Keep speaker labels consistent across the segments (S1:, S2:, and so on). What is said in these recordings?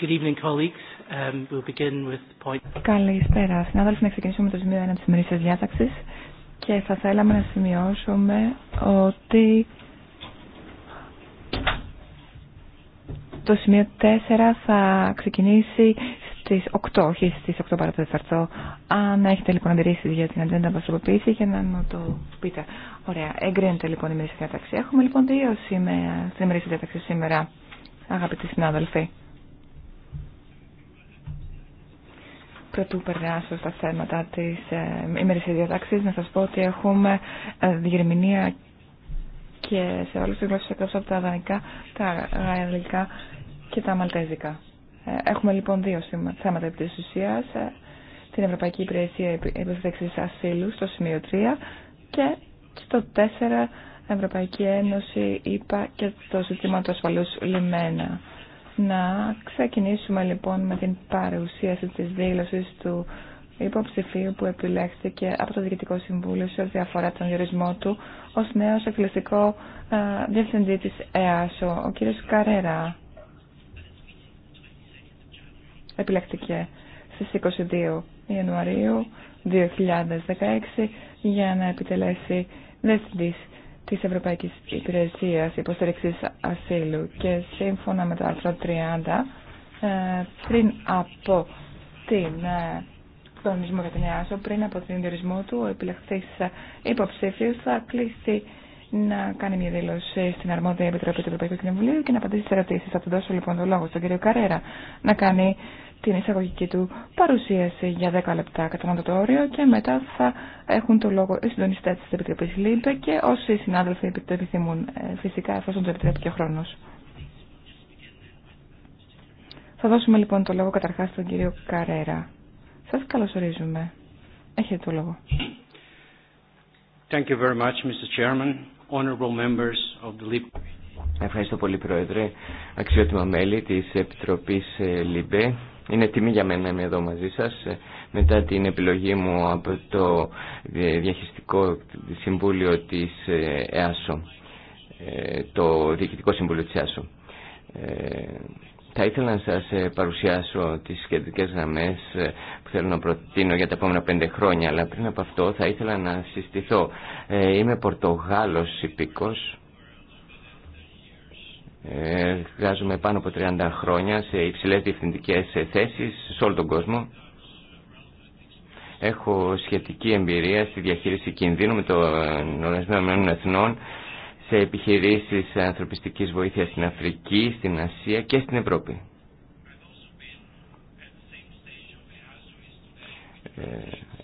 S1: Good evening, colleagues. Um, we'll begin with point... Καλησπέρα, συνάδελφοι. Να ξεκινήσουμε με το σημείο 1 της της διάταξης και θα θέλαμε να σημειώσουμε ότι το σημείο 4 θα ξεκινήσει στις 8, όχι στις 8 παρατέταρτο. Αν έχετε λοιπόν αντιρρήσεις για την ατζέντα παστροποποίηση για να μου το πείτε. Ωραία, εγκρίνεται λοιπόν η μερική διάταξη. Έχουμε λοιπόν δύο σημεία στην ημερήσια διάταξη σήμερα, αγαπητοί συνάδελφοι. Πρωτού περνάσω στα θέματα της ε, ημερησίας να σας πω ότι έχουμε ε, διερμηνία και σε όλες τι γλώσσες εκτός από τα δανεικά, τα γαλλικά και τα μαλτέζικα. Ε, έχουμε λοιπόν δύο θέματα επί της ουσίας, ε, την Ευρωπαϊκή Υπηρεσία Επιθέξης Ασύλου στο σημείο 3 και στο 4 Ευρωπαϊκή Ένωση, ΕΠΑ και το ζήτημα του Ασφαλού λιμένα. Να ξεκινήσουμε λοιπόν με την παρουσίαση της δήλωσης του υποψηφίου που επιλέχθηκε από το Διοικητικό Συμβούλιο σε ό,τι αφορά τον διορισμό του ως νέος εκκληστικό ε, διευθυντή της ΕΑΣΟ. Ο κύριος Καρέρα επιλέχθηκε στις 22 Ιανουαρίου 2016 για να επιτελέσει διευθυντής της Ευρωπαϊκής Υπηρεσίας Υποστήριξης Ασύλου και σύμφωνα με το άρθρο 30 ε, πριν από την ε, κονισμό για την ΕΑΣΟ, πριν από την διορισμό του, ο επιλεχθής ε, υποψήφιος θα κλείσει να κάνει μια δήλωση στην αρμόδια επιτροπή του Ευρωπαϊκού Κοινοβουλίου και να απαντήσει σε ερωτήσει. Θα του δώσω λοιπόν το λόγο στον κύριο Καρέρα να κάνει την εισαγωγική του παρουσίαση για 10 λεπτά κατά το όριο και μετά θα έχουν το λόγο οι συντονιστέ τη Επιτροπή ΛΥΜΠΕ και όσοι συνάδελφοι το επιθυμούν, ε, φυσικά εφόσον το επιτρέπει και ο χρόνο. Θα δώσουμε λοιπόν το λόγο καταρχά στον κύριο Καρέρα. Σα καλωσορίζουμε. Έχετε το λόγο.
S2: Thank you very much, Mr. Chairman, honorable members of the Ευχαριστώ πολύ, Πρόεδρε, αξιότιμα μέλη της Επιτροπής ε, ΛΥΜΠΕ. Είναι τιμή για μένα να είμαι εδώ μαζί σας. Ε, μετά την επιλογή μου από το ε, Διαχειριστικό Συμβούλιο της ε, ΕΑΣΟ, το Διοικητικό Συμβούλιο της ΕΑΣΟ. Θα ήθελα να σας παρουσιάσω τις κεντρικές γραμμές που θέλω να προτείνω για τα επόμενα πέντε χρόνια, αλλά πριν από αυτό θα ήθελα να συστηθώ. Είμαι Πορτογάλος υπήκος, Εργάζομαι πάνω από 30 χρόνια σε υψηλές διευθυντικές θέσεις σε όλο τον κόσμο. Έχω σχετική εμπειρία στη διαχείριση κινδύνου με τον ΟΕΕ Εθνών σε επιχειρήσεις ανθρωπιστικής βοήθειας στην Αφρική, στην Ασία και στην Ευρώπη.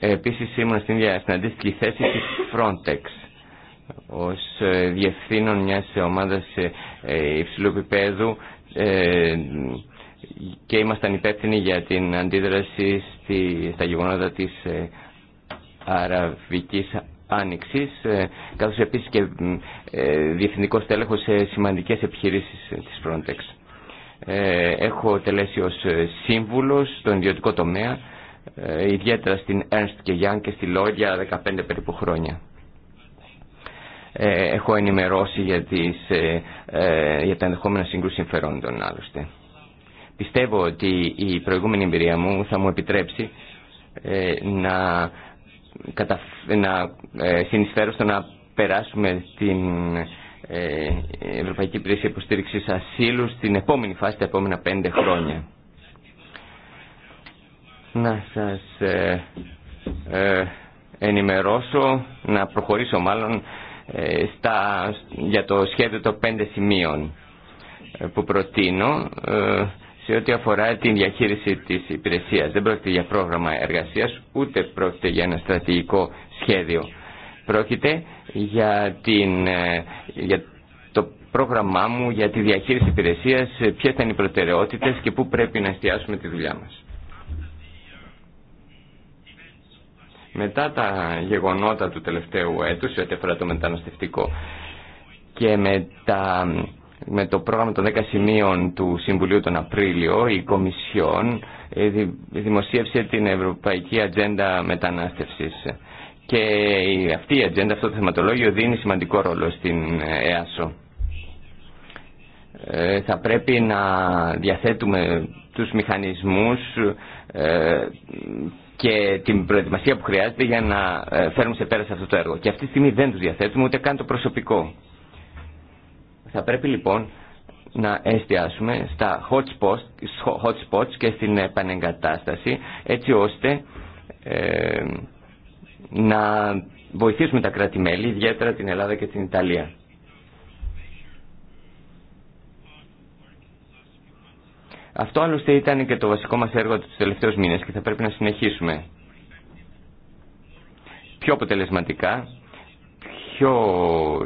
S2: Ε, επίσης ήμουν στην αντίστοιχη θέση της Frontex ως ε, διευθύνων μιας ομάδας ε, ε, υψηλού επίπεδου και ήμασταν υπεύθυνοι για την αντίδραση στη, στα γεγονότα της Αραβικής Άνοιξης καθώς επίσης και διευθυντικός τέλεχος σε σημαντικές επιχειρήσεις της Frontex. Έχω τελέσει ως σύμβουλος στον ιδιωτικό τομέα ιδιαίτερα στην Ernst Young και στη Lloyd για 15 περίπου χρόνια. Ε, έχω ενημερώσει για, τις, ε, ε, για τα ενδεχόμενα σύγκρουση συμφερόντων άλλωστε. Πιστεύω ότι η προηγούμενη εμπειρία μου θα μου επιτρέψει να, κατα... να συνεισφέρω στο να περάσουμε την Ευρωπαϊκή Υπηρεσία Υποστήριξη Ασύλου στην επόμενη φάση, τα επόμενα πέντε χρόνια. Να σας ενημερώσω, να προχωρήσω μάλλον ε, στα, για το σχέδιο των πέντε σημείων ε, που προτείνω ε, σε ό,τι αφορά την διαχείριση της υπηρεσίας. Δεν πρόκειται για πρόγραμμα εργασίας, ούτε πρόκειται για ένα στρατηγικό σχέδιο. Πρόκειται για, την, για το πρόγραμμά μου για τη διαχείριση υπηρεσίας, ποιες θα είναι οι προτεραιότητες και πού πρέπει να εστιάσουμε τη δουλειά μας. μετά τα γεγονότα του τελευταίου έτους, ό,τι αφορά το μεταναστευτικό και με, τα, με το πρόγραμμα των 10 σημείων του Συμβουλίου τον Απρίλιο, η Κομισιόν ε, δημοσίευσε την Ευρωπαϊκή Ατζέντα Μετανάστευσης. Και αυτή η ατζέντα, αυτό το θεματολόγιο δίνει σημαντικό ρόλο στην ε, ΕΑΣΟ. Ε, θα πρέπει να διαθέτουμε τους μηχανισμούς και την προετοιμασία που χρειάζεται για να ε, φέρουμε σε πέρα σε αυτό το έργο. Και αυτή τη στιγμή δεν τους διαθέτουμε ούτε καν το προσωπικό. Θα πρέπει λοιπόν να εστιάσουμε στα hot spots, και στην επανεγκατάσταση έτσι ώστε ε, να βοηθήσουμε τα κράτη-μέλη, ιδιαίτερα την Ελλάδα και την Ιταλία. Αυτό άλλωστε ήταν και το βασικό μας έργο του τελευταίους μήνες και θα πρέπει να συνεχίσουμε. Πιο αποτελεσματικά, πιο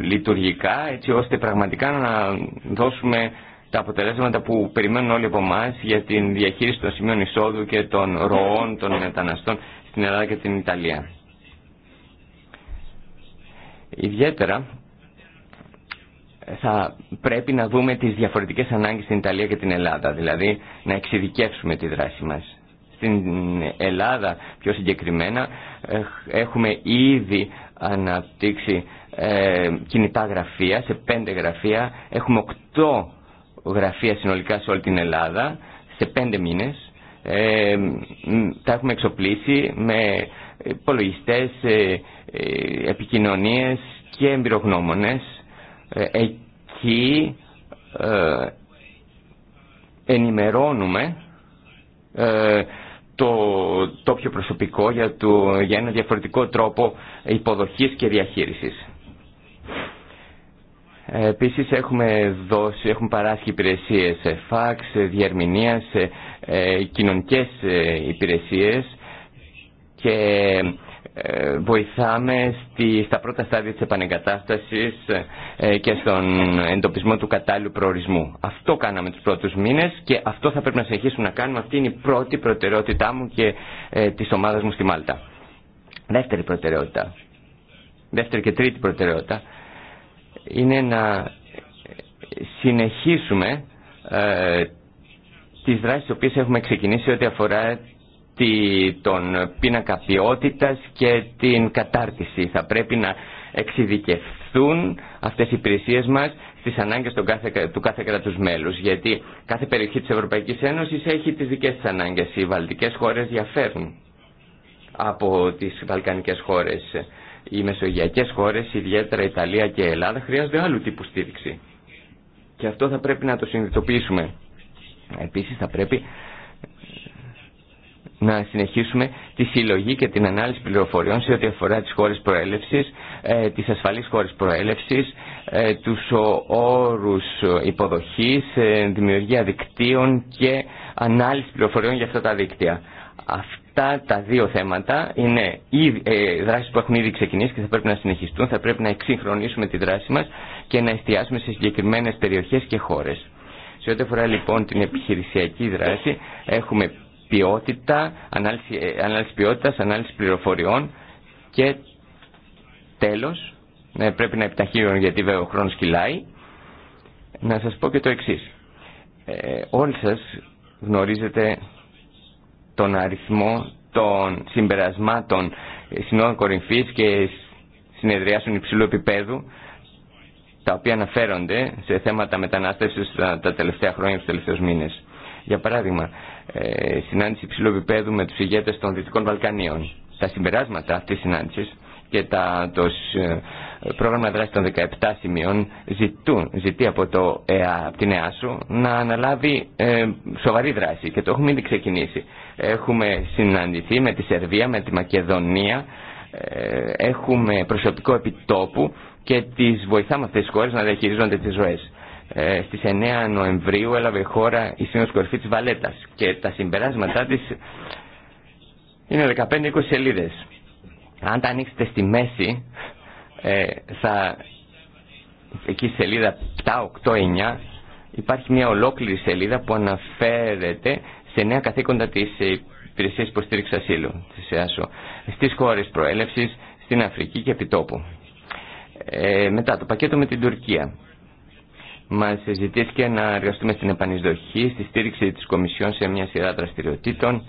S2: λειτουργικά, έτσι ώστε πραγματικά να δώσουμε τα αποτελέσματα που περιμένουν όλοι από εμά για την διαχείριση των σημείων εισόδου και των ροών των μεταναστών στην Ελλάδα και την Ιταλία. Ιδιαίτερα θα πρέπει να δούμε τις διαφορετικές ανάγκες στην Ιταλία και την Ελλάδα, δηλαδή να εξειδικεύσουμε τη δράση μας. Στην Ελλάδα πιο συγκεκριμένα έχουμε ήδη αναπτύξει ε, κινητά γραφεία, σε πέντε γραφεία, έχουμε οκτώ γραφεία συνολικά σε όλη την Ελλάδα, σε πέντε μήνες. Ε, τα έχουμε εξοπλίσει με υπολογιστέ, ε, επικοινωνίες και εμπειρογνώμονες ε, εκεί ε, ενημερώνουμε ε, το τόπιο προσωπικό για, το, για ένα διαφορετικό τρόπο υποδοχής και διαχείρισης. Επίσης έχουμε δώσει, έχουμε παράσχει υπηρεσίες φαξ, διερμηνίας, κοινωνικές υπηρεσίες και ε, βοηθάμε στη, στα πρώτα στάδια της επανεγκατάστασης ε, και στον εντοπισμό του κατάλληλου προορισμού. Αυτό κάναμε τους πρώτους μήνες και αυτό θα πρέπει να συνεχίσουμε να κάνουμε. Αυτή είναι η πρώτη προτεραιότητά μου και ε, της ομάδας μου στη Μάλτα. Δεύτερη προτεραιότητα, δεύτερη και τρίτη προτεραιότητα, είναι να συνεχίσουμε ε, τις δράσεις τις οποίες έχουμε ξεκινήσει ό,τι αφορά τον πίνακα ποιότητα και την κατάρτιση. Θα πρέπει να εξειδικευθούν αυτές οι υπηρεσίες μας στις ανάγκες του κάθε, του κάθε κράτους μέλους. Γιατί κάθε περιοχή της Ευρωπαϊκής Ένωσης έχει τις δικές της ανάγκες. Οι βαλτικές χώρες διαφέρουν από τις βαλκανικές χώρες. Οι μεσογειακές χώρες, ιδιαίτερα Ιταλία και Ελλάδα, χρειάζονται άλλου τύπου στήριξη. Και αυτό θα πρέπει να το συνειδητοποιήσουμε. Επίσης θα πρέπει να συνεχίσουμε τη συλλογή και την ανάλυση πληροφοριών σε ό,τι αφορά τις χώρες προέλευσης, ε, τις ασφαλείς χώρες προέλευσης, ε, τους όρους υποδοχής, ε, δημιουργία δικτύων και ανάλυση πληροφοριών για αυτά τα δίκτυα. Αυτά τα δύο θέματα είναι οι ε, δράσεις που έχουν ήδη ξεκινήσει και θα πρέπει να συνεχιστούν. Θα πρέπει να εξυγχρονίσουμε τη δράση μας και να εστιάσουμε σε συγκεκριμένες περιοχές και χώρες. Σε ό,τι αφορά λοιπόν την επιχειρησιακή δράση, έχουμε ποιότητα, ανάλυση, ε, ανάλυση ποιότητας, ανάλυση πληροφοριών και τέλος, ναι, πρέπει να επιταχύνουν γιατί βέβαια ο χρόνος κυλάει, να σας πω και το εξής. Ε, όλοι σας γνωρίζετε τον αριθμό των συμπερασμάτων συνόδων κορυφής και συνεδριάσεων υψηλού επίπεδου τα οποία αναφέρονται σε θέματα μετανάστευσης τα τελευταία χρόνια, τους τελευταίους μήνες. Για παράδειγμα, ε, συνάντηση υψηλού επίπεδου με τους ηγέτε των Δυτικών Βαλκανίων. Τα συμπεράσματα αυτής της συνάντησης και τα, το ε, πρόγραμμα δράση των 17 σημείων ζητούν, ζητεί από, το, από την ΕΑΣΟ να αναλάβει ε, σοβαρή δράση και το έχουμε ήδη ξεκινήσει. Έχουμε συναντηθεί με τη Σερβία, με τη Μακεδονία, ε, έχουμε προσωπικό επιτόπου και τις βοηθάμε αυτές τις χώρες να διαχειρίζονται τις ζωές ε, στις 9 Νοεμβρίου έλαβε η χώρα η Σύνοδος Κορυφή της Βαλέτας και τα συμπεράσματά της είναι 15-20 σελίδες. Αν τα ανοίξετε στη μέση, ε, θα, εκεί σελίδα 7-8-9 υπάρχει μια ολόκληρη σελίδα που αναφέρεται σε νέα καθήκοντα της υπηρεσίας υποστήριξης ασύλου της ΕΑΣΟ, στις χώρες προέλευσης, στην Αφρική και επιτόπου. Ε, μετά το πακέτο με την Τουρκία. Μα ζητήθηκε να εργαστούμε στην επανεισδοχή, στη στήριξη της Κομισιόν σε μια σειρά δραστηριοτήτων.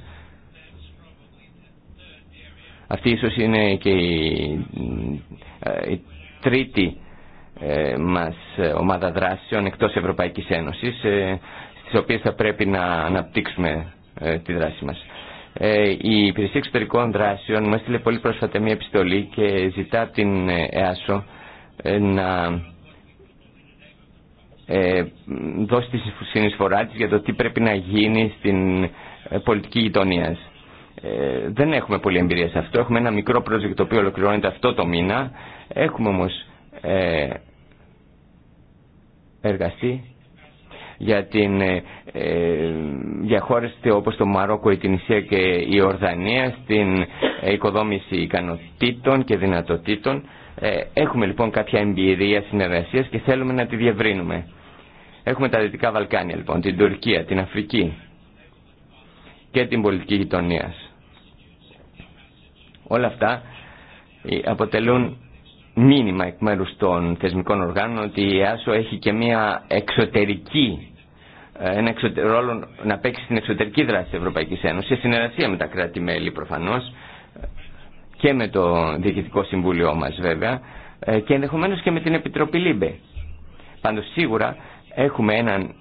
S2: Αυτή ίσως είναι και η, ε, τρίτη ε, μας ομάδα δράσεων εκτός Ευρωπαϊκής Ένωσης, ε, στις οποίες θα πρέπει να αναπτύξουμε τη δράση μας. η Υπηρεσία Εξωτερικών Δράσεων μου έστειλε πολύ πρόσφατα μια επιστολή και ζητά την ΕΑΣΟ να ε, δώσει τη συνεισφορά της για το τι πρέπει να γίνει στην ε, πολιτική γειτονία. Ε, δεν έχουμε πολλή εμπειρία σε αυτό. Έχουμε ένα μικρό project το οποίο ολοκληρώνεται αυτό το μήνα. Έχουμε όμως εργαστεί για, την, ε, για χώρες όπως το Μαρόκο, η Τινησία και η Ορδανία στην οικοδόμηση ικανοτήτων και δυνατοτήτων ε, έχουμε λοιπόν κάποια εμπειρία συνεργασία και θέλουμε να τη διευρύνουμε. Έχουμε τα Δυτικά Βαλκάνια λοιπόν, την Τουρκία, την Αφρική και την πολιτική γειτονία. Όλα αυτά ε, αποτελούν μήνυμα εκ μέρους των θεσμικών οργάνων ότι η ΕΑΣΟ έχει και μια εξωτερική ε, ένα εξωτερικό ρόλο να παίξει στην εξωτερική δράση της Ευρωπαϊκής Ένωσης σε συνεργασία με τα κράτη-μέλη προφανώς και με το Διοικητικό Συμβούλιο μας βέβαια ε, και ενδεχομένως και με την Επιτροπή ΛΥΜΠΕ. Πάντως σίγουρα έχουμε έναν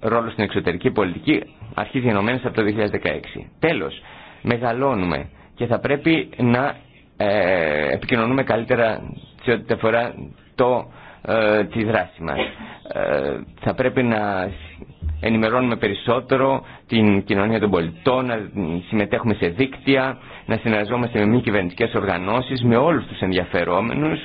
S2: ρόλο στην εξωτερική πολιτική αρχίζει ενωμένες από το 2016. Τέλος, μεγαλώνουμε και θα πρέπει να ε, επικοινωνούμε καλύτερα σε ό,τι αφορά το, ε, τη δράση μας. Ε, θα πρέπει να ενημερώνουμε περισσότερο την κοινωνία των πολιτών, να συμμετέχουμε σε δίκτυα, να συνεργαζόμαστε με μη κυβερνητικέ οργανώσει με όλους τους ενδιαφερόμενους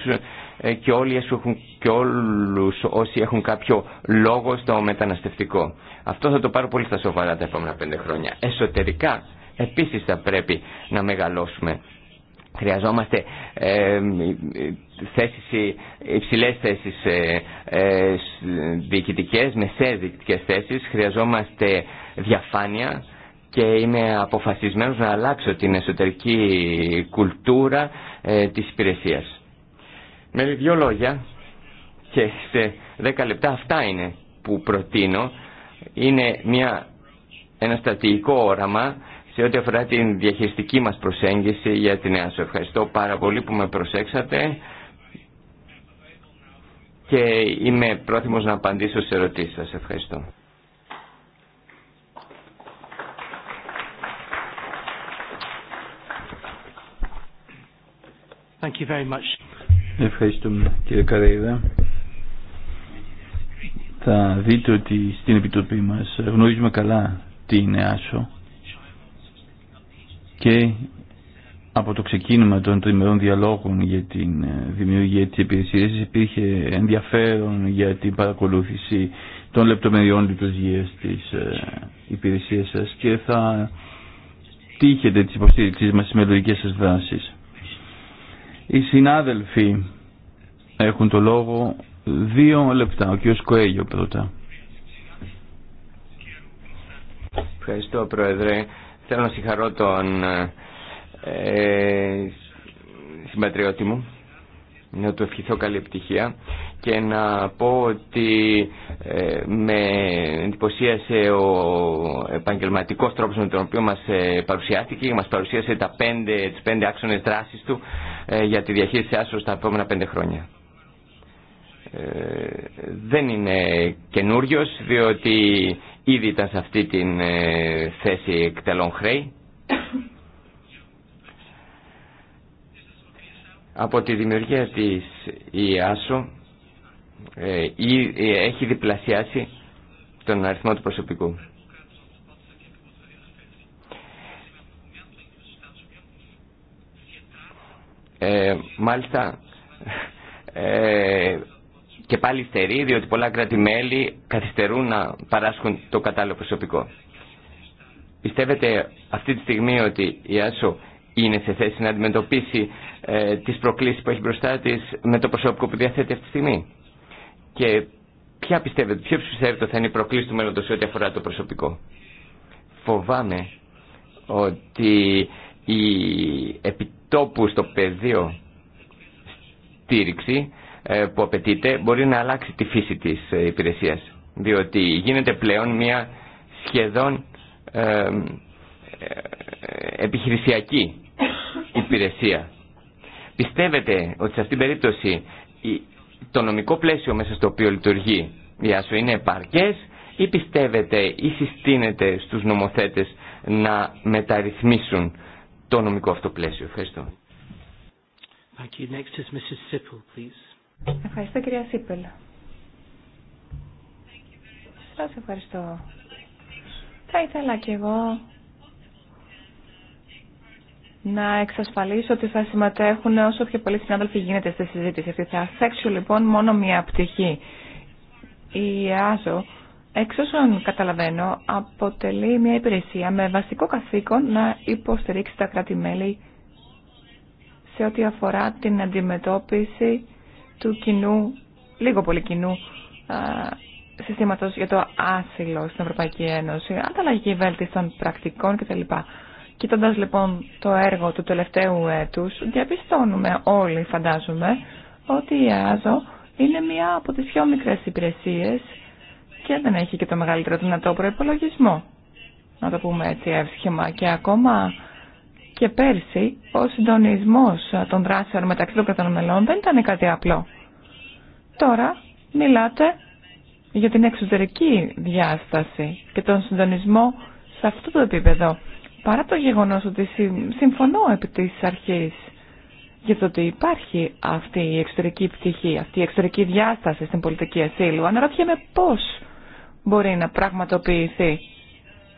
S2: ε, και, όλοι έχουν, και όλους όσοι έχουν κάποιο λόγο στο μεταναστευτικό. Αυτό θα το πάρω πολύ στα σοβαρά τα επόμενα πέντε χρόνια. Εσωτερικά επίσης θα πρέπει να μεγαλώσουμε. Χρειαζόμαστε ε, θέσεις, ε, υψηλές θέσεις ε, ε, διοικητικές, θέσεις. Χρειαζόμαστε διαφάνεια και είμαι αποφασισμένος να αλλάξω την εσωτερική κουλτούρα ε, της υπηρεσίας. Με δύο λόγια και σε δέκα λεπτά αυτά είναι που προτείνω. Είναι μια, ένα στρατηγικό όραμα σε ό,τι αφορά την διαχειριστική μας προσέγγιση για την ΕΑΣΟ. Ευχαριστώ πάρα πολύ που με προσέξατε και είμαι πρόθυμος να απαντήσω σε ερωτήσεις σας. Ευχαριστώ.
S3: Ευχαριστούμε κύριε Καρέιδα. Θα δείτε ότι στην Επιτροπή μας γνωρίζουμε καλά τι είναι άσο και από το ξεκίνημα των τριμερών διαλόγων για την δημιουργία της υπηρεσίας υπήρχε ενδιαφέρον για την παρακολούθηση των λεπτομεριών λειτουργίας της ε, υπηρεσίας σας και θα τύχετε της υποστήριξής μας στις μελλοντικές σας δράσεις. Οι συνάδελφοι έχουν το λόγο δύο λεπτά. Ο κ. Κοέγιο πρώτα.
S2: Ευχαριστώ Πρόεδρε. Θέλω να συγχαρώ τον ε, συμπατριώτη μου να του ευχηθώ καλή επιτυχία και να πω ότι ε, με εντυπωσίασε ο επαγγελματικός τρόπος με τον οποίο μας ε, παρουσιάστηκε και μας παρουσίασε τα πέντε, τις πέντε άξονες δράσης του ε, για τη διαχείριση άσο τα επόμενα πέντε χρόνια. Ε, δεν είναι καινούριο διότι ήδη ήταν σε αυτή τη θέση εκτελών χρέη Από τη δημιουργία της ΙΑΣΟ ε, ε, έχει διπλασιάσει τον αριθμό του προσωπικού. Ε, μάλιστα ε, και πάλι στερεί διότι πολλά κράτη-μέλη καθυστερούν να παράσχουν το κατάλληλο προσωπικό. Πιστεύετε αυτή τη στιγμή ότι η ΆΣΟ είναι σε θέση να αντιμετωπίσει ε, τις προκλήσεις που έχει μπροστά της με το προσωπικό που διαθέτει αυτή τη στιγμή. Και ποια πιστεύετε, ποιο πιστεύετε θα είναι η προκλήση του μέλλοντος ό,τι αφορά το προσωπικό. Φοβάμαι ότι η επιτόπου στο πεδίο στήριξη ε, που απαιτείται μπορεί να αλλάξει τη φύση της ε, υπηρεσίας. Διότι γίνεται πλέον μια σχεδόν ε, επιχειρησιακή υπηρεσία. Πιστεύετε ότι σε αυτήν την περίπτωση το νομικό πλαίσιο μέσα στο οποίο λειτουργεί η ΆΣΟ είναι επαρκές ή πιστεύετε ή συστήνετε στους νομοθέτες να μεταρρυθμίσουν το νομικό αυτό πλαίσιο. Ευχαριστώ.
S1: please. Ευχαριστώ κυρία Σίπελ. Σας ευχαριστώ. Θα ήθελα κι εγώ να εξασφαλίσω ότι θα συμμετέχουν όσο πιο πολλοί συνάδελφοι γίνεται στη συζήτηση αυτή. Θα θέξω λοιπόν μόνο μία πτυχή. Η ΕΑΖΟ, εξ όσων καταλαβαίνω, αποτελεί μια υπηρεσία με βασικό καθήκον να υποστηρίξει τα κράτη-μέλη σε ό,τι αφορά την αντιμετώπιση του κοινού, λίγο πολύ κοινού, συστήματος για το άσυλο στην Ευρωπαϊκή Ένωση, ανταλλαγή βέλτιστων πρακτικών κτλ. Κοιτώντας λοιπόν το έργο του τελευταίου έτους, διαπιστώνουμε όλοι φαντάζομαι ότι η ΑΖΟ είναι μία από τις πιο μικρές υπηρεσίες και δεν έχει και το μεγαλύτερο δυνατό προπολογισμό. Να το πούμε έτσι εύσχημα. Και ακόμα και πέρσι ο συντονισμός των δράσεων μεταξύ των κρατών μελών δεν ήταν κάτι απλό. Τώρα μιλάτε για την εξωτερική διάσταση και τον συντονισμό σε αυτό το επίπεδο παρά το γεγονός ότι συμφωνώ επί της αρχής για το ότι υπάρχει αυτή η εξωτερική πτυχή, αυτή η εξωτερική διάσταση στην πολιτική ασύλου, αναρωτιέμαι πώς μπορεί να πραγματοποιηθεί,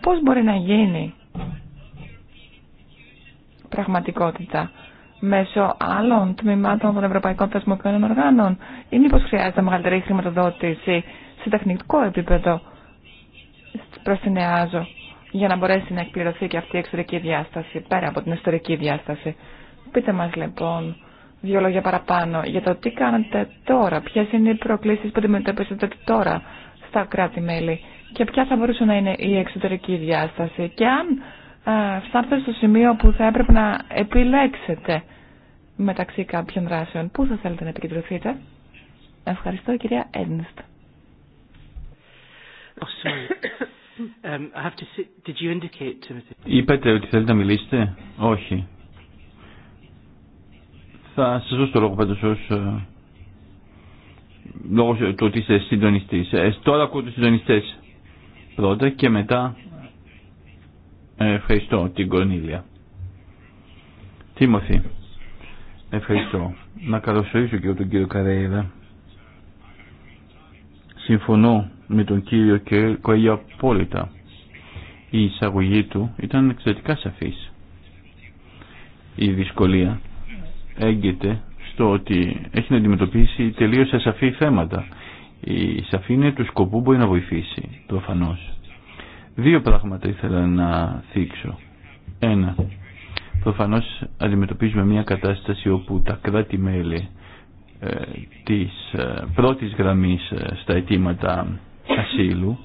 S1: πώς μπορεί να γίνει πραγματικότητα μέσω άλλων τμήματων των Ευρωπαϊκών Θεσμικών Οργάνων ή μήπω χρειάζεται μεγαλύτερη χρηματοδότηση σε τεχνικό επίπεδο προς την ΕΑΖΟ για να μπορέσει να εκπληρωθεί και αυτή η εξωτερική διάσταση, πέρα από την ιστορική διάσταση. Πείτε μας λοιπόν δύο λόγια παραπάνω για το τι κάνετε τώρα, ποιες είναι οι προκλήσεις που αντιμετωπίσετε τώρα στα κράτη-μέλη και ποια θα μπορούσε να είναι η εξωτερική διάσταση και αν ε, φτάσετε στο σημείο που θα έπρεπε να επιλέξετε μεταξύ κάποιων δράσεων, πού θα θέλετε να επικεντρωθείτε. Ευχαριστώ κυρία Ένστ. Um, Είπατε
S3: ότι θέλετε να μιλήσετε. Όχι. Θα σας δώσω το λόγο πάντως ως ε, λόγος του ότι είστε συντονιστής. Ε, τώρα ακούω τους συντονιστές πρώτα και μετά ε, ευχαριστώ την Κορνίλια. Τίμωθη, ευχαριστώ. Να καλωσορίσω και τον κύριο Καρέιδα. Συμφωνώ με τον κύριο Κοέλιο απόλυτα. Η εισαγωγή του ήταν εξαιρετικά σαφής. Η δυσκολία εγκυται στο ότι έχει να αντιμετωπίσει τελείως ασαφή θέματα. Η σαφή είναι του σκοπού μπορεί να βοηθήσει, προφανώ. Δύο πράγματα ήθελα να θίξω. Ένα, Προφανώ αντιμετωπίζουμε μια κατάσταση όπου τα κράτη-μέλη ε, της ε, πρώτης γραμμής ε, στα αιτήματα ασύλου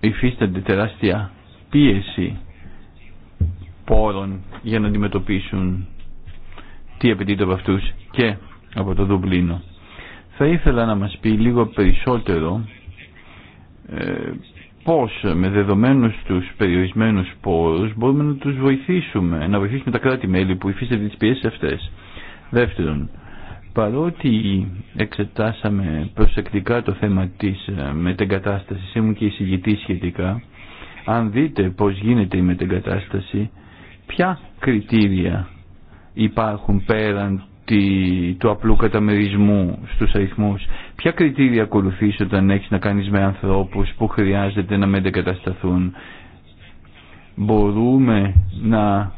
S3: υφίστανται τεράστια πίεση πόρων για να αντιμετωπίσουν τι απαιτείται από αυτούς και από το Δουμπλίνο. Θα ήθελα να μας πει λίγο περισσότερο ε, πώς με δεδομένους τους περιορισμένους πόρους μπορούμε να τους βοηθήσουμε, να βοηθήσουμε τα κράτη-μέλη που υφίστανται τις πιέσεις αυτές. Δεύτερον, παρότι εξετάσαμε προσεκτικά το θέμα της ε, μετεγκατάστασης, ήμουν και εισηγητή σχετικά, αν δείτε πώς γίνεται η μετεγκατάσταση, ποια κριτήρια υπάρχουν πέραν του απλού καταμερισμού στους αριθμούς, ποια κριτήρια ακολουθείς όταν έχεις να κάνεις με ανθρώπους που χρειάζεται να μετεγκατασταθούν, μπορούμε να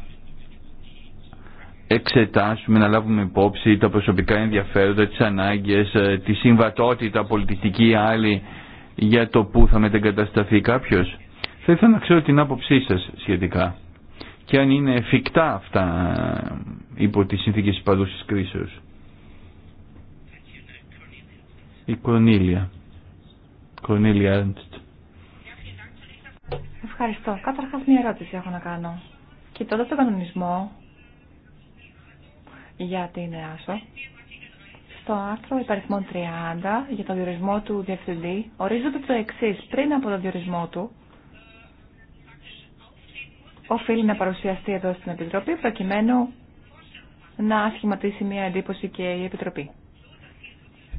S3: εξετάσουμε, να λάβουμε υπόψη τα προσωπικά ενδιαφέροντα, τις ανάγκες, ε, τη συμβατότητα πολιτιστική ή άλλη για το που θα μετεγκατασταθεί κάποιος. Θα ήθελα να ξέρω την άποψή σας σχετικά και αν είναι εφικτά αυτά ε, υπό τις συνθήκες της παρούσης Η κονίλια κονίλια Ernst.
S1: Ευχαριστώ. Καταρχάς μια ερώτηση έχω να κάνω. Κοιτώντας τον κανονισμό, γιατί είναι ΕΑΣΟ. Στο άρθρο υπαριθμών 30 για τον διορισμό του διευθυντή ορίζονται το εξή. Πριν από τον διορισμό του, οφείλει να παρουσιαστεί εδώ στην Επιτροπή προκειμένου να σχηματίσει μια εντύπωση και η Επιτροπή.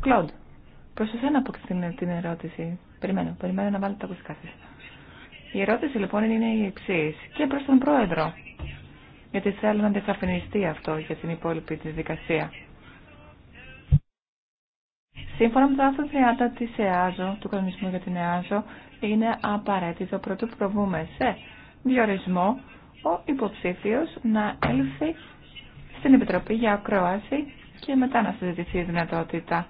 S1: Κλοντ, προ εσένα αποκτήνω την ερώτηση. Περιμένω, περιμένω να βάλω τα ακουστικά σα. Η ερώτηση λοιπόν είναι η εξή και προ τον Πρόεδρο γιατί θέλω να διασαφινιστεί αυτό για την υπόλοιπη τη δικασία. Σύμφωνα με το άρθρο 30 της ΕΑΖΟ, του κανονισμού για την ΕΑΖΟ, είναι απαραίτητο πρώτο προβούμε σε διορισμό ο υποψήφιος να έλθει στην Επιτροπή για ακρόαση και μετά να συζητηθεί η δυνατότητα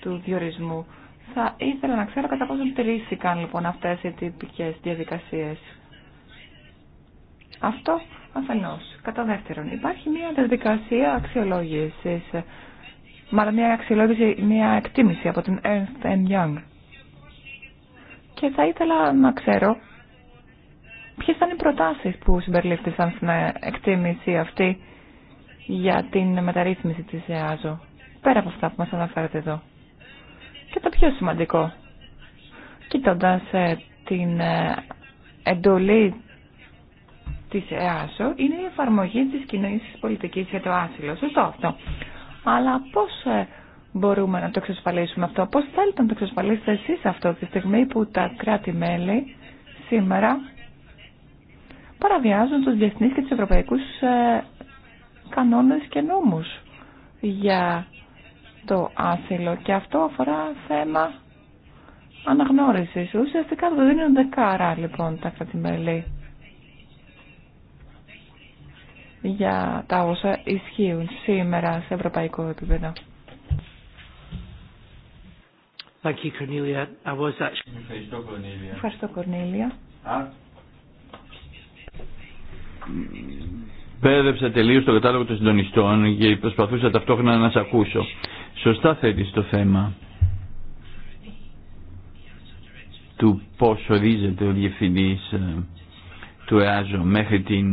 S1: του διορισμού. Θα ήθελα να ξέρω κατά πόσο τηρήθηκαν λοιπόν αυτές οι τυπικές διαδικασίες. Αυτό αφενό. Κατά δεύτερον, υπάρχει μια διαδικασία αξιολόγηση, μάλλον μια αξιολόγηση, μια εκτίμηση από την Ernst Young. Και θα ήθελα να ξέρω ποιε ήταν οι προτάσεις που συμπεριλήφθησαν στην εκτίμηση αυτή για την μεταρρύθμιση της ΕΑΖΟ, πέρα από αυτά που μας αναφέρετε εδώ. Και το πιο σημαντικό, κοιτώντας ε, την ε, εντολή της ΕΑΣΟ είναι η εφαρμογή της κοινή πολιτικής για το άσυλο. Σωστό αυτό. Αλλά πώς ε, μπορούμε να το εξασφαλίσουμε αυτό, πώς θέλετε να το εξασφαλίσετε εσείς αυτό τη στιγμή που τα κράτη-μέλη σήμερα παραβιάζουν τους διεθνείς και τους ευρωπαϊκούς ε, κανόνες και νόμους για το άσυλο και αυτό αφορά θέμα αναγνώρισης. Ουσιαστικά το δίνουν δεκάρα λοιπόν τα μελη για τα όσα ισχύουν σήμερα σε ευρωπαϊκό επίπεδο. Ευχαριστώ, Κορνίλια. Ευχαριστώ,
S3: Πέδεψα τελείω το κατάλογο των συντονιστών και προσπαθούσα ταυτόχρονα να σα ακούσω. Σωστά θέτεις το θέμα του πώ ορίζεται ο διευθυντή ε, του ΕΑΖΟ μέχρι την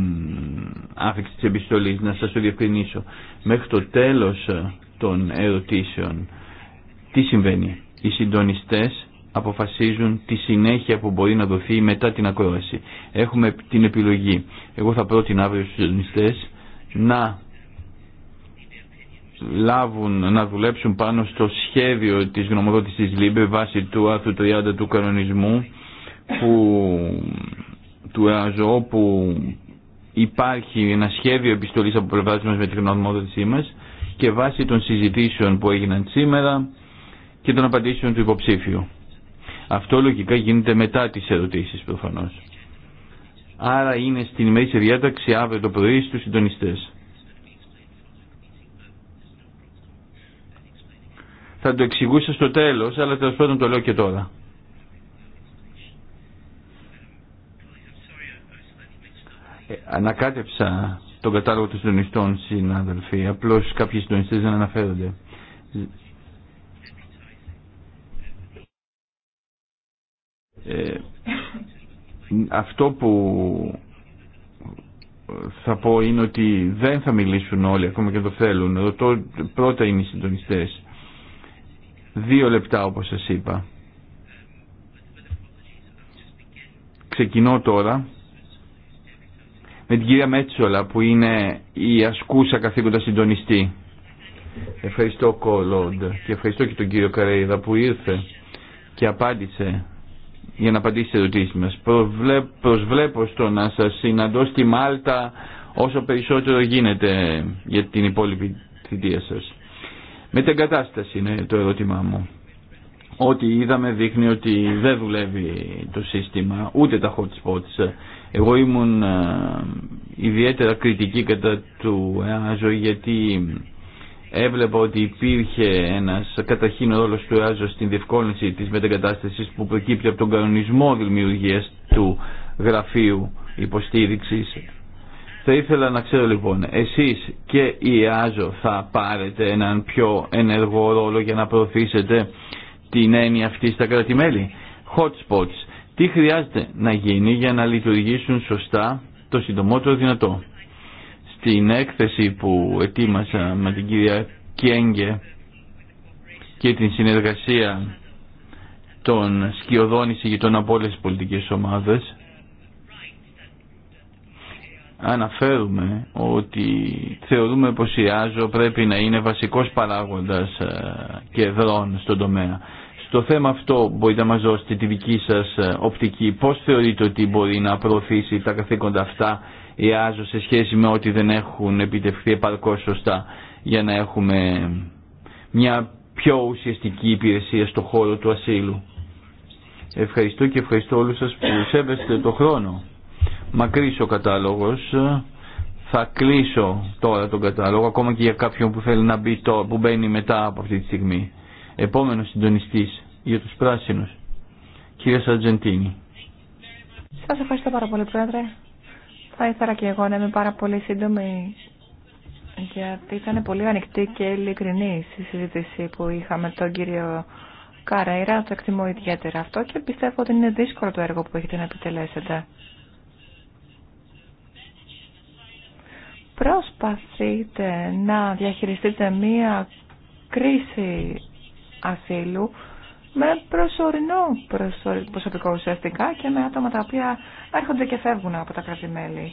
S3: άφηξη της επιστολής, να σας το διευκρινίσω, μέχρι το τέλος των ερωτήσεων, τι συμβαίνει. Οι συντονιστές αποφασίζουν τη συνέχεια που μπορεί να δοθεί μετά την ακρόαση. Έχουμε την επιλογή. Εγώ θα πρότεινα αύριο στους συντονιστές να λάβουν, να δουλέψουν πάνω στο σχέδιο της γνωμοδότησης ΛΥΜΠΕ βάσει του άρθρου 30 του κανονισμού που του ΕΑΖΟ όπου υπάρχει ένα σχέδιο επιστολής από πλευράς μας με την γνωμοδότησή μας και βάσει των συζητήσεων που έγιναν σήμερα και των απαντήσεων του υποψήφιου. Αυτό λογικά γίνεται μετά τις ερωτήσεις προφανώς. Άρα είναι στην ημερήσια διάταξη αύριο το πρωί στους συντονιστές. Θα το εξηγούσα στο τέλος, αλλά τέλος πάντων το λέω και τώρα. Ανακάτεψα τον κατάλογο των συντονιστών, συνάδελφοι. Απλώς κάποιοι συντονιστές δεν αναφέρονται. Ε, αυτό που θα πω είναι ότι δεν θα μιλήσουν όλοι ακόμα και το θέλουν. Ρωτώ, πρώτα είναι οι συντονιστές. Δύο λεπτά όπως σας είπα. Ξεκινώ τώρα με την κυρία Μέτσολα που είναι η ασκούσα καθήκοντα συντονιστή. Ευχαριστώ Κολόντ και ευχαριστώ και τον κύριο Καρέιδα που ήρθε και απάντησε για να απαντήσει στις ερωτήσεις μας. προσβλέπω στο να σας συναντώ στη Μάλτα όσο περισσότερο γίνεται για την υπόλοιπη θητεία σας. Με την κατάσταση είναι το ερώτημά μου. Ό,τι είδαμε δείχνει ότι δεν δουλεύει το σύστημα, ούτε τα hot spots εγώ ήμουν ε, ιδιαίτερα κριτική κατά του ΕΑΖΟ γιατί έβλεπα ότι υπήρχε ένας καταρχήν ρόλο του ΕΑΖΟ στην διευκόλυνση της μετακατάστασης που προκύπτει από τον κανονισμό δημιουργίας του γραφείου υποστήριξης. Θα ήθελα να ξέρω λοιπόν, εσείς και η ΕΑΖΟ θα πάρετε έναν πιο ενεργό ρόλο για να προωθήσετε την έννοια αυτή στα κράτη-μέλη. Τι χρειάζεται να γίνει για να λειτουργήσουν σωστά το συντομότερο δυνατό. Στην έκθεση που ετοίμασα με την κυρία Κιέγκε και την συνεργασία των σκιωδών εισηγητών από όλες τις πολιτικές ομάδες αναφέρουμε ότι θεωρούμε πως η Άζο πρέπει να είναι βασικός παράγοντας ε, κεδρών στον τομέα. Στο θέμα αυτό μπορείτε να μας δώσετε τη δική σας ε, οπτική. Πώς θεωρείτε ότι μπορεί να προωθήσει τα καθήκοντα αυτά η ΆΖΟ σε σχέση με ό,τι δεν έχουν επιτευχθεί επαρκώς σωστά για να έχουμε μια πιο ουσιαστική υπηρεσία στο χώρο του ασύλου. Ευχαριστώ και ευχαριστώ όλους σας που σέβεστε το χρόνο. Μακρύς ο κατάλογος. Θα κλείσω τώρα τον κατάλογο, ακόμα και για κάποιον που θέλει να μπει τώρα, που μπαίνει μετά από αυτή τη στιγμή επόμενος συντονιστής για τους πράσινους, κύριε Σαρτζεντίνη.
S1: Σας ευχαριστώ πάρα πολύ, Πρόεδρε. Θα ήθελα και εγώ να είμαι πάρα πολύ σύντομη, γιατί ήταν πολύ ανοιχτή και ειλικρινή η συζήτηση που είχαμε τον κύριο Καραϊρά. Το εκτιμώ ιδιαίτερα αυτό και πιστεύω ότι είναι δύσκολο το έργο που έχετε να επιτελέσετε. Προσπαθείτε να διαχειριστείτε μία κρίση ασύλου με προσωρινό προσωπικό ουσιαστικά και με άτομα τα οποία έρχονται και φεύγουν από τα κράτη-μέλη.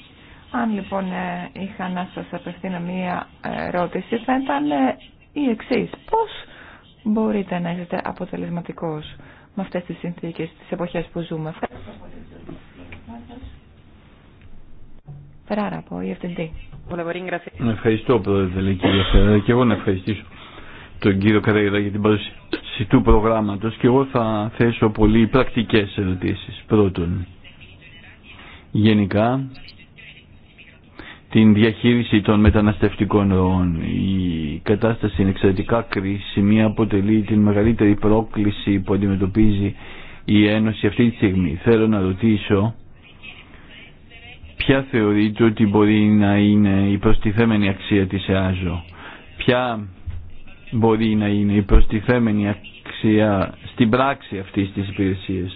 S1: Αν λοιπόν ε, είχα να σας απευθύνω μία ερώτηση θα ήταν ε, η εξής. Πώς μπορείτε να είστε αποτελεσματικός με αυτές τις συνθήκες, τις εποχές που ζούμε. Ευχαριστώ πολύ. από η
S3: Ευχαριστώ, Πρόεδρε, και εγώ να ευχαριστήσω τον κύριο Καρέιρα για την παρουσίαση του προγράμματος και εγώ θα θέσω πολύ πρακτικές ερωτήσεις. Πρώτον, γενικά την διαχείριση των μεταναστευτικών ροών. Η κατάσταση είναι εξαιρετικά κρίσιμη, αποτελεί την μεγαλύτερη πρόκληση που αντιμετωπίζει η Ένωση αυτή τη στιγμή. Θέλω να ρωτήσω ποια θεωρείτε ότι μπορεί να είναι η προστιθέμενη αξία της ΕΑΖΟ. Ποια μπορεί να είναι η προστιθέμενη αξία στην πράξη αυτή της υπηρεσία.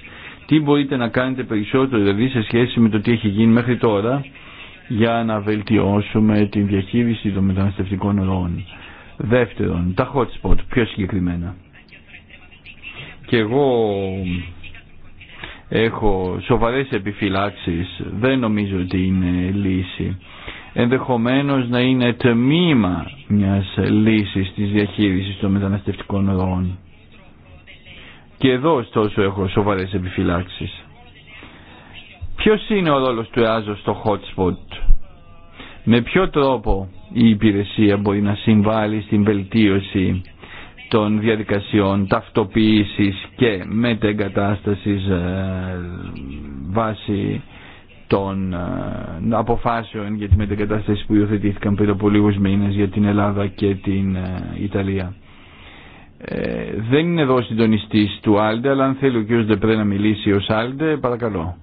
S3: Τι μπορείτε να κάνετε περισσότερο δηλαδή σε σχέση με το τι έχει γίνει μέχρι τώρα για να βελτιώσουμε την διαχείριση των μεταναστευτικών ροών. Δεύτερον, τα hot spot, πιο συγκεκριμένα. Και εγώ έχω σοβαρές επιφυλάξεις, δεν νομίζω ότι είναι λύση ενδεχομένως να είναι τμήμα μιας λύσης της διαχείρισης των μεταναστευτικών οδών. Και εδώ ωστόσο έχω σοβαρές επιφυλάξεις. Ποιος είναι ο ρόλος του ΕΑΖΟ στο hotspot. Με ποιο τρόπο η υπηρεσία μπορεί να συμβάλλει στην βελτίωση των διαδικασιών ταυτοποίησης και μετεγκατάστασης ε, βάση των ε, αποφάσεων για τη μετακατάσταση που υιοθετήθηκαν πριν από λίγους μήνες για την Ελλάδα και την ε, Ιταλία. Ε, δεν είναι εδώ συντονιστή του Άλντε, αλλά αν θέλει ο κ. Δεπρέ να μιλήσει ως Άλντε, παρακαλώ.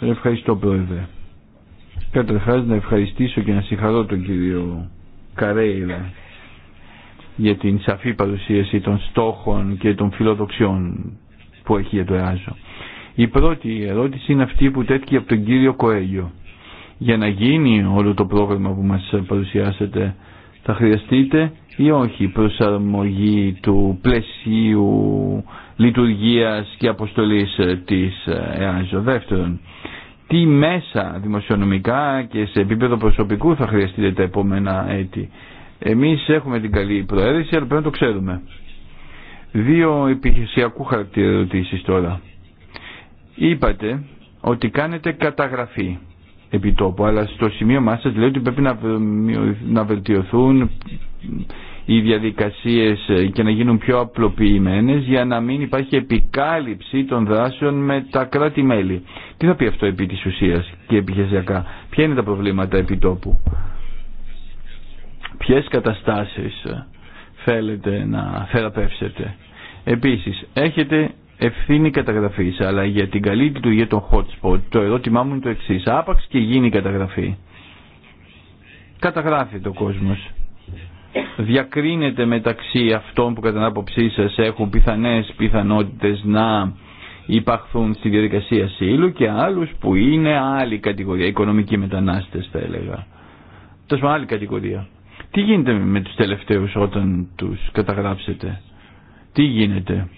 S3: Ευχαριστώ πρόεδρε. Καταρχάς να ευχαριστήσω και να συγχαρώ τον κύριο Καρέιλα για την σαφή παρουσίαση των στόχων και των φιλοδοξιών που έχει για το ΕΑΖΟ. Η πρώτη ερώτηση είναι αυτή που τέθηκε από τον κύριο Κοέλιο. Για να γίνει όλο το πρόγραμμα που μας παρουσιάσετε θα χρειαστείτε ή όχι προσαρμογή του πλαισίου λειτουργίας και αποστολής της ΕΑΖΟ. Δεύτερον, τι μέσα δημοσιονομικά και σε επίπεδο προσωπικού θα χρειαστείτε τα επόμενα έτη. Εμείς έχουμε την καλή προαίρεση, αλλά πρέπει να το ξέρουμε. Δύο επιχειρησιακού χαρακτήρα ερωτήσει τώρα. Είπατε ότι κάνετε καταγραφή επιτόπου, αλλά στο σημείο μας σας λέει ότι πρέπει να βελτιωθούν οι διαδικασίες και να γίνουν πιο απλοποιημένες για να μην υπάρχει επικάλυψη των δράσεων με τα κράτη-μέλη. Τι θα πει αυτό επί της ουσίας και επιχειρησιακά. Ποια είναι τα προβλήματα επιτόπου ποιες καταστάσεις ε, θέλετε να θεραπεύσετε. Επίσης, έχετε ευθύνη καταγραφής, αλλά για την καλή για των hot spot, το ερώτημά μου είναι το εξή. Άπαξ και γίνει η καταγραφή. Καταγράφεται ο κόσμος. Διακρίνεται μεταξύ αυτών που κατά την άποψή σας έχουν πιθανές πιθανότητες να υπαχθούν στη διαδικασία σύλλου και άλλους που είναι άλλη κατηγορία, οικονομικοί μετανάστες θα έλεγα. Τόσο άλλη κατηγορία. Τι γίνεται με τους τελευταίους όταν τους καταγράψετε. Τι γίνεται.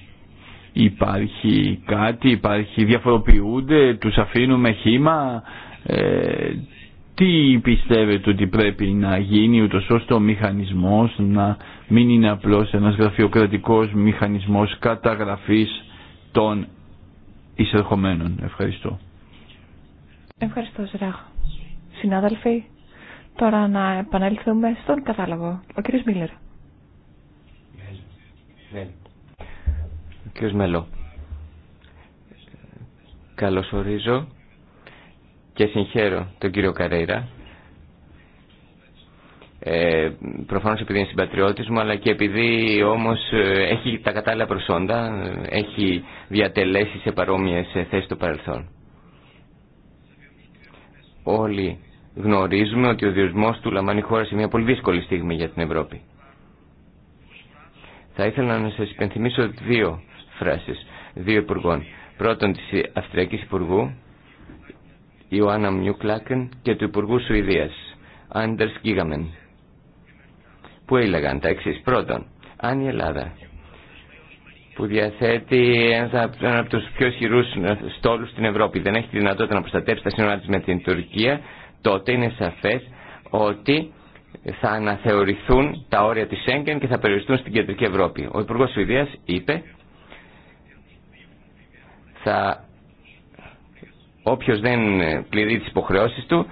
S3: Υπάρχει κάτι, υπάρχει, διαφοροποιούνται, τους αφήνουμε χήμα. Ε, τι πιστεύετε ότι πρέπει να γίνει ούτω ώστε ο μηχανισμός να μην είναι απλώς ένας γραφειοκρατικός μηχανισμός καταγραφής των εισερχομένων. Ευχαριστώ.
S1: Ευχαριστώ Ζράχο. Συνάδελφοι, Τώρα να επανέλθουμε στον κατάλογο. Ο κύριος Μίλλερ. Ο κύριος
S2: Μελό. Καλωσορίζω και συγχαίρω τον κύριο Καρέιρα. Ε, προφανώς επειδή είναι συμπατριώτης μου, αλλά και επειδή όμως ε, έχει τα κατάλληλα προσόντα, ε, έχει διατελέσει σε παρόμοιες θέσεις στο παρελθόν. Όλοι γνωρίζουμε ότι ο διορισμός του λαμβάνει χώρα σε μια πολύ δύσκολη στιγμή για την Ευρώπη. Θα ήθελα να σας υπενθυμίσω δύο φράσεις, δύο υπουργών. Πρώτον της Αυστριακής Υπουργού, Ιωάννα Μιουκλάκεν και του Υπουργού Σουηδίας, Άντερς Γίγαμεν. που έλεγαν τα εξή. Πρώτον, αν η Ελλάδα που διαθέτει ένα από τους πιο ισχυρούς στόλους στην Ευρώπη δεν έχει τη δυνατότητα να προστατεύσει τα σύνορα της με την Τουρκία τότε είναι σαφές ότι θα αναθεωρηθούν τα όρια της Σέγγεν και θα περιοριστούν στην Κεντρική Ευρώπη. Ο Υπουργός Σουηδίας είπε θα, όποιος δεν πληρεί τις υποχρεώσεις του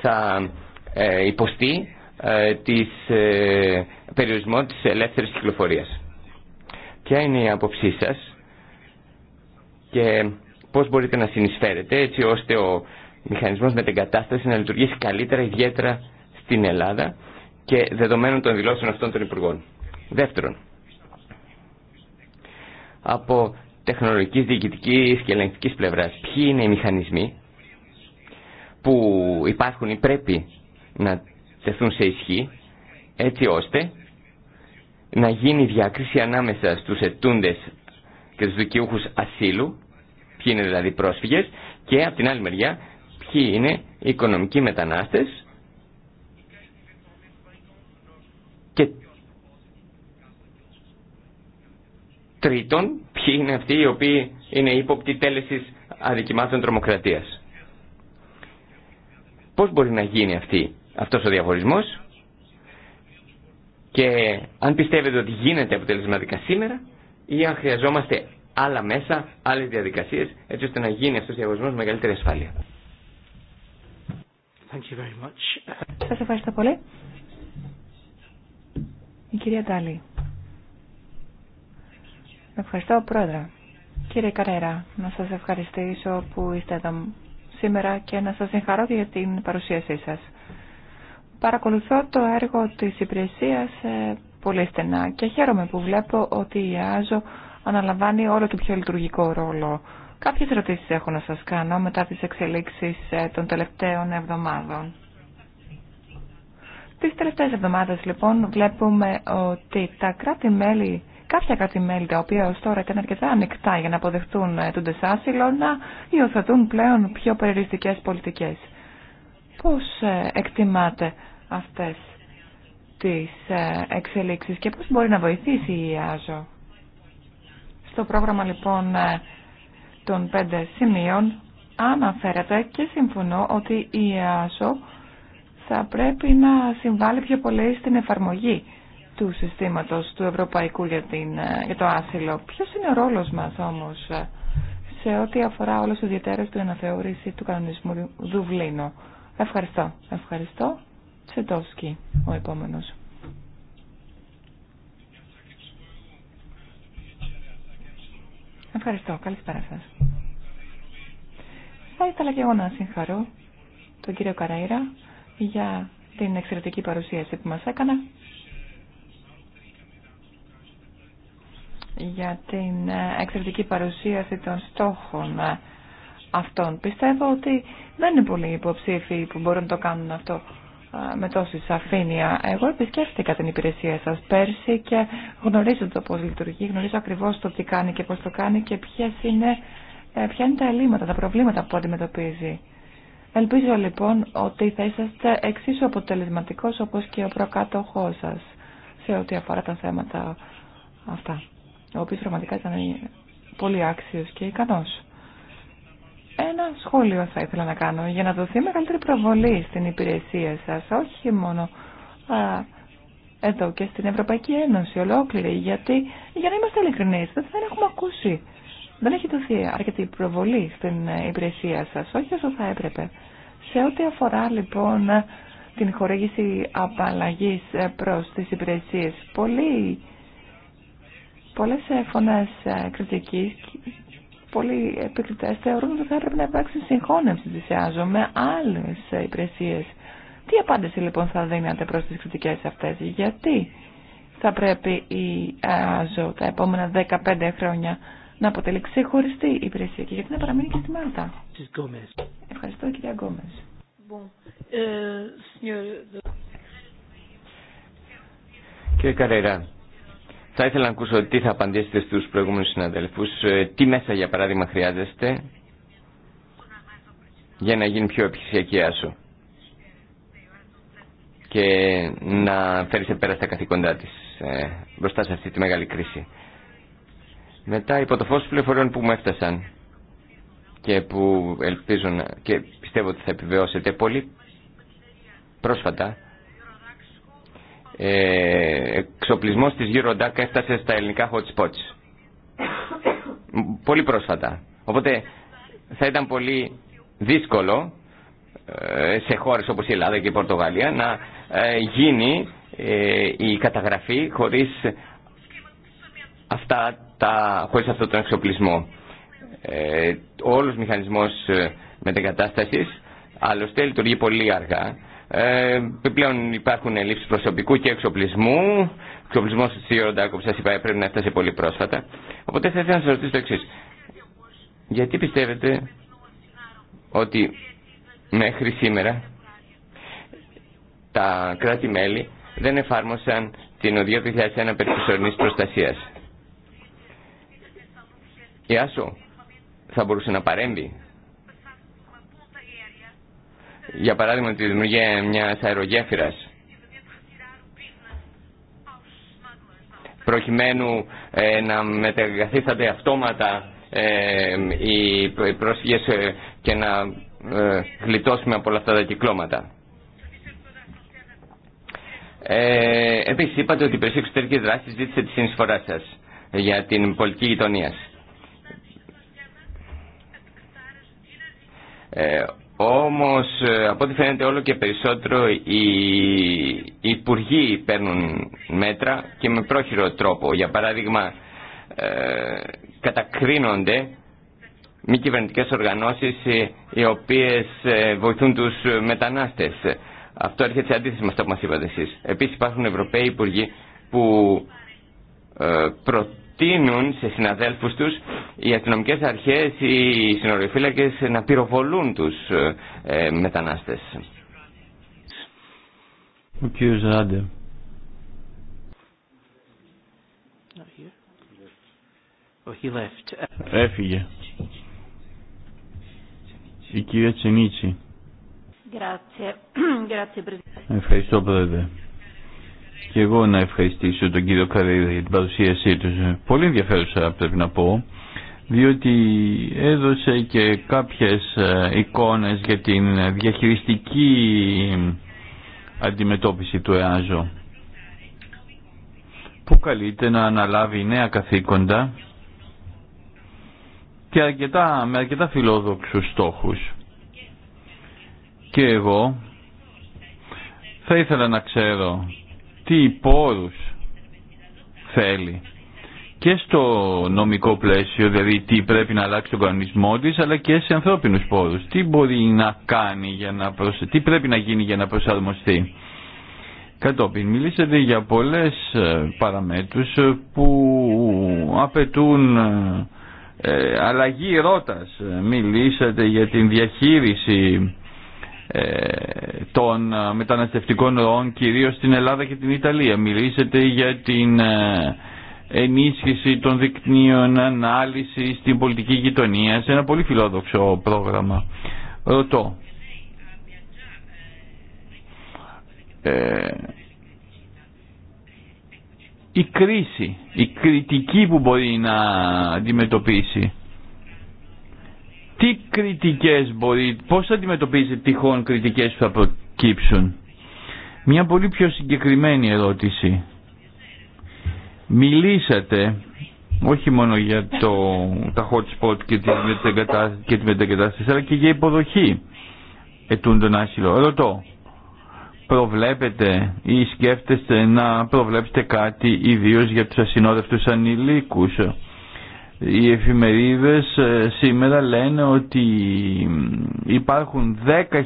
S2: θα ε, υποστεί ε, της, ε, περιορισμό της ελεύθερης κυκλοφορίας. Ποια είναι η άποψή σας και πώς μπορείτε να συνεισφέρετε έτσι ώστε ο μηχανισμός μετεγκατάσταση να λειτουργήσει καλύτερα, ιδιαίτερα στην Ελλάδα και δεδομένων των δηλώσεων αυτών των Υπουργών. Δεύτερον, από τεχνολογική, διοικητική και ελεγκτική πλευρά, ποιοι είναι οι μηχανισμοί που υπάρχουν ή πρέπει να τεθούν σε ισχύ, έτσι ώστε να γίνει διάκριση ανάμεσα στους ετούντες και τους δικαιούχους ασύλου, ποιοι είναι δηλαδή πρόσφυγες, και από την άλλη μεριά ποιοι είναι οι οικονομικοί μετανάστες και τρίτον ποιοι είναι αυτοί οι οποίοι είναι ύποπτοι τέλεσης αδικημάτων τρομοκρατίας. Πώς μπορεί να γίνει αυτή, αυτός ο διαχωρισμός και αν πιστεύετε ότι γίνεται αποτελεσματικά σήμερα ή αν χρειαζόμαστε άλλα μέσα, άλλες διαδικασίες έτσι ώστε να γίνει αυτός ο διαχωρισμός με μεγαλύτερη ασφάλεια.
S1: Thank you very much. Σας ευχαριστώ πολύ. Η κυρία Ντάλη. Ευχαριστώ, Πρόεδρε. Κύριε Καρέρα, να σας ευχαριστήσω που είστε εδώ σήμερα και να σας συγχαρώ για την παρουσίασή σας. Παρακολουθώ το έργο της υπηρεσίας ε, πολύ στενά και χαίρομαι που βλέπω ότι η ΆΖΟ αναλαμβάνει όλο και πιο λειτουργικό ρόλο Κάποιες ερωτήσεις έχω να σας κάνω μετά τις εξελίξεις ε, των τελευταίων εβδομάδων. Τις τελευταίες εβδομάδες λοιπόν βλέπουμε ότι τα κράτη-μέλη, κάποια κράτη-μέλη τα οποία ως τώρα ήταν αρκετά ανοιχτά για να αποδεχτούν ε, τον τεσάσυλο να υιοθετούν πλέον πιο περιοριστικές πολιτικές. Πώς ε, εκτιμάτε αυτές τις εξελίξεις και πώς μπορεί να βοηθήσει η ΙΑΖΟ. Στο πρόγραμμα λοιπόν των πέντε σημείων αναφέρεται και συμφωνώ ότι η ΕΑΣΟ θα πρέπει να συμβάλλει πιο πολύ στην εφαρμογή του συστήματος του Ευρωπαϊκού για, την, το άσυλο. Ποιος είναι ο ρόλος μας όμως σε ό,τι αφορά όλες τις ιδιαίτερες του αναθεώρηση του κανονισμού Δουβλίνου. Ευχαριστώ. Ευχαριστώ. Τσετόσκι ο επόμενος. Ευχαριστώ. Καλησπέρα σα. Θα ήθελα και εγώ να συγχαρώ τον κύριο Καραίρα για την εξαιρετική παρουσίαση που μας έκανα για την εξαιρετική παρουσίαση των στόχων αυτών. Πιστεύω ότι δεν είναι πολλοί υποψήφοι που μπορούν να το κάνουν αυτό με τόση σαφήνεια. Εγώ επισκέφτηκα την υπηρεσία σας πέρσι και γνωρίζω το πώς λειτουργεί, γνωρίζω ακριβώς το τι κάνει και πώς το κάνει και ποιες είναι, ε, ποια είναι τα ελλείμματα, τα προβλήματα που αντιμετωπίζει. Ελπίζω λοιπόν ότι θα είσαστε εξίσου αποτελεσματικός όπως και ο προκάτοχός σας σε ό,τι αφορά τα θέματα αυτά, ο οποίος πραγματικά ήταν πολύ άξιος και ικανός. Ένα σχόλιο θα ήθελα να κάνω για να δοθεί μεγαλύτερη προβολή στην υπηρεσία σας, όχι μόνο α, εδώ και στην Ευρωπαϊκή Ένωση ολόκληρη, γιατί για να είμαστε ειλικρινείς δεν έχουμε ακούσει, δεν έχει δοθεί αρκετή προβολή στην υπηρεσία σας, όχι όσο θα έπρεπε. Σε ό,τι αφορά λοιπόν την χορήγηση απαλλαγής ε, προς τις υπηρεσίες, πολλοί πολλές ε, φωνές ε, κριτικής πολλοί επικριτέ θεωρούν ότι θα έπρεπε να υπάρξει συγχώνευση τη με άλλε υπηρεσίε. Τι απάντηση λοιπόν θα δίνετε προ τι κριτικέ αυτέ, γιατί θα πρέπει η ΑΖΟ τα επόμενα 15 χρόνια να αποτελεί ξεχωριστή υπηρεσία και γιατί να παραμείνει και στη Μάλτα. Ευχαριστώ κυρία Γκόμε. Euh,
S2: Κύριε Καρέρα, θα ήθελα να ακούσω τι θα απαντήσετε στους προηγούμενους συναδελφούς. Ε, τι μέσα για παράδειγμα χρειάζεστε για να γίνει πιο επιχειρησιακή άσο και να φέρει σε πέρα στα καθήκοντά της ε, μπροστά σε αυτή τη μεγάλη κρίση. Μετά υπό το φως πληροφοριών που μου έφτασαν και που ελπίζω και πιστεύω ότι θα επιβεβαιώσετε πολύ πρόσφατα ε, εξοπλισμός της Eurodac έφτασε στα ελληνικά hot spots. πολύ πρόσφατα. Οπότε θα ήταν πολύ δύσκολο ε, σε χώρες όπως η Ελλάδα και η Πορτογαλία να ε, γίνει ε, η καταγραφή χωρίς, αυτά τα, χωρίς αυτόν τον εξοπλισμό. Ε, όλος ο μηχανισμός μετεγκατάστασης άλλωστε λειτουργεί πολύ αργά ε, πλέον υπάρχουν ελλείψεις προσωπικού και εξοπλισμού. Ο εξοπλισμός Ιωροντάκου που σας είπα, πρέπει να έφτασε πολύ πρόσφατα. Οπότε θα ήθελα να σας ρωτήσω το εξής. Γιατί πιστεύετε ότι μέχρι σήμερα τα κράτη-μέλη δεν εφάρμοσαν την οδηγία 2001 περί προσωρινής προστασίας. Η Άσο θα μπορούσε να παρέμβει για παράδειγμα τη δημιουργία μια αερογέφυρας προκειμένου ε, να μετεγκαθίστανται αυτόματα ε, οι πρόσφυγες ε, και να ε, γλιτώσουμε από όλα αυτά τα κυκλώματα. Ε, επίσης είπατε ότι η περισσότερη Εξωτερική Δράση ζήτησε τη συνεισφορά σας για την πολιτική γειτονία. Όμως, ε, από ό,τι φαίνεται όλο και περισσότερο, οι υπουργοί παίρνουν μέτρα και με πρόχειρο τρόπο. Για παράδειγμα, ε, κατακρίνονται μη κυβερνητικέ οργανώσεις ε, οι οποίες βοηθούν τους μετανάστες. Αυτό έρχεται σε αντίθεση με αυτό που μας είπατε εσείς. Επίσης υπάρχουν Ευρωπαίοι Υπουργοί που προτείνουν τίνουν σε συναδέλφους τους οι αστυνομικές αρχές ή οι συνοριοφύλακες να πυροβολούν τους ε, ε μετανάστες. Ο κύριος Ράντε.
S3: Έφυγε. Η κυρία Τσενίτσι. Ευχαριστώ πρόεδρε και εγώ να ευχαριστήσω τον κύριο Καρύδη για την παρουσίασή του. Πολύ ενδιαφέρουσα πρέπει να πω, διότι έδωσε και κάποιες ε, εικόνες για την διαχειριστική αντιμετώπιση του ΕΑΖΟ που καλείται να αναλάβει νέα καθήκοντα και αρκετά, με αρκετά φιλόδοξους στόχους. Και εγώ θα ήθελα να ξέρω τι πόρους θέλει και στο νομικό πλαίσιο, δηλαδή τι πρέπει να αλλάξει τον κανονισμό τη, αλλά και σε ανθρώπινους πόρου. Τι μπορεί να κάνει, για να τι πρέπει να γίνει για να προσαρμοστεί. Κατόπιν μιλήσατε για πολλές ε, παραμέτρους ε, που απαιτούν ε, αλλαγή ρότας. Μιλήσατε για την διαχείριση ε, των ε, μεταναστευτικών ροών κυρίως στην Ελλάδα και την Ιταλία. Μιλήσετε για την ε, ενίσχυση των δικτύων ανάλυση στην πολιτική γειτονία σε ένα πολύ φιλόδοξο πρόγραμμα. Ρωτώ. Ε, η κρίση, η κριτική που μπορεί να αντιμετωπίσει τι κριτικές μπορεί, πώς θα αντιμετωπίζετε τυχόν κριτικές που θα προκύψουν. Μια πολύ πιο συγκεκριμένη ερώτηση. Μιλήσατε όχι μόνο για το, τα hot spot και τη, και αλλά και για υποδοχή ετούντων άσυλο. Ρωτώ, προβλέπετε ή σκέφτεστε να προβλέψετε κάτι ιδίως για τους ασυνόδευτους ανηλίκους οι εφημερίδες ε, σήμερα λένε ότι υπάρχουν 10.000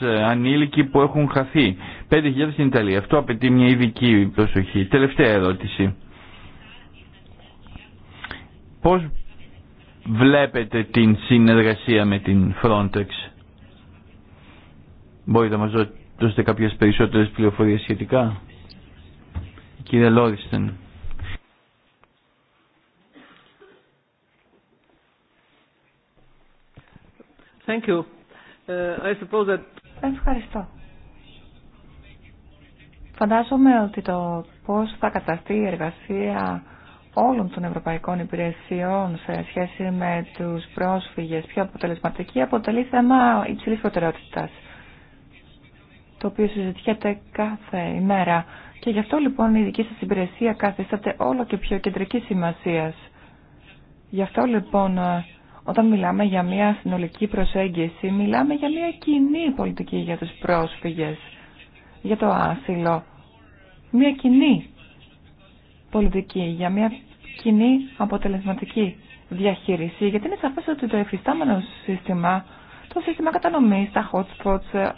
S3: ε, ανήλικοι που έχουν χαθεί. 5.000 στην Ιταλία. Αυτό απαιτεί μια ειδική προσοχή. Τελευταία ερώτηση. Πώς βλέπετε την συνεργασία με την Frontex. Μπορείτε να μας δώσετε κάποιες περισσότερες πληροφορίες σχετικά.
S2: Κύριε Λόριστεν.
S1: Thank you. Uh, I suppose that... Ευχαριστώ. Φαντάζομαι ότι το πώς θα καταστεί η εργασία όλων των ευρωπαϊκών υπηρεσιών σε σχέση με τους πρόσφυγες πιο αποτελεσματική αποτελεί θέμα υψηλής προτεραιότητα. το οποίο συζητιέται κάθε ημέρα και γι' αυτό λοιπόν η δική σας υπηρεσία καθίσταται όλο και πιο κεντρική σημασίας. Γι' αυτό λοιπόν όταν μιλάμε για μια συνολική προσέγγιση, μιλάμε για μια κοινή πολιτική για τους πρόσφυγες, για το άσυλο. Μια κοινή πολιτική, για μια κοινή αποτελεσματική διαχείριση, γιατί είναι σαφές ότι το εφιστάμενο σύστημα, το σύστημα κατανομής, τα hot spots,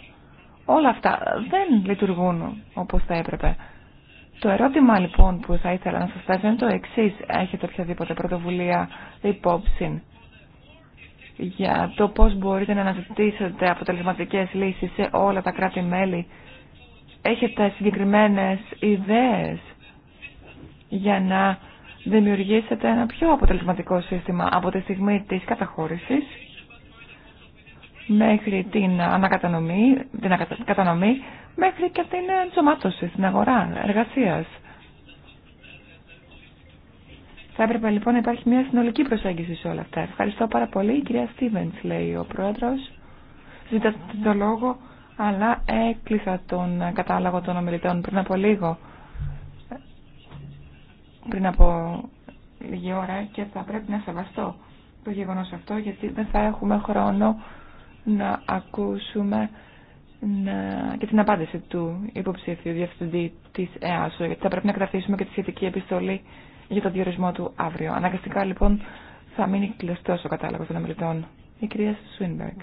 S1: όλα αυτά δεν λειτουργούν όπως θα έπρεπε. Το ερώτημα λοιπόν που θα ήθελα να σας θέσω είναι το εξή. Έχετε οποιαδήποτε πρωτοβουλία υπόψη για το πώς μπορείτε να αναζητήσετε αποτελεσματικές λύσεις σε όλα τα κράτη-μέλη. Έχετε συγκεκριμένες ιδέες για να δημιουργήσετε ένα πιο αποτελεσματικό σύστημα από τη στιγμή της καταχώρησης μέχρι την ανακατανομή, την κατανομή, μέχρι και την ενσωμάτωση στην αγορά εργασίας. Θα έπρεπε λοιπόν να υπάρχει μια συνολική προσέγγιση σε όλα αυτά. Ευχαριστώ πάρα πολύ. Η κυρία Στίβενς λέει ο πρόεδρος. Ζήτατε το λόγο, αλλά έκλεισα τον κατάλογο των ομιλητών πριν από λίγο. Πριν από λίγη ώρα και θα πρέπει να σεβαστώ το γεγονός αυτό γιατί δεν θα έχουμε χρόνο να ακούσουμε και την απάντηση του υποψήφιου διευθυντή της ΕΑΣΟ γιατί θα πρέπει να κρατήσουμε και τη σχετική επιστολή για το διορισμό του αύριο. Αναγκαστικά λοιπόν θα μείνει κλειστό ο κατάλογο των ομιλητών. Η κυρία Σουίνμπεργκ.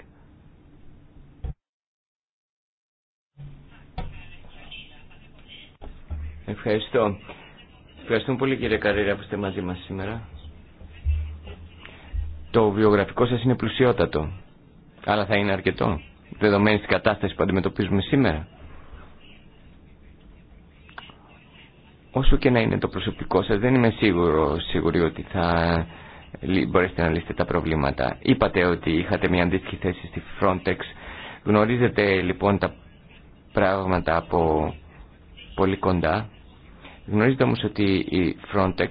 S2: Ευχαριστώ. Ευχαριστούμε πολύ κύριε Καρύρα που είστε μαζί μας σήμερα. Το βιογραφικό σας είναι πλουσιότατο, αλλά θα είναι αρκετό, δεδομένη της κατάσταση που αντιμετωπίζουμε σήμερα. Όσο και να είναι το προσωπικό σας, δεν είμαι σίγουρο, σίγουρη ότι θα μπορέσετε να λύσετε τα προβλήματα. Είπατε ότι είχατε μια αντίστοιχη θέση στη Frontex. Γνωρίζετε λοιπόν τα πράγματα από πολύ κοντά. Γνωρίζετε όμως ότι η Frontex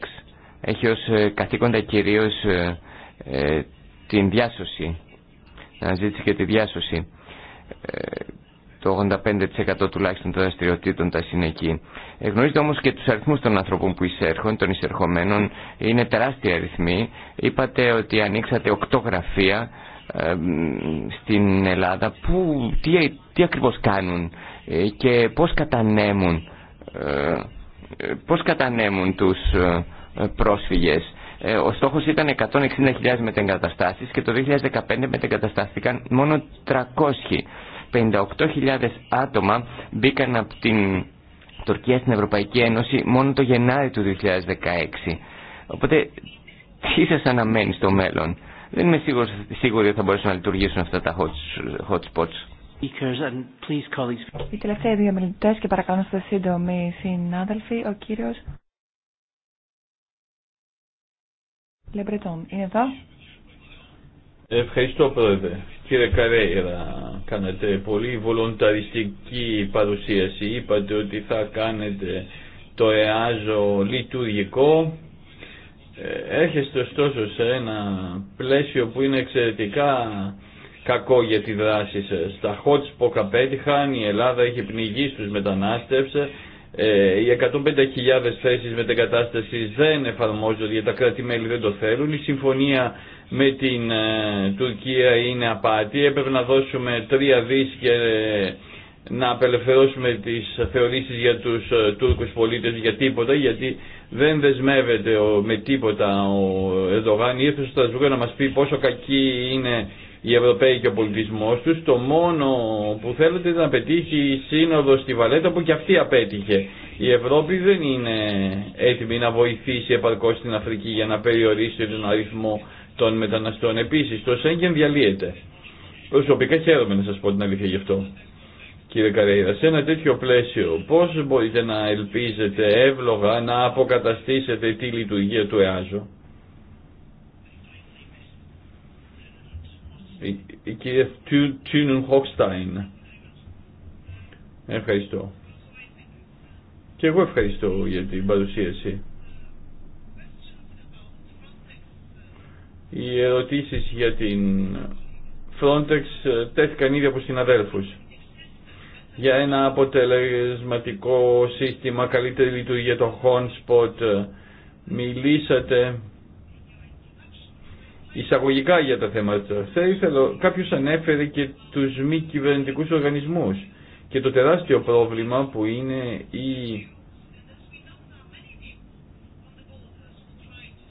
S2: έχει ως ε, καθήκοντα κυρίως ε, ε, την διάσωση, να ζήτησε και τη διάσωση. Ε, το 85% τουλάχιστον των δραστηριοτήτων τα είναι εκεί. Εγνωρίζετε όμως και τους αριθμούς των ανθρώπων που εισέρχονται, των εισερχομένων. Είναι τεράστια αριθμοί. Είπατε ότι ανοίξατε οκτώ γραφεία ε, στην Ελλάδα. Που, τι, τι ακριβώς κάνουν ε, και πώς κατανέμουν, ε, πώς κατανέμουν τους πρόσφυγες. Ο στόχος ήταν 160.000 μετεγκαταστάσεις και το 2015 μετεγκαταστάθηκαν μόνο 300. 58.000 άτομα μπήκαν από την Τουρκία στην Ευρωπαϊκή Ένωση μόνο το Γενάρη του 2016. Οπότε τι σας αναμένει στο μέλλον. Δεν είμαι σίγουρος, σίγουρη ότι θα μπορέσουν να λειτουργήσουν αυτά τα hot, spots.
S1: Οι τελευταίοι δύο μιλητές και παρακαλώ να είστε σύντομοι συνάδελφοι, ο κύριος Λεμπρετών. Είναι εδώ.
S3: Ευχαριστώ πρόεδρε. Κύριε Καρέιρα, Κάνατε πολύ βολονταριστική παρουσίαση. Είπατε ότι θα κάνετε το ΕΑΖΟ λειτουργικό. Ε, έρχεστε ωστόσο σε ένα πλαίσιο που είναι εξαιρετικά κακό για τη δράση σας. Τα hot spot απέτυχαν, η Ελλάδα έχει πνιγεί στους μετανάστευς, ε, οι 105.000 θέσεις μετεγκατάστασης δεν εφαρμόζονται γιατί τα κράτη-μέλη δεν το θέλουν, η συμφωνία με την ε, Τουρκία είναι απάτη. Έπρεπε να δώσουμε τρία δις και ε, να απελευθερώσουμε τις θεωρήσεις για τους ε, Τούρκους πολίτες για τίποτα, γιατί δεν δεσμεύεται με τίποτα ο Ερδογάν. Ήρθε στο Στρασβούργο να μας πει πόσο κακή είναι οι Ευρωπαίοι και ο πολιτισμός τους. Το μόνο που θέλετε είναι να πετύχει η σύνοδο στη Βαλέτα που και αυτή απέτυχε. Η Ευρώπη δεν είναι έτοιμη να βοηθήσει επαρκώς την Αφρική για να περιορίσει τον αριθμό των μεταναστών. Επίση το Σέγγεν διαλύεται. Προσωπικά χαίρομαι να σας πω την αλήθεια γι' αυτό. Κύριε Καρέιρα, σε ένα τέτοιο πλαίσιο, πώς μπορείτε να ελπίζετε εύλογα να αποκαταστήσετε τη λειτουργία του ΕΑΖΟ. Η κυρία Τσίνουν Χόκσταϊν. Ευχαριστώ. Και εγώ ευχαριστώ για την παρουσίαση. Οι ερωτήσεις για την Frontex ε, τέθηκαν ήδη από συναδέλφους για ένα αποτελεσματικό σύστημα, καλύτερη λειτουργία των Honspot, ε, Μιλήσατε εισαγωγικά για τα θέματα αυτά. Ήθελα, κάποιος ανέφερε και τους μη κυβερνητικούς οργανισμούς και το τεράστιο πρόβλημα που είναι η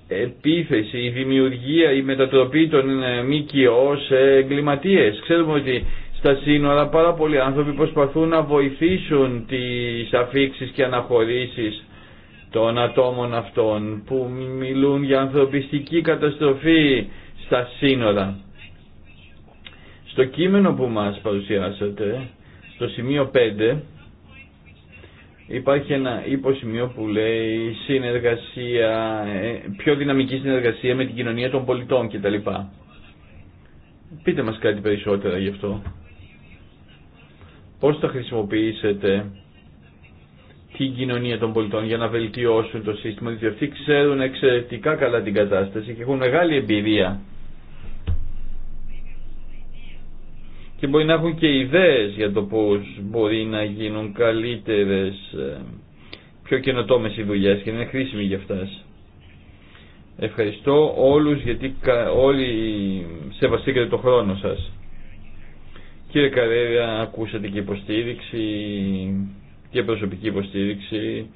S3: επίθεση, η δημιουργία, η μετατροπή των ε, ΜΚΟ σε εγκληματίες. Ξέρουμε ότι στα σύνορα πάρα πολλοί άνθρωποι προσπαθούν να βοηθήσουν τις αφήξεις και αναχωρήσεις των ατόμων αυτών που μιλούν για ανθρωπιστική καταστροφή στα σύνορα. Στο κείμενο που μας παρουσιάσατε, στο σημείο 5, Υπάρχει ένα υποσημείο που λέει συνεργασία, ε, πιο δυναμική συνεργασία με την κοινωνία των πολιτών κτλ. Πείτε μας κάτι περισσότερα γι' αυτό. Πώς θα χρησιμοποιήσετε την κοινωνία των πολιτών για να βελτιώσουν το σύστημα, διότι αυτοί ξέρουν εξαιρετικά καλά την κατάσταση και έχουν μεγάλη εμπειρία και μπορεί να έχουν και ιδέες για το πώς μπορεί να γίνουν καλύτερες, ε, πιο καινοτόμες οι δουλειές και να είναι χρήσιμοι για αυτές. Ευχαριστώ όλους γιατί όλοι σεβαστήκατε το χρόνο σας. Κύριε Καρέρια, ακούσατε και υποστήριξη και προσωπική υποστήριξη.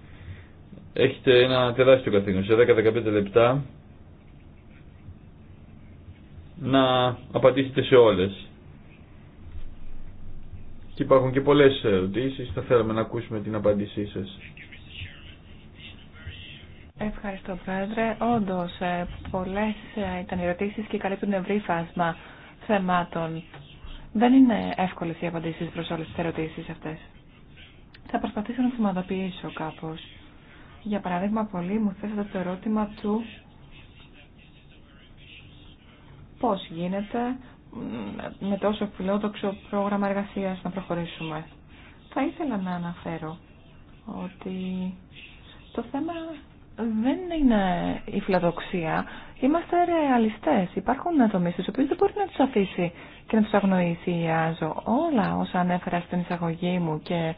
S3: Έχετε ένα τεράστιο καθήκον σε 10-15 λεπτά να απαντήσετε σε όλες. Και υπάρχουν και πολλές ερωτήσεις. Θα θέλαμε να ακούσουμε την απάντησή σας.
S1: Ευχαριστώ, Πρόεδρε. Όντω, ε, πολλές ε, ήταν οι ερωτήσει και καλύπτουν ευρύ φάσμα θεμάτων. Δεν είναι εύκολες οι απαντήσει προς όλες τις ερωτήσει αυτές. Θα προσπαθήσω να θυματοποιήσω κάπως. Για παράδειγμα, πολλοί μου θέσατε το ερώτημα του πώς γίνεται με τόσο φιλόδοξο πρόγραμμα εργασίας να προχωρήσουμε. Θα ήθελα να αναφέρω ότι το θέμα δεν είναι η φιλοδοξία. Είμαστε ρεαλιστές. Υπάρχουν τομείς στους οποίους δεν μπορεί να τους αφήσει και να τους αγνοήσει η ΆΖΟ. Όλα όσα ανέφερα στην εισαγωγή μου και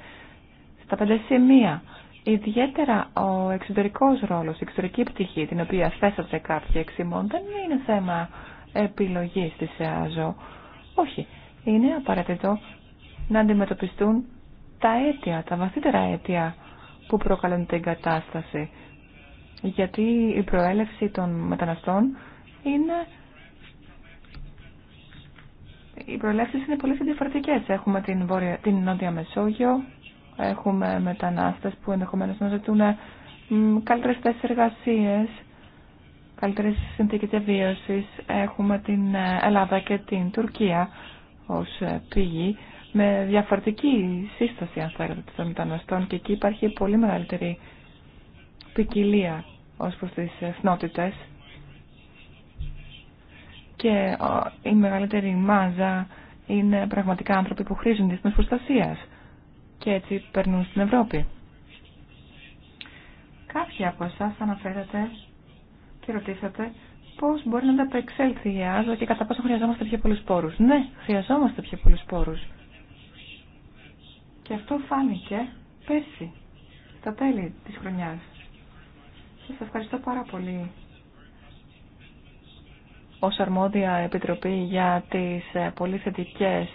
S1: στα πέντε σημεία. Ιδιαίτερα ο εξωτερικός ρόλος, η εξωτερική πτυχή, την οποία θέσατε κάποιοι εξημών, δεν είναι θέμα Επιλογή της ΕΑΖΟ. Όχι. Είναι απαραίτητο να αντιμετωπιστούν τα αίτια, τα βαθύτερα αίτια που προκαλούν την κατάσταση. Γιατί η προέλευση των μεταναστών είναι... Οι προελεύσεις είναι πολύ διαφορετικές. Έχουμε την, Βόρεια, την Νότια Μεσόγειο, έχουμε μετανάστες που ενδεχομένως να ζητούν καλύτερες θέσεις εργασίες, καλύτερες συνθήκες διαβίωσης έχουμε την ε, Ελλάδα και την Τουρκία ως ε, πηγή με διαφορετική σύσταση αν θέλετε των μεταναστών και εκεί υπάρχει πολύ μεγαλύτερη ποικιλία ως προς τις εθνότητες και η μεγαλύτερη μάζα είναι πραγματικά άνθρωποι που χρήζουν διεθνούς προστασία και έτσι περνούν στην Ευρώπη. Κάποιοι από εσά αναφέρατε και ρωτήσατε πώς μπορεί να ανταπεξέλθει η ΕΑΖΟ και κατά πόσο χρειαζόμαστε πιο πολλού πόρου. Ναι, χρειαζόμαστε πιο πολλού πόρου. Και αυτό φάνηκε πέρσι, στα τέλη της χρονιάς. Σα ευχαριστώ πάρα πολύ ως αρμόδια επιτροπή για τις ε, πολύ θετικέ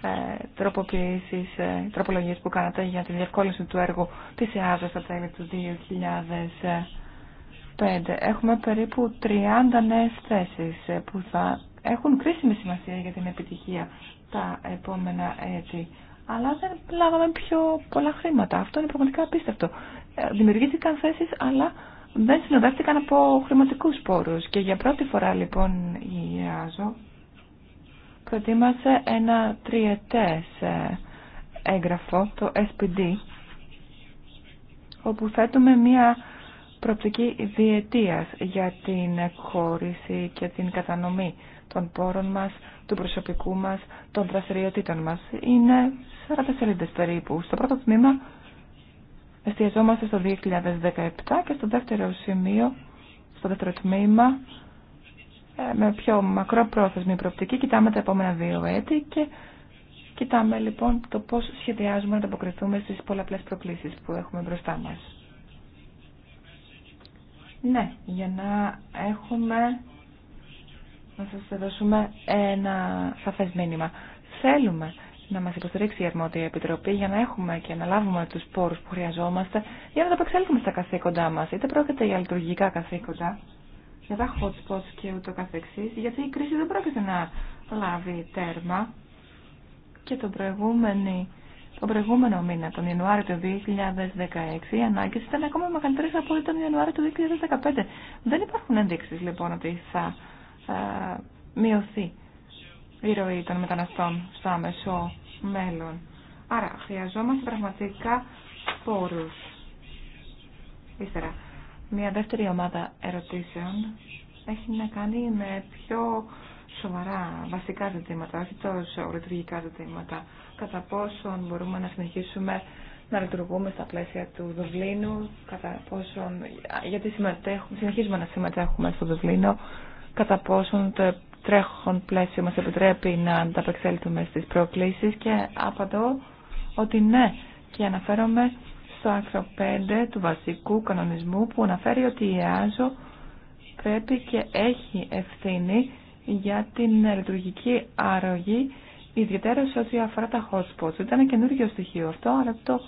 S1: ε, τροποποιήσεις, ε, τροπολογίες που κάνατε για τη διευκόλυνση του έργου της ΕΑΖΟ στα τέλη του 2000. Έχουμε περίπου 30 νέε θέσει ε, που θα έχουν κρίσιμη σημασία για την επιτυχία τα επόμενα έτη. Αλλά δεν λάβαμε πιο πολλά χρήματα. Αυτό είναι πραγματικά απίστευτο. Ε, δημιουργήθηκαν θέσει, αλλά δεν συνοδεύτηκαν από χρηματικούς πόρους. Και για πρώτη φορά λοιπόν η ΑΖΟ προετοίμασε ένα τριετέ ε, έγγραφο, το SPD, όπου θέτουμε μία προοπτική διετίας για την χώριση και την κατανομή των πόρων μας, του προσωπικού μας, των δραστηριοτήτων μας. Είναι 40 σελίδες περίπου. Στο πρώτο τμήμα εστιαζόμαστε στο 2017 και στο δεύτερο σημείο, στο δεύτερο τμήμα, ε, με πιο μακρόπρόθεσμη προοπτική, κοιτάμε τα επόμενα δύο έτη και κοιτάμε λοιπόν το πώς σχεδιάζουμε να ανταποκριθούμε στις πολλαπλές προκλήσεις που έχουμε μπροστά μας. Ναι, για να έχουμε, να σας δώσουμε ένα σαφές μήνυμα. Θέλουμε να μας υποστηρίξει η Αρμόδια Επιτροπή για να έχουμε και να λάβουμε τους πόρους που χρειαζόμαστε για να τα απεξέλθουμε στα καθήκοντά μας. Είτε πρόκειται για λειτουργικά καθήκοντα, για τα hot spots και ούτω καθεξή, γιατί η κρίση δεν πρόκειται να λάβει τέρμα. Και τον προηγούμενη το προηγούμενο μήνα, τον Ιανουάριο του 2016, οι ανάγκε ήταν ακόμα μεγαλύτερε από ό,τι τον Ιανουάριο του 2015. Δεν υπάρχουν ενδείξει λοιπόν ότι θα ε, μειωθεί η ροή των μεταναστών στο άμεσο μέλλον. Άρα χρειαζόμαστε πραγματικά πόρους. Ύστερα, μια δεύτερη ομάδα ερωτήσεων έχει να κάνει με πιο σοβαρά βασικά ζητήματα, όχι τόσο λειτουργικά ζητήματα κατά πόσον μπορούμε να συνεχίσουμε να λειτουργούμε στα πλαίσια του Δουβλίνου, κατά πόσον, γιατί συνεχίζουμε να συμμετέχουμε στο Δουβλίνο, κατά πόσον το τρέχον πλαίσιο μας επιτρέπει να ανταπεξέλθουμε στις προκλήσεις και απαντώ ότι ναι και αναφέρομαι στο άρθρο 5 του βασικού κανονισμού που αναφέρει ότι η ΕΑΖΟ πρέπει και έχει ευθύνη για την λειτουργική άρρωγη ιδιαίτερα σε ό,τι αφορά τα hotspots. Ήταν καινούργιο στοιχείο αυτό, αλλά το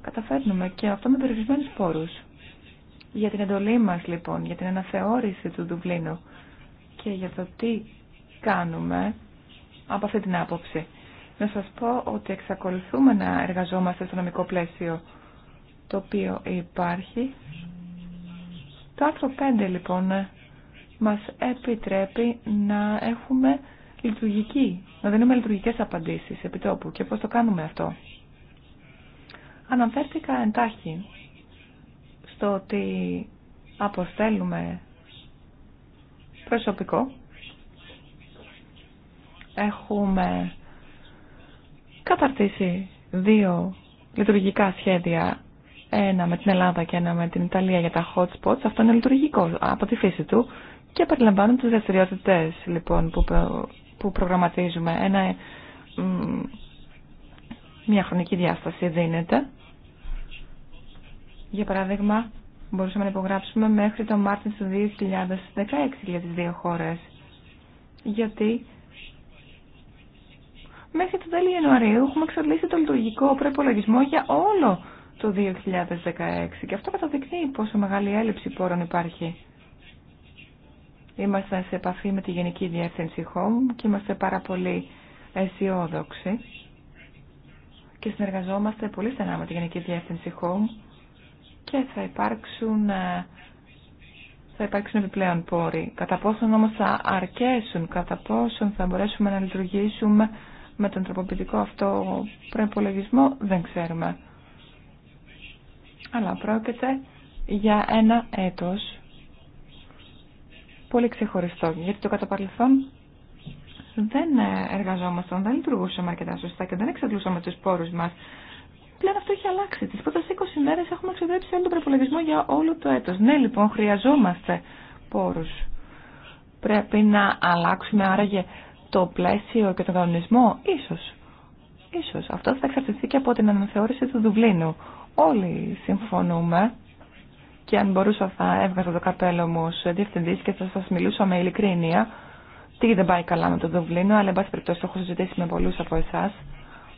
S1: καταφέρνουμε και αυτό με περιορισμένους πόρους. Για την εντολή μας λοιπόν, για την αναθεώρηση του Δουβλίνου και για το τι κάνουμε από αυτή την άποψη. Να σας πω ότι εξακολουθούμε να εργαζόμαστε στο νομικό πλαίσιο το οποίο υπάρχει. Το άρθρο 5 λοιπόν μας επιτρέπει να έχουμε λειτουργική, να δίνουμε απαντήσει απαντήσεις επιτόπου και πώ το κάνουμε αυτό. Αναφέρθηκα εντάχει στο ότι αποστέλουμε προσωπικό. Έχουμε καταρτήσει δύο λειτουργικά σχέδια, ένα με την Ελλάδα και ένα με την Ιταλία για τα hot spots. Αυτό είναι λειτουργικό από τη φύση του και περιλαμβάνουν τις δραστηριότητε λοιπόν, που που προγραμματίζουμε. Ένα, μια χρονική διάσταση δίνεται. Για παράδειγμα, μπορούσαμε να υπογράψουμε μέχρι τον Μάρτιν του 2016 για τις δύο χώρες. Γιατί μέχρι το τέλη Ιανουαρίου έχουμε εξαρτήσει το λειτουργικό προπολογισμό για όλο το 2016 και αυτό καταδεικνύει πόσο μεγάλη έλλειψη πόρων υπάρχει. Είμαστε σε επαφή με τη Γενική Διεύθυνση Home και είμαστε πάρα πολύ αισιόδοξοι και συνεργαζόμαστε πολύ στενά με τη Γενική Διεύθυνση Home και θα υπάρξουν, ε, θα υπάρξουν επιπλέον πόροι. Κατά πόσον όμως θα αρκέσουν, κατά πόσον θα μπορέσουμε να λειτουργήσουμε με τον τροποποιητικό αυτό προπολογισμό δεν ξέρουμε. Αλλά πρόκειται για ένα έτος πολύ ξεχωριστό, γιατί το κατά παρελθόν δεν εργαζόμασταν, δεν λειτουργούσαμε αρκετά σωστά και δεν εξαντλούσαμε του πόρου μα. Πλέον αυτό έχει αλλάξει. Τι πρώτε 20 μέρε έχουμε εξοδέψει όλο τον προπολογισμό για όλο το έτος. Ναι, λοιπόν, χρειαζόμαστε πόρου. Πρέπει να αλλάξουμε άραγε το πλαίσιο και τον κανονισμό. Ίσως. Ίσως. Αυτό θα εξαρτηθεί και από την αναθεώρηση του Δουβλίνου. Όλοι συμφωνούμε και αν μπορούσα θα έβγαζα το καπέλο μου σε διευθυντής και θα σας μιλούσα με ειλικρίνεια. Τι δεν πάει καλά με το Δουβλίνο, αλλά εν πάση περιπτώσει το έχω συζητήσει με πολλούς από εσάς.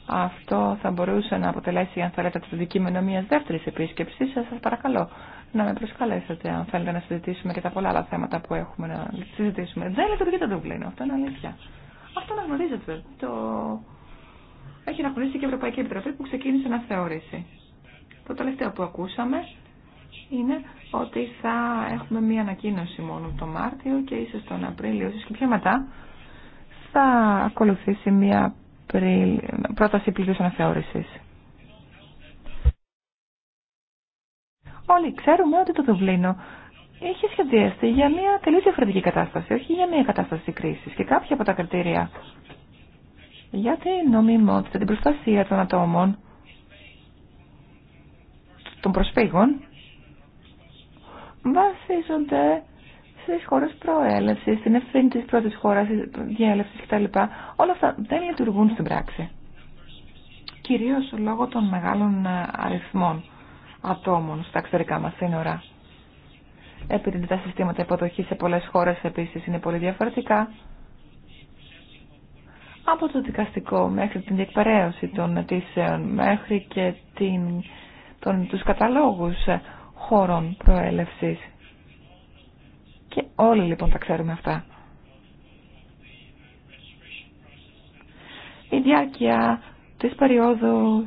S1: Αυτό θα μπορούσε να αποτελέσει, αν θέλετε, το δικείμενο μια δεύτερη επίσκεψη. Σα παρακαλώ να με προσκαλέσετε, αν θέλετε, να συζητήσουμε και τα πολλά άλλα θέματα που έχουμε να συζητήσουμε. Δεν λέτε το Δουβλίνο, αυτό είναι αλήθεια. Αυτό να γνωρίζετε. Το... Έχει αναγνωρίσει και η Ευρωπαϊκή Επιτροπή που ξεκίνησε να θεωρήσει. Το τελευταίο που ακούσαμε είναι ότι θα έχουμε μία ανακοίνωση μόνο το Μάρτιο και ίσως τον Απρίλιο, ίσως και πιο μετά, θα ακολουθήσει μία πρόταση πλήρους αναθεώρησης. Όλοι ξέρουμε ότι το Δουβλίνο είχε σχεδιαστεί για μια τελείως διαφορετική κατάσταση, όχι για μια κατάσταση κρίσης. Και κάποια από τα κριτήρια για την νομιμότητα, την προστασία των ατόμων, των προσφύγων, βασίζονται στις χώρες προέλευσης, στην ευθύνη της πρώτης χώρας, διέλευσης κτλ. Όλα αυτά δεν λειτουργούν στην πράξη. Κυρίως λόγω των μεγάλων ε, αριθμών ατόμων στα εξωτερικά μας σύνορα. Επειδή τα συστήματα υποδοχή σε πολλές χώρες επίσης είναι πολύ διαφορετικά, από το δικαστικό μέχρι την διεκπαιρέωση των αιτήσεων μέχρι και την, τον, τους καταλόγους χωρών προέλευσης. Και όλοι λοιπόν τα ξέρουμε αυτά. Η διάρκεια της περίοδου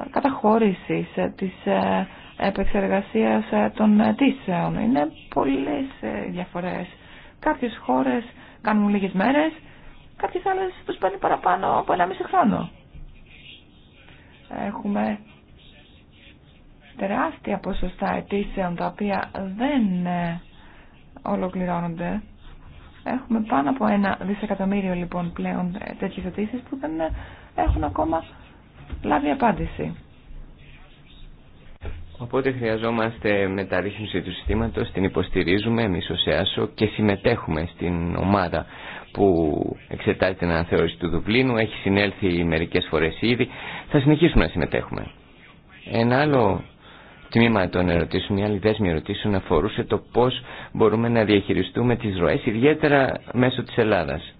S1: ε, καταχώρησης, ε, της ε, επεξεργασίας των αιτήσεων. Είναι πολλές διαφορές. Κάποιες χώρες κάνουν λίγες μέρες, κάποιες άλλες τους παίρνει παραπάνω από ένα μισή χρόνο. Έχουμε τεράστια ποσοστά αιτήσεων τα οποία δεν ε, ολοκληρώνονται. Έχουμε πάνω από ένα δισεκατομμύριο λοιπόν πλέον ε, τέτοιες αιτήσει που δεν ε, έχουν ακόμα λάβει απάντηση.
S2: Οπότε χρειαζόμαστε μεταρρύθμιση του συστήματος, την υποστηρίζουμε εμείς ως ΕΑΣΟ και συμμετέχουμε στην ομάδα που εξετάζει την αναθεώρηση του Δουβλίνου. Έχει συνέλθει μερικές φορές ήδη. Θα συνεχίσουμε να συμμετέχουμε. Ένα άλλο τμήμα των ερωτήσεων, η άλλη δέσμη ερωτήσεων αφορούσε το πώς μπορούμε να διαχειριστούμε τις ροές, ιδιαίτερα μέσω της Ελλάδας.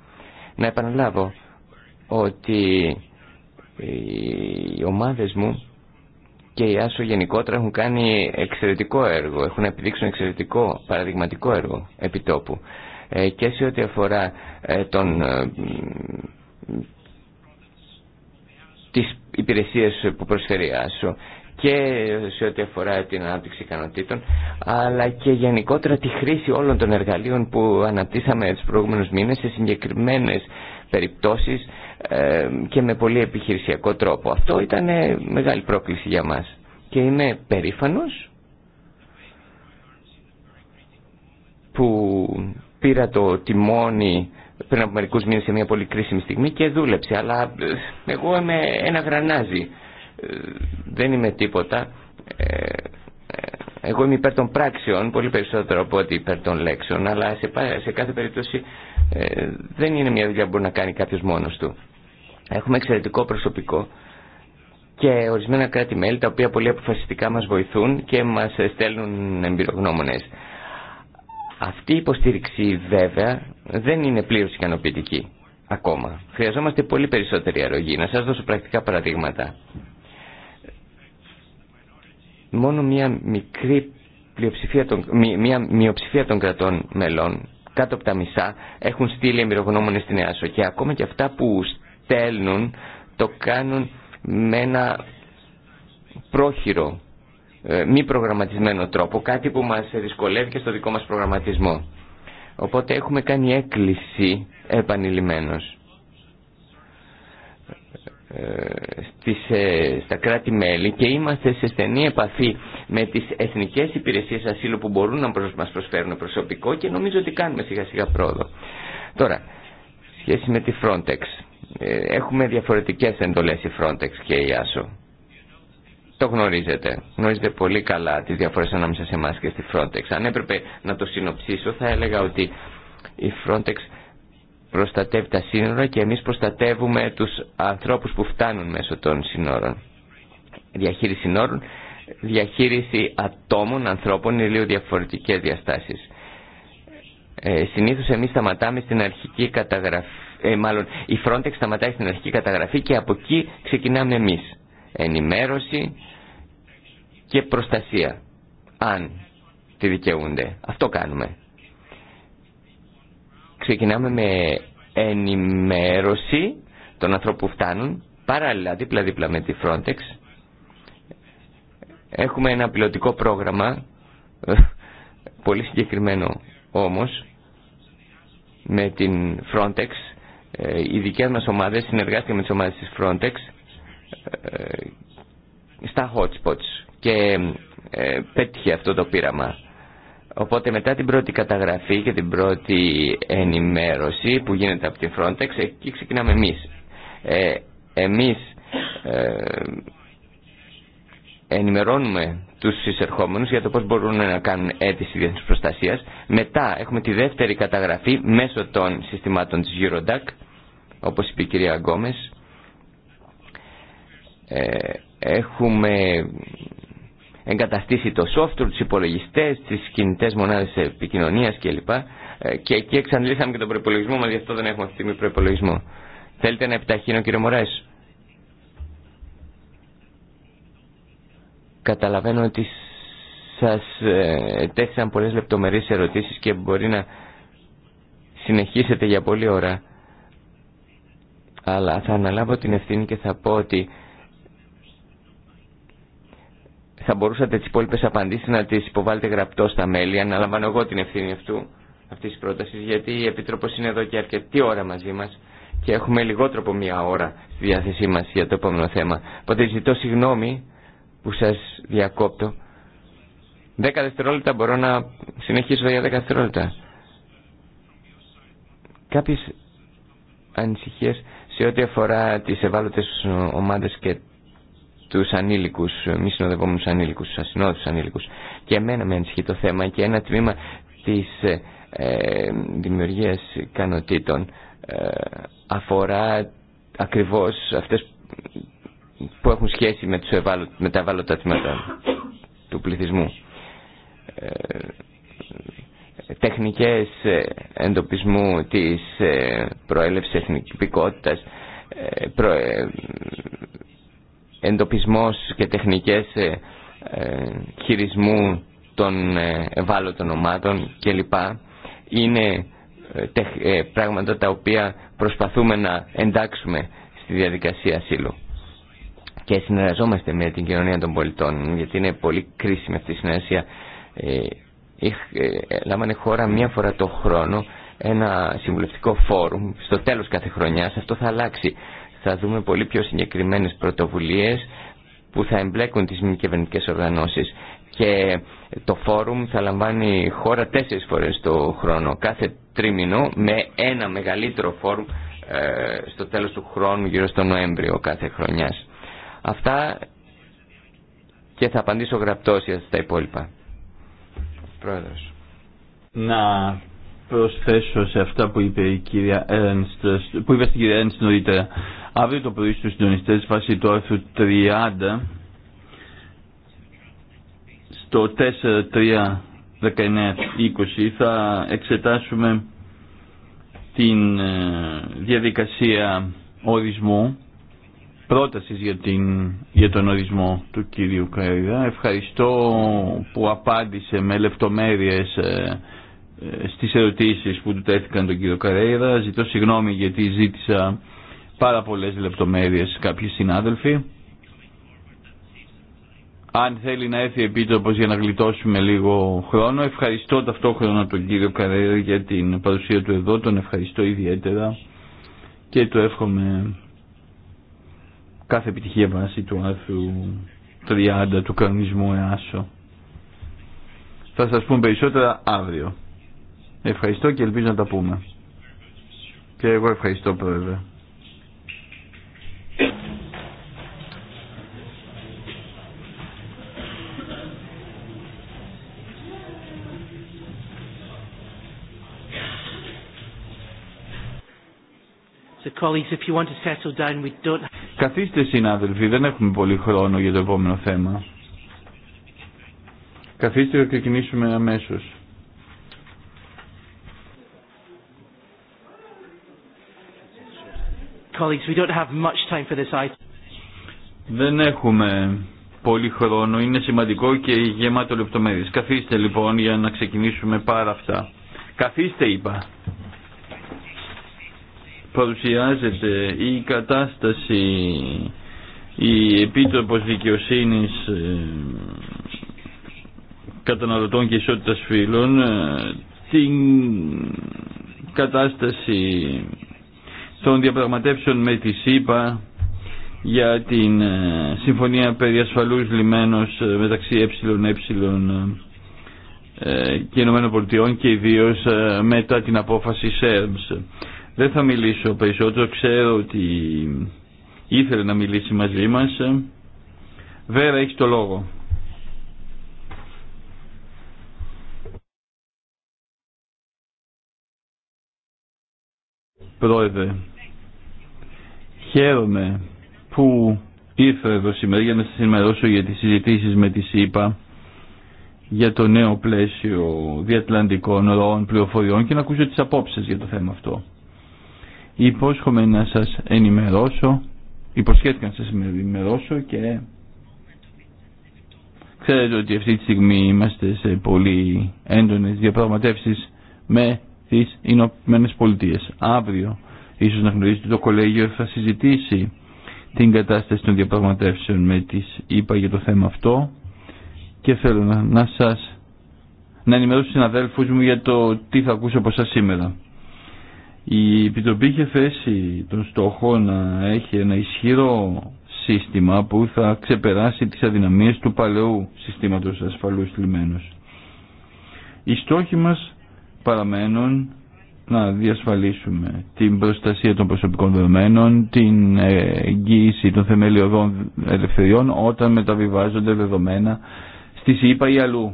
S2: Να επαναλάβω ότι οι ομάδες μου και η Άσο γενικότερα έχουν κάνει εξαιρετικό έργο, έχουν επιδείξει εξαιρετικό παραδειγματικό έργο επιτόπου ε, και σε ό,τι αφορά ε, τον, ε, τις υπηρεσίες που προσφέρει η Άσο και σε ό,τι αφορά την ανάπτυξη ικανοτήτων αλλά και γενικότερα τη χρήση όλων των εργαλείων που αναπτύσσαμε τους προηγούμενους μήνες σε συγκεκριμένες περιπτώσεις ε, και με πολύ επιχειρησιακό τρόπο. Αυτό ήταν ε, μεγάλη πρόκληση για μας και είμαι περήφανος που πήρα το τιμόνι πριν από μερικούς μήνες σε μια πολύ κρίσιμη στιγμή και δούλεψε αλλά ε, εγώ είμαι ένα γρανάζι δεν είμαι τίποτα. Ε, ε, εγώ είμαι υπέρ των πράξεων, πολύ περισσότερο από ότι υπέρ των λέξεων, αλλά σε κάθε περίπτωση ε, δεν είναι μια δουλειά που μπορεί να κάνει κάποιος μόνος του. Έχουμε εξαιρετικό προσωπικό και ορισμένα κράτη-μέλη τα οποία πολύ αποφασιστικά μας βοηθούν και μας στέλνουν εμπειρογνώμονες. Αυτή η υποστήριξη βέβαια δεν είναι πλήρως ικανοποιητική ακόμα. Χρειαζόμαστε πολύ περισσότερη αρρωγή. Να σας δώσω πρακτικά παραδείγματα μόνο μια μικρή πλειοψηφία των, μια μειοψηφία των κρατών μελών, κάτω από τα μισά, έχουν στείλει εμπειρογνώμονες στην ΕΑΣΟ και ακόμα και αυτά που στέλνουν το κάνουν με ένα πρόχειρο, ε, μη προγραμματισμένο τρόπο, κάτι που μας δυσκολεύει και στο δικό μας προγραμματισμό. Οπότε έχουμε κάνει έκκληση επανειλημμένως ε, στις, ε, στα κράτη-μέλη και είμαστε σε στενή επαφή με τις εθνικές υπηρεσίες ασύλου που μπορούν να μας προσφέρουν προσωπικό και νομίζω ότι κάνουμε σιγά-σιγά πρόοδο. Τώρα, σχέση με τη Frontex. Ε, έχουμε διαφορετικές εντολές η Frontex και η ASO. Το γνωρίζετε. Γνωρίζετε πολύ καλά τις διαφορές ανάμεσα σε εμά και στη Frontex. Αν έπρεπε να το συνοψίσω θα έλεγα ότι η Frontex προστατεύει τα σύνορα και εμείς προστατεύουμε τους ανθρώπους που φτάνουν μέσω των σύνορων. Διαχείριση σύνορων, διαχείριση ατόμων, ανθρώπων είναι λίγο διαφορετικές διαστάσεις. Ε, συνήθως εμείς σταματάμε στην αρχική καταγραφή, ε, μάλλον η Frontex σταματάει στην αρχική καταγραφή και από εκεί ξεκινάμε εμείς. Ενημέρωση και προστασία, αν τη δικαιούνται. Αυτό κάνουμε ξεκινάμε με ενημέρωση των ανθρώπων που φτάνουν, παράλληλα δίπλα-δίπλα με τη Frontex. Έχουμε ένα πιλωτικό πρόγραμμα, πολύ συγκεκριμένο όμως, με την Frontex. Ε, οι δικές μας ομάδες συνεργάστηκαν με τις ομάδες της Frontex ε, στα hotspots και ε, πέτυχε αυτό το πείραμα. Οπότε μετά την πρώτη καταγραφή και την πρώτη ενημέρωση που γίνεται από την Frontex, εκεί ξεκινάμε εμείς. Ε, εμείς ε, ενημερώνουμε τους εισερχόμενους για το πώς μπορούν να κάνουν αίτηση διεθνής προστασίας. Μετά έχουμε τη δεύτερη καταγραφή μέσω των συστημάτων της Eurodac, όπως είπε η κυρία Γκόμες. Ε, έχουμε εγκαταστήσει το software, τους υπολογιστές, τις κινητές μονάδες επικοινωνίας κλπ. Ε, και εκεί εξαντλήσαμε και τον προπολογισμό μα γι' αυτό δεν έχουμε αυτή τη στιγμή προπολογισμό. Θέλετε να επιταχύνω κύριε Μωράης. Καταλαβαίνω ότι σας ε, τέθησαν πολλές λεπτομερείς ερωτήσεις και μπορεί να συνεχίσετε για πολλή ώρα. Αλλά θα αναλάβω την ευθύνη και θα πω ότι θα μπορούσατε τις υπόλοιπες απαντήσεις να τις υποβάλλετε γραπτό στα μέλη. Αναλαμβάνω εγώ την ευθύνη αυτού, αυτής της πρότασης, γιατί η Επίτροπος είναι εδώ και αρκετή ώρα μαζί μας και έχουμε λιγότερο από μία ώρα στη διάθεσή μας για το επόμενο θέμα. Οπότε ζητώ συγγνώμη που σας διακόπτω. Δέκα δευτερόλεπτα μπορώ να συνεχίσω για δέκα δευτερόλεπτα. Κάποιες ανησυχίες σε ό,τι αφορά τις ευάλωτες ομάδες και του ανήλικους, μη συνοδευόμενου ανήλικους, του ασυνόδου ανήλικου. Και εμένα με ανησυχεί το θέμα και ένα τμήμα της ε, ε δημιουργίας ικανοτήτων ε, αφορά ακριβώς αυτές που έχουν σχέση με, τους ευάλω, με τα ευάλωτα τμήματα του πληθυσμού. Ε, τεχνικές ε, εντοπισμού της προέλευσης εθνικικότητας, προ, εντοπισμός και τεχνικές ε, ε, χειρισμού των ε, ευάλωτων ομάδων κλπ. Είναι πράγματα τα οποία προσπαθούμε να εντάξουμε στη διαδικασία ασύλου. Και συνεργαζόμαστε με την κοινωνία των πολιτών, γιατί είναι πολύ κρίσιμη αυτή η συνεργασία. Λάμανε χώρα μία φορά το χρόνο ένα συμβουλευτικό φόρουμ στο τέλος κάθε χρονιάς. Αυτό θα αλλάξει θα δούμε πολύ πιο συγκεκριμένες πρωτοβουλίες που θα εμπλέκουν τις μη κυβερνητικέ οργανώσεις και το φόρουμ θα λαμβάνει χώρα τέσσερις φορές το χρόνο κάθε τρίμηνο με ένα μεγαλύτερο φόρουμ ε, στο τέλος του χρόνου γύρω στο Νοέμβριο κάθε χρονιάς. Αυτά και θα απαντήσω γραπτός για τα υπόλοιπα.
S3: Πρόεδρος. Να προσθέσω σε αυτά που είπε η κυρία Ένστ, που είπε στην κυρία Ένστ νωρίτερα. Αύριο το πρωί στους συντονιστές βάσει του άρθρου 30 στο 4-3-19-20 θα εξετάσουμε την ε, διαδικασία ορισμού πρότασης για, την, για τον ορισμό του κύριου Καρέιδα. Ευχαριστώ που απάντησε με λεπτομέρειες ε, ε, στις ερωτήσεις που του τέθηκαν τον κύριο Καρέιδα. Ζητώ συγγνώμη γιατί ζήτησα πάρα πολλές λεπτομέρειες κάποιοι συνάδελφοι. Αν θέλει να έρθει επίτροπος για να γλιτώσουμε λίγο χρόνο, ευχαριστώ ταυτόχρονα τον κύριο Καρέρα για την παρουσία του εδώ, τον ευχαριστώ ιδιαίτερα και το εύχομαι κάθε επιτυχία βάση του άρθρου 30 του κανονισμού ΕΑΣΟ. Θα σας πούμε περισσότερα αύριο. Ευχαριστώ και ελπίζω να τα πούμε. Και εγώ ευχαριστώ πρόεδρε. Καθίστε συνάδελφοι, δεν έχουμε πολύ χρόνο για το επόμενο θέμα. Καθίστε και ξεκινήσουμε αμέσως.
S1: Colleagues, we don't have much time for this item.
S3: Δεν έχουμε πολύ χρόνο, είναι σημαντικό και γεμάτο λεπτομέρειες. Καθίστε λοιπόν για να ξεκινήσουμε πάρα αυτά. Καθίστε είπα παρουσιάζεται η κατάσταση η Επίτροπος Δικαιοσύνης ε, Καταναλωτών και Ισότητας φίλων ε, την κατάσταση των διαπραγματεύσεων με τη ΣΥΠΑ για την ε, συμφωνία περί ασφαλούς λιμένος μεταξύ ΕΕ και ΗΠΑ και ιδίως μετά την απόφαση ΣΕΡΜΣ. Δεν θα μιλήσω περισσότερο, ξέρω ότι ήθελε να μιλήσει μαζί μας. Βέρα, έχει το λόγο. Πρόεδρε, χαίρομαι που ήρθα εδώ σήμερα για να σας ενημερώσω για τις συζητήσεις με τη ΣΥΠΑ για το νέο πλαίσιο διατλαντικών ροών πληροφοριών και να ακούσω τις απόψεις για το θέμα αυτό υπόσχομαι να σας ενημερώσω υποσχέθηκα να σας ενημερώσω και ξέρετε ότι αυτή τη στιγμή είμαστε σε πολύ έντονες διαπραγματεύσεις με τις Ηνωμένες Πολιτείες αύριο ίσως να γνωρίζετε το κολέγιο θα συζητήσει την κατάσταση των διαπραγματεύσεων με τις είπα για το θέμα αυτό και θέλω να, να σας να ενημερώσω συναδέλφους μου για το τι θα ακούσω από σας σήμερα. Η Επιτροπή είχε θέσει τον στόχο να έχει ένα ισχυρό σύστημα που θα ξεπεράσει τις αδυναμίες του παλαιού συστήματος ασφαλούς λιμένους. Οι στόχοι μας παραμένουν να διασφαλίσουμε την προστασία των προσωπικών δεδομένων, την εγγύηση των θεμελιωδών ελευθεριών όταν μεταβιβάζονται δεδομένα στη ΣΥΠΑ ή αλλού,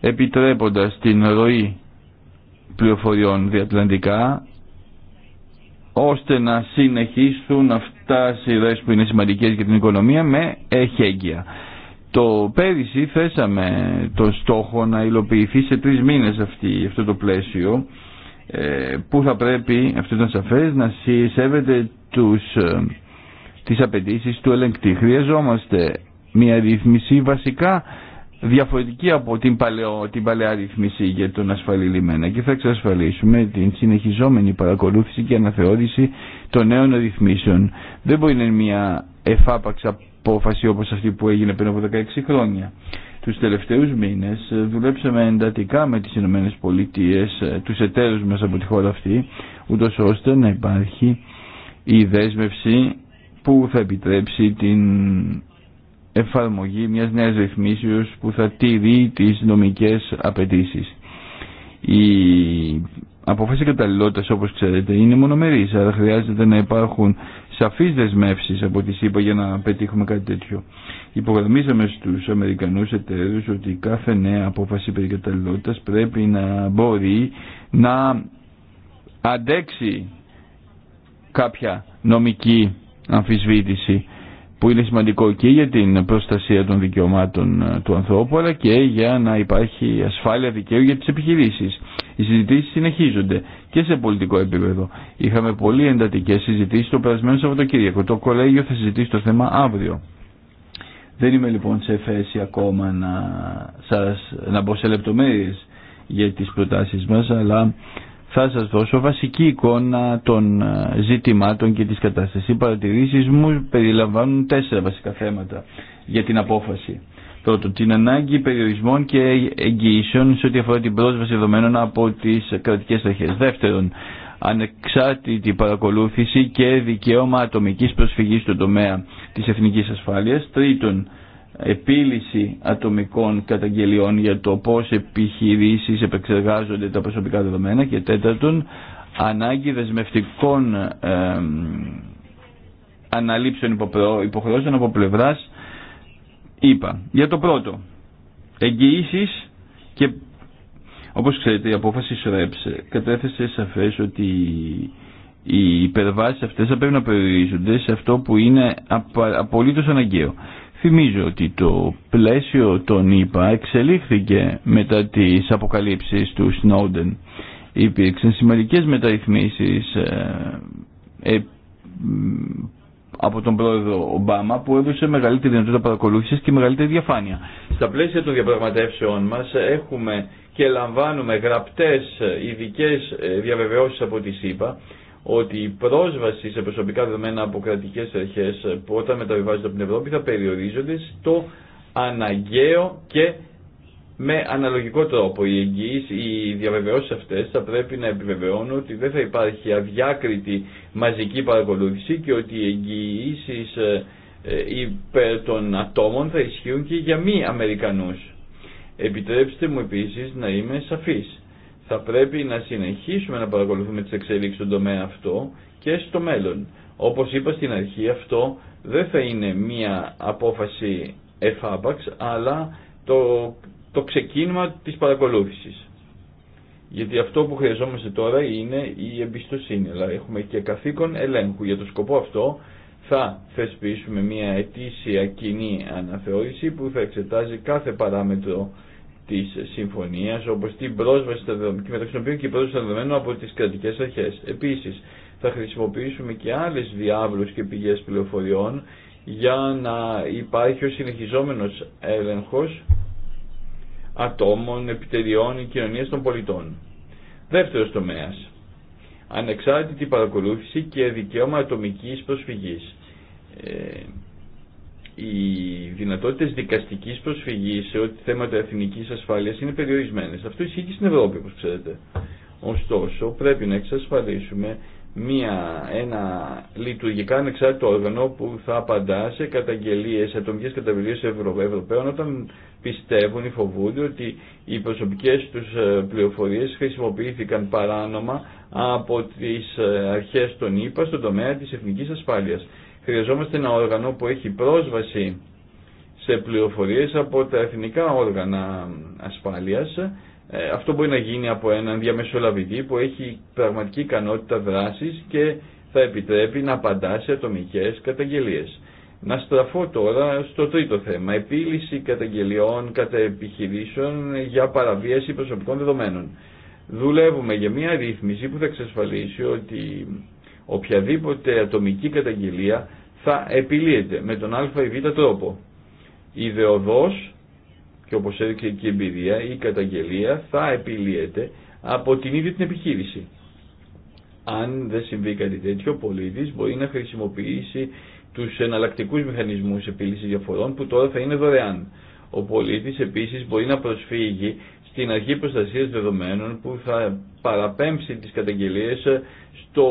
S3: επιτρέποντας την ροή πληροφοριών διατλαντικά ώστε να συνεχίσουν αυτά σειρές που είναι σημαντικές για την οικονομία με εχέγγυα. Το πέρυσι θέσαμε το στόχο να υλοποιηθεί σε τρεις μήνες αυτή, αυτό το πλαίσιο ε, που θα πρέπει, αυτό ήταν σαφές, να συσέβεται τους, ε, τις απαιτήσεις του ελεγκτή. Χρειαζόμαστε μια ρύθμιση βασικά διαφορετική από την, παλαιό, την παλαιά ρυθμίση για τον ασφαλή λιμένα και θα εξασφαλίσουμε την συνεχιζόμενη παρακολούθηση και αναθεώρηση των νέων ρυθμίσεων. Δεν μπορεί να είναι μια εφάπαξ απόφαση όπως αυτή που έγινε πριν από 16 χρόνια. Τους τελευταίους μήνες ε, δουλέψαμε εντατικά με τις Ηνωμένες Πολιτείες, ε, τους εταίρους μας από τη χώρα αυτή, ούτως ώστε να υπάρχει η δέσμευση που θα επιτρέψει την εφαρμογή μιας νέας ρυθμίσεως που θα τηρεί τις νομικές απαιτήσεις. Η αποφάση καταλληλότητας όπως ξέρετε είναι μονομερής, αλλά χρειάζεται να υπάρχουν σαφείς δεσμεύσεις από τη ΣΥΠΑ για να πετύχουμε κάτι τέτοιο. Υπογραμμίζαμε στους Αμερικανούς εταίρους ότι κάθε νέα απόφαση περί καταλληλότητας πρέπει να μπορεί να αντέξει κάποια νομική αμφισβήτηση που είναι σημαντικό και για την προστασία των δικαιωμάτων ε, του ανθρώπου αλλά και για να υπάρχει ασφάλεια δικαίου για τις επιχειρήσεις. Οι συζητήσεις συνεχίζονται και σε πολιτικό επίπεδο. Είχαμε πολύ εντατικές συζητήσεις το περασμένο Σαββατοκύριακο. Το κολέγιο θα συζητήσει το θέμα αύριο. Δεν είμαι λοιπόν σε θέση ακόμα να, σας, να μπω σε λεπτομέρειες για τις προτάσεις μας αλλά θα σας δώσω βασική εικόνα των ε, ζητημάτων και της κατάστασης. Οι παρατηρήσεις μου περιλαμβάνουν τέσσερα βασικά θέματα για την απόφαση. Πρώτον, την ανάγκη περιορισμών και εγγυήσεων σε ό,τι αφορά την πρόσβαση δεδομένων από τις κρατικές αρχές. Δεύτερον, ανεξάρτητη παρακολούθηση και δικαίωμα ατομικής προσφυγής στον τομέα της εθνικής ασφάλειας. Τρίτον, επίλυση ατομικών καταγγελιών για το πώς επιχειρήσεις επεξεργάζονται τα προσωπικά δεδομένα και τέταρτον ανάγκη δεσμευτικών ε, αναλήψεων υποχρεώσεων από πλευράς είπα. Για το πρώτο, εγγυήσεις και όπως ξέρετε η απόφαση ΣΡΕΠΣ κατέθεσε σαφές ότι οι υπερβάσεις αυτές θα πρέπει να περιορίζονται σε αυτό που είναι απολύτως αναγκαίο. Θυμίζω ότι το πλαίσιο των ήπα εξελίχθηκε μετά τις αποκαλύψεις του Σνόντεν. Υπήρξαν σημαντικές μεταρρυθμίσεις ε, ε, από τον πρόεδρο Ομπάμα που έδωσε μεγαλύτερη δυνατότητα παρακολούθησης και μεγαλύτερη διαφάνεια. Στα πλαίσια των διαπραγματεύσεων μας έχουμε και λαμβάνουμε γραπτές ειδικέ ε, διαβεβαιώσεις από τη ΣΥΠΑ ότι η πρόσβαση σε προσωπικά δεδομένα από κρατικέ αρχέ που όταν μεταβιβάζονται από την Ευρώπη θα περιορίζονται στο αναγκαίο και με αναλογικό τρόπο. Οι εγγυήσει, οι διαβεβαιώσει αυτέ θα πρέπει να επιβεβαιώνουν ότι δεν θα υπάρχει αδιάκριτη μαζική παρακολούθηση και ότι οι εγγυήσει ε, ε, υπέρ των ατόμων θα ισχύουν και για μη Αμερικανούς. Επιτρέψτε μου επίσης να είμαι σαφής θα πρέπει να συνεχίσουμε να παρακολουθούμε τις εξελίξεις στον τομέα αυτό και στο μέλλον. Όπως είπα στην αρχή αυτό δεν θα είναι μία απόφαση εφάπαξ αλλά το, το ξεκίνημα της παρακολούθησης. Γιατί αυτό που χρειαζόμαστε τώρα είναι η εμπιστοσύνη, αλλά έχουμε και καθήκον ελέγχου. Για το σκοπό αυτό θα θεσπίσουμε μια ετήσια κοινή αναθεώρηση που θα εξετάζει κάθε παράμετρο Τη συμφωνία, όπω την πρόσβαση στα δεδομένα μεταξύ και πρόσβαση στα δεδομένα από τι κρατικέ αρχέ. Επίση, θα χρησιμοποιήσουμε και άλλε διάβλου και πηγές πληροφοριών για να υπάρχει ο συνεχιζόμενο έλεγχο ατόμων, επιτεριών κοινωνία των πολιτών. Δεύτερο τομέα. Ανεξάρτητη παρακολούθηση και δικαίωμα ατομική προσφυγή. Ε, οι δυνατότητες δικαστικής προσφυγής σε ό,τι θέματα εθνικής ασφάλειας είναι περιορισμένες. Αυτό ισχύει και στην Ευρώπη, όπως ξέρετε. Ωστόσο, πρέπει να εξασφαλίσουμε μια, ένα λειτουργικά ανεξάρτητο όργανο που θα απαντά σε καταγγελίες, ατομικές καταγγελίες Ευρω... Ευρωπαίων όταν πιστεύουν ή φοβούνται ότι οι προσωπικές τους ε, πληροφορίες χρησιμοποιήθηκαν παράνομα από τις ε, αρχές των ΥΠΑ στον τομέα της εθνικής ασφάλειας. Χρειαζόμαστε ένα όργανο που έχει πρόσβαση σε πληροφορίες από τα εθνικά όργανα ασφάλειας. Ε, αυτό μπορεί να γίνει από έναν διαμεσολαβητή που έχει πραγματική ικανότητα δράσης και θα επιτρέπει να απαντά σε ατομικές καταγγελίες. Να στραφώ τώρα στο τρίτο θέμα, επίλυση καταγγελιών κατά επιχειρήσεων για παραβίαση προσωπικών δεδομένων. Δουλεύουμε για μια ρύθμιση που θα εξασφαλίσει ότι οποιαδήποτε ατομική καταγγελία θα επιλύεται με τον α ή β τρόπο. Ιδεοδός, και όπως έδειξε και η εμπειρία, η καταγγελία θα επιλύεται από την ίδια την επιχείρηση. Αν δεν συμβεί κάτι τέτοιο, ο πολίτης μπορεί να χρησιμοποιήσει τους εναλλακτικούς μηχανισμούς επίλυσης διαφορών που τώρα θα είναι δωρεάν. Ο πολίτης επίσης μπορεί να προσφύγει την αρχή προστασίας δεδομένων που θα παραπέμψει τις καταγγελίες στο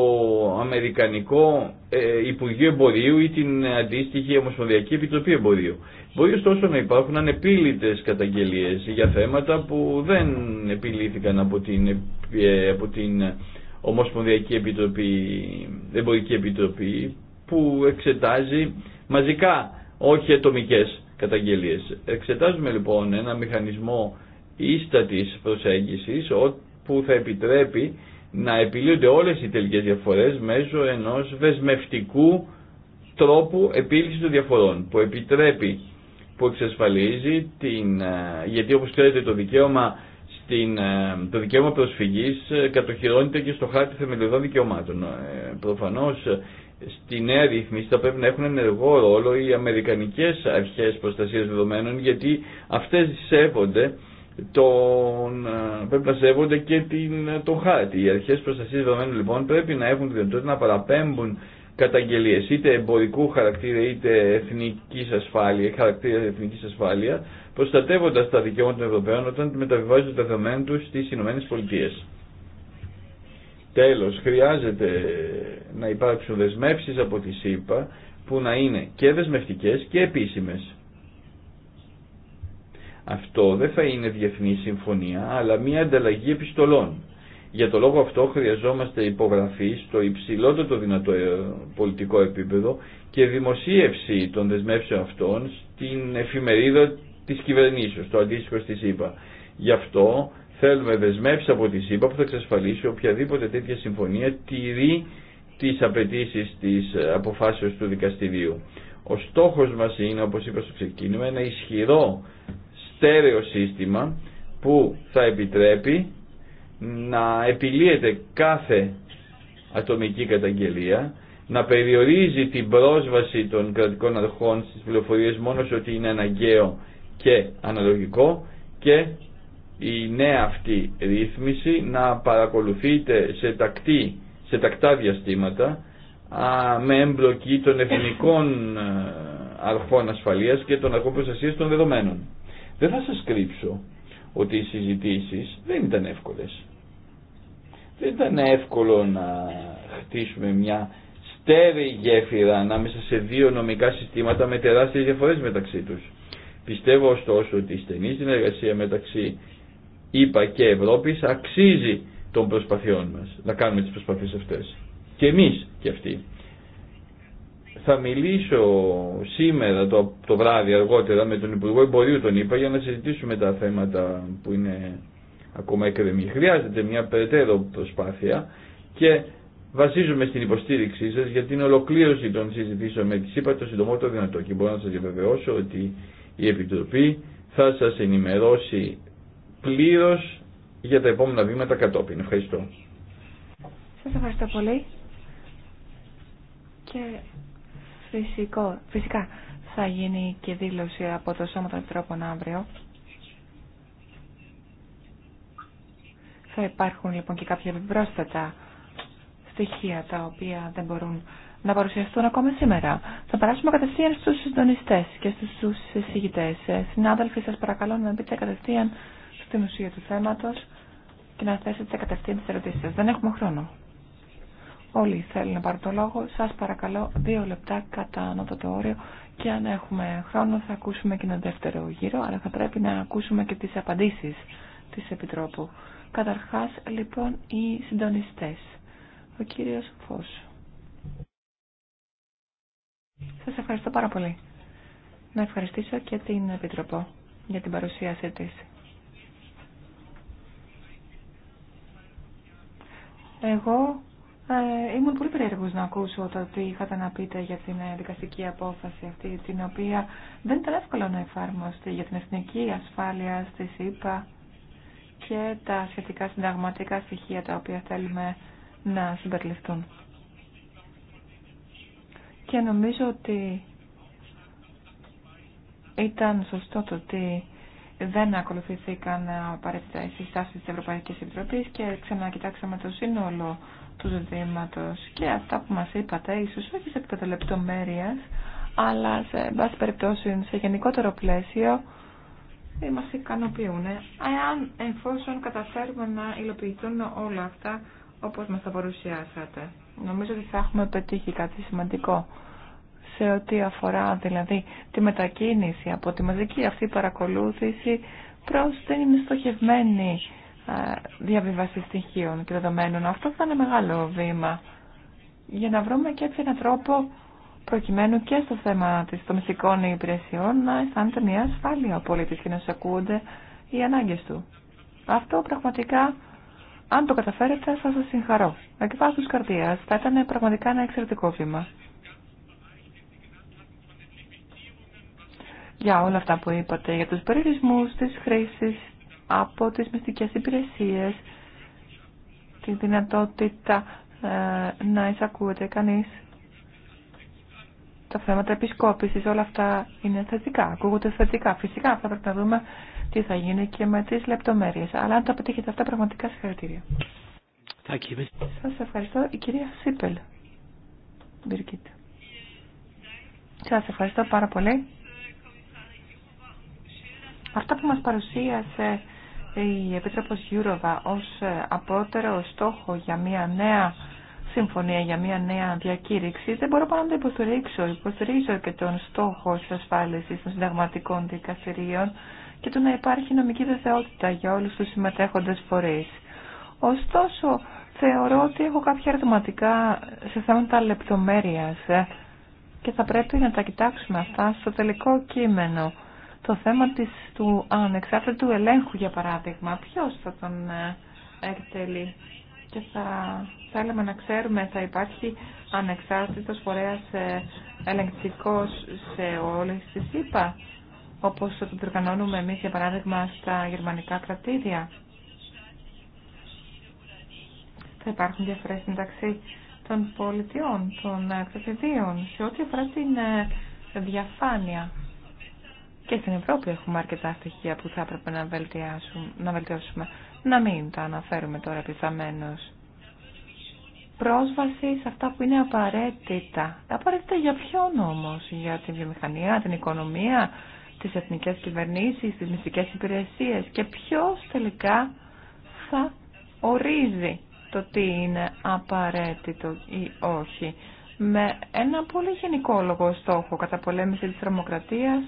S3: Αμερικανικό ε, Υπουργείο Εμπορίου ή την αντίστοιχη Ομοσπονδιακή Επιτροπή Εμπορίου. Μπορεί ωστόσο να υπάρχουν ανεπίλητες καταγγελίες για θέματα που δεν επιλύθηκαν από την, ε, από την Ομοσπονδιακή Επιτροπή, Εμπορική Επιτροπή που εξετάζει μαζικά όχι ατομικέ καταγγελίες. Εξετάζουμε λοιπόν ένα μηχανισμό ίστατης προσέγγισης που θα επιτρέπει να επιλύονται όλες οι τελικές διαφορές μέσω ενός δεσμευτικού τρόπου επίλυσης των διαφορών που επιτρέπει, που εξασφαλίζει την, ε, γιατί όπως ξέρετε το δικαίωμα στην, ε, το δικαίωμα προσφυγής ε, κατοχυρώνεται και στο χάρτη θεμελιωδών δικαιωμάτων. Προφανώς στη νέα ρύθμιση θα πρέπει να έχουν ενεργό ρόλο οι αμερικανικές αρχές προστασίας δεδομένων γιατί αυτές σέβονται τον, ε, πρέπει να σέβονται και την, ε, τον χάρτη. Οι αρχές προστασίας δεδομένων λοιπόν πρέπει να έχουν τη δυνατότητα να παραπέμπουν καταγγελίες είτε εμπορικού χαρακτήρα είτε εθνικής ασφάλεια, χαρακτήρα εθνικής ασφάλεια προστατεύοντας τα δικαιώματα των Ευρωπαίων όταν μεταβιβάζουν τα δεδομένα τους στις Ηνωμένες Πολιτείες. Τέλος, χρειάζεται να υπάρξουν δεσμεύσεις από τη ΣΥΠΑ που να είναι και δεσμευτικές και επίσημες αυτό δεν θα είναι διεθνή συμφωνία, αλλά μια ανταλλαγή επιστολών. Για το λόγο αυτό χρειαζόμαστε υπογραφή στο υψηλότερο δυνατό ε, πολιτικό επίπεδο και δημοσίευση των δεσμεύσεων αυτών στην εφημερίδα της κυβερνήσεως, το αντίστοιχο στη ΣΥΠΑ. Γι' αυτό θέλουμε δεσμεύσει από τη ΣΥΠΑ που θα εξασφαλίσει οποιαδήποτε τέτοια συμφωνία τηρεί τις απαιτήσει της ε, αποφάσεως του δικαστηρίου. Ο στόχος μας είναι, όπως είπα στο ξεκίνημα, ένα ισχυρό στέρεο σύστημα που θα επιτρέπει να επιλύεται κάθε ατομική καταγγελία, να περιορίζει την πρόσβαση των κρατικών αρχών στις πληροφορίες μόνο ότι είναι αναγκαίο και αναλογικό και η νέα αυτή ρύθμιση να παρακολουθείται σε, τακτή, σε τακτά διαστήματα με εμπλοκή των εθνικών ε, αρχών ασφαλείας και των αρχών προστασίας των δεδομένων. Δεν θα σας κρύψω ότι οι συζητήσεις δεν ήταν εύκολες. Δεν ήταν εύκολο να χτίσουμε μια στέρεη γέφυρα ανάμεσα σε δύο νομικά συστήματα με τεράστιες διαφορές μεταξύ τους. Πιστεύω ωστόσο ότι η στενή συνεργασία μεταξύ ΗΠΑ και Ευρώπης αξίζει των προσπαθειών μας, να κάνουμε τις προσπάθειες αυτές. Και εμείς και αυτοί θα μιλήσω σήμερα το, το βράδυ αργότερα με τον Υπουργό Εμπορίου τον είπα για να συζητήσουμε τα θέματα που είναι ακόμα εκρεμή. Χρειάζεται μια περαιτέρω προσπάθεια και βασίζομαι στην υποστήριξή σας για την ολοκλήρωση των συζητήσεων με τη ΣΥΠΑ το συντομότερο δυνατό και μπορώ να σας διαβεβαιώσω ότι η Επιτροπή θα σας ενημερώσει πλήρως για τα επόμενα βήματα κατόπιν. Ευχαριστώ.
S1: Σας ευχαριστώ πολύ και Φυσικό, φυσικά θα γίνει και δήλωση από το Σώμα των Επιτρόπων αύριο. Θα υπάρχουν λοιπόν και κάποια πρόσθετα στοιχεία τα οποία δεν μπορούν να παρουσιαστούν ακόμα σήμερα. Θα περάσουμε κατευθείαν στους συντονιστές και στους συζητητές. Ε, συνάδελφοι, σας παρακαλώ να μπείτε κατευθείαν στην ουσία του θέματος και να θέσετε κατευθείαν τις ερωτήσεις σας. Δεν έχουμε χρόνο. Όλοι θέλουν να πάρουν το λόγο. Σας παρακαλώ δύο λεπτά κατά ανώτατο όριο και αν έχουμε χρόνο θα ακούσουμε και ένα δεύτερο γύρο, αλλά θα πρέπει να ακούσουμε και τις απαντήσεις της Επιτρόπου. Καταρχάς, λοιπόν, οι συντονιστές. Ο κύριος Φως. Σας ευχαριστώ πάρα πολύ. Να ευχαριστήσω και την Επιτροπό για την παρουσίασή της. Εγώ ε, ήμουν πολύ περίεργος να ακούσω το τι είχατε να πείτε για την ε, δικαστική απόφαση αυτή, την οποία δεν ήταν εύκολο να εφάρμοστε για την εθνική ασφάλεια στη ΣΥΠΑ και τα σχετικά συνταγματικά στοιχεία τα οποία θέλουμε να συμπεριληφθούν. Και νομίζω ότι ήταν σωστό το ότι δεν ακολουθήθηκαν απαραίτητα οι συστάσεις της Ευρωπαϊκής Επιτροπής και ξανακοιτάξαμε το σύνολο του ζητήματος και αυτά που μας είπατε, ίσως όχι σε επίπεδο λεπτομέρειας, αλλά σε βάση περιπτώσει σε γενικότερο πλαίσιο, μα ικανοποιούν. Εάν εφόσον καταφέρουμε να υλοποιηθούν όλα αυτά όπως μας τα παρουσιάσατε. Νομίζω ότι θα έχουμε πετύχει κάτι σημαντικό σε ό,τι αφορά δηλαδή τη μετακίνηση από τη μαζική αυτή παρακολούθηση προς την στοχευμένη ε, διαβίβαση στοιχείων και δεδομένων. Αυτό θα είναι μεγάλο βήμα για να βρούμε και έτσι έναν τρόπο προκειμένου και στο θέμα της, των μυστικών υπηρεσιών να αισθάνεται μια ασφάλεια ο πολίτης και να σα ακούγονται οι ανάγκες του. Αυτό πραγματικά, αν το καταφέρετε, θα σας συγχαρώ. Εκ βάθους καρδίας, θα ήταν πραγματικά ένα εξαιρετικό βήμα. Για όλα αυτά που είπατε, για τους περιορισμούς τις χρήσεις από τις μυστικές υπηρεσίες τη δυνατότητα ε, να εισακούεται κανείς τα θέματα επισκόπησης, όλα αυτά είναι θετικά, ακούγονται θετικά. Φυσικά θα πρέπει να δούμε τι θα γίνει και με τις λεπτομέρειες. Αλλά αν τα πετύχετε αυτά πραγματικά συγχαρητήρια. Σας ευχαριστώ. Η κυρία Σίπελ. Μπυρκίτ. Σας ευχαριστώ πάρα πολύ. Αυτά που μας παρουσίασε η Επίτροπος Γιούροβα ως ε, απότερο στόχο για μια νέα συμφωνία, για μια νέα διακήρυξη, δεν μπορώ παρά να το υποστηρίξω. Υποστηρίζω και τον στόχο της ασφάλισης των συνταγματικών δικαστηρίων και το να υπάρχει νομική δεθεότητα για όλους τους συμμετέχοντες φορείς. Ωστόσο, θεωρώ ότι έχω κάποια ερωτηματικά σε θέματα λεπτομέρειας ε, και θα πρέπει να τα κοιτάξουμε αυτά στο τελικό κείμενο το θέμα της, του ανεξάρτητου ελέγχου, για παράδειγμα. Ποιος θα τον ε, εκτελεί και θα θέλαμε να ξέρουμε θα υπάρχει ανεξάρτητος φορέας ε, ελεγκτικός σε όλες τις ΗΠΑ, όπως το διοργανώνουμε εμείς, για παράδειγμα, στα γερμανικά κρατήδια. Θα υπάρχουν διαφορές μεταξύ των πολιτιών, των κρατηδίων, σε ό,τι αφορά την ε, διαφάνεια. Και στην Ευρώπη έχουμε αρκετά στοιχεία που θα έπρεπε να βελτιώσουμε. Να, βελτιώσουμε. να μην τα αναφέρουμε τώρα επιθαμένω. Πρόσβαση σε αυτά που είναι απαραίτητα. Απαραίτητα για ποιον όμως, για την βιομηχανία, την οικονομία, τις εθνικές κυβερνήσει, τις μυστικέ υπηρεσίες και ποιο τελικά θα ορίζει το τι είναι απαραίτητο ή όχι. Με ένα πολύ γενικό λόγο στόχο, καταπολέμηση της τρομοκρατίας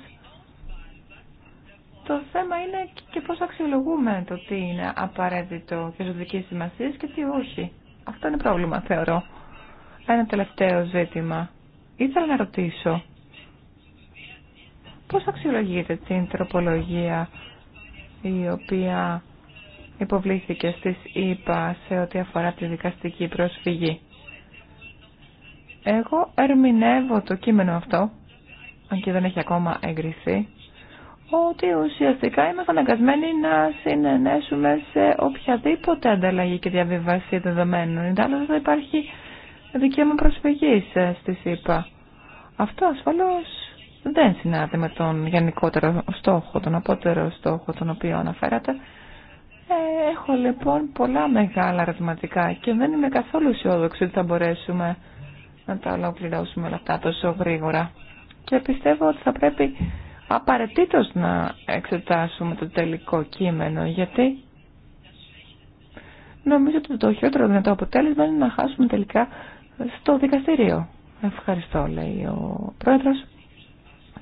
S1: το θέμα είναι και πώς αξιολογούμε το τι είναι απαραίτητο και ζωτική σημασία και τι όχι. Αυτό είναι πρόβλημα, θεωρώ. Ένα τελευταίο ζήτημα. Ήθελα να ρωτήσω. Πώς αξιολογείτε την τροπολογία η οποία υποβλήθηκε στις ΗΠΑ σε ό,τι αφορά τη δικαστική προσφυγή. Εγώ ερμηνεύω το κείμενο αυτό, αν και δεν έχει ακόμα εγκριθεί, ότι ουσιαστικά είμαστε αναγκασμένοι να συνενέσουμε σε οποιαδήποτε ανταλλαγή και διαβίβαση δεδομένων. Ιδάλλως θα υπάρχει δικαίωμα προσφυγής ε, στη ΣΥΠΑ. Αυτό ασφαλώς δεν συνάδει με τον γενικότερο στόχο, τον απότερο στόχο τον οποίο αναφέρατε. Ε, έχω λοιπόν πολλά μεγάλα ερωτηματικά και δεν είμαι καθόλου αισιόδοξη ότι θα μπορέσουμε να τα ολοκληρώσουμε όλα αυτά τόσο γρήγορα. Και πιστεύω ότι θα πρέπει απαραίτητος να εξετάσουμε το τελικό κείμενο, γιατί νομίζω ότι το χειρότερο δυνατό αποτέλεσμα είναι να χάσουμε τελικά στο δικαστήριο. Ευχαριστώ, λέει ο πρόεδρος.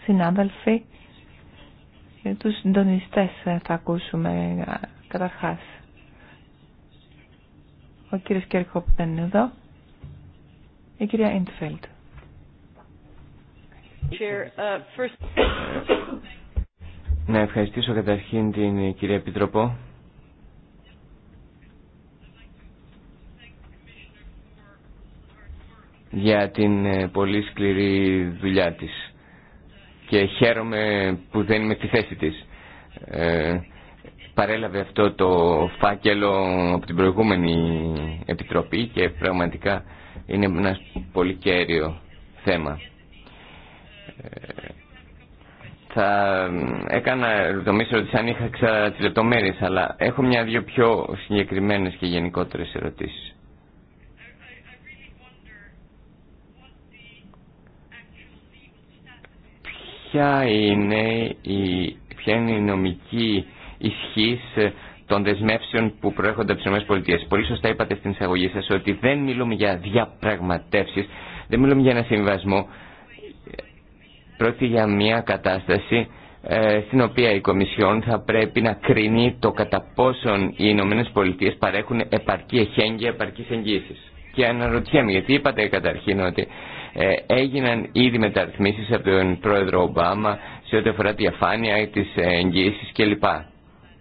S1: Συνάδελφοι, ε, τους συντονιστές ε, θα ακούσουμε ε, καταρχάς. Ο κύριος Κέρκοπ δεν είναι εδώ. Η κυρία Ιντφέλτ.
S3: Uh,
S2: Να ευχαριστήσω καταρχήν την κυρία Επιτροπό. για την ε, πολύ σκληρή δουλειά της και χαίρομαι που δεν είμαι στη θέση της. Ε, παρέλαβε αυτό το φάκελο από την προηγούμενη επιτροπή και πραγματικά είναι ένα πολύ κέριο θέμα θα έκανα δομή ότι αν είχα ξα... τι λεπτομέρειε, αλλά έχω μια-δυο πιο συγκεκριμένε και γενικότερε ερωτήσει. Ποια είναι η, ποια είναι η νομική ισχύ των δεσμεύσεων που προέρχονται από τι ΗΠΑ. Πολύ σωστά είπατε στην εισαγωγή σα ότι δεν μιλούμε για διαπραγματεύσει, δεν μιλούμε για ένα συμβασμό, Πρόκειται για μια κατάσταση ε, στην οποία η Κομισιόν θα πρέπει να κρίνει το κατά πόσον οι Ηνωμένε Πολιτείε παρέχουν επαρκή εχέγγυα, επαρκή εγγύηση. Και αναρωτιέμαι, γιατί είπατε καταρχήν ότι ε, έγιναν ήδη μεταρρυθμίσεις από τον πρόεδρο Ομπάμα σε ό,τι αφορά τη διαφάνεια, τι εγγύησει κλπ.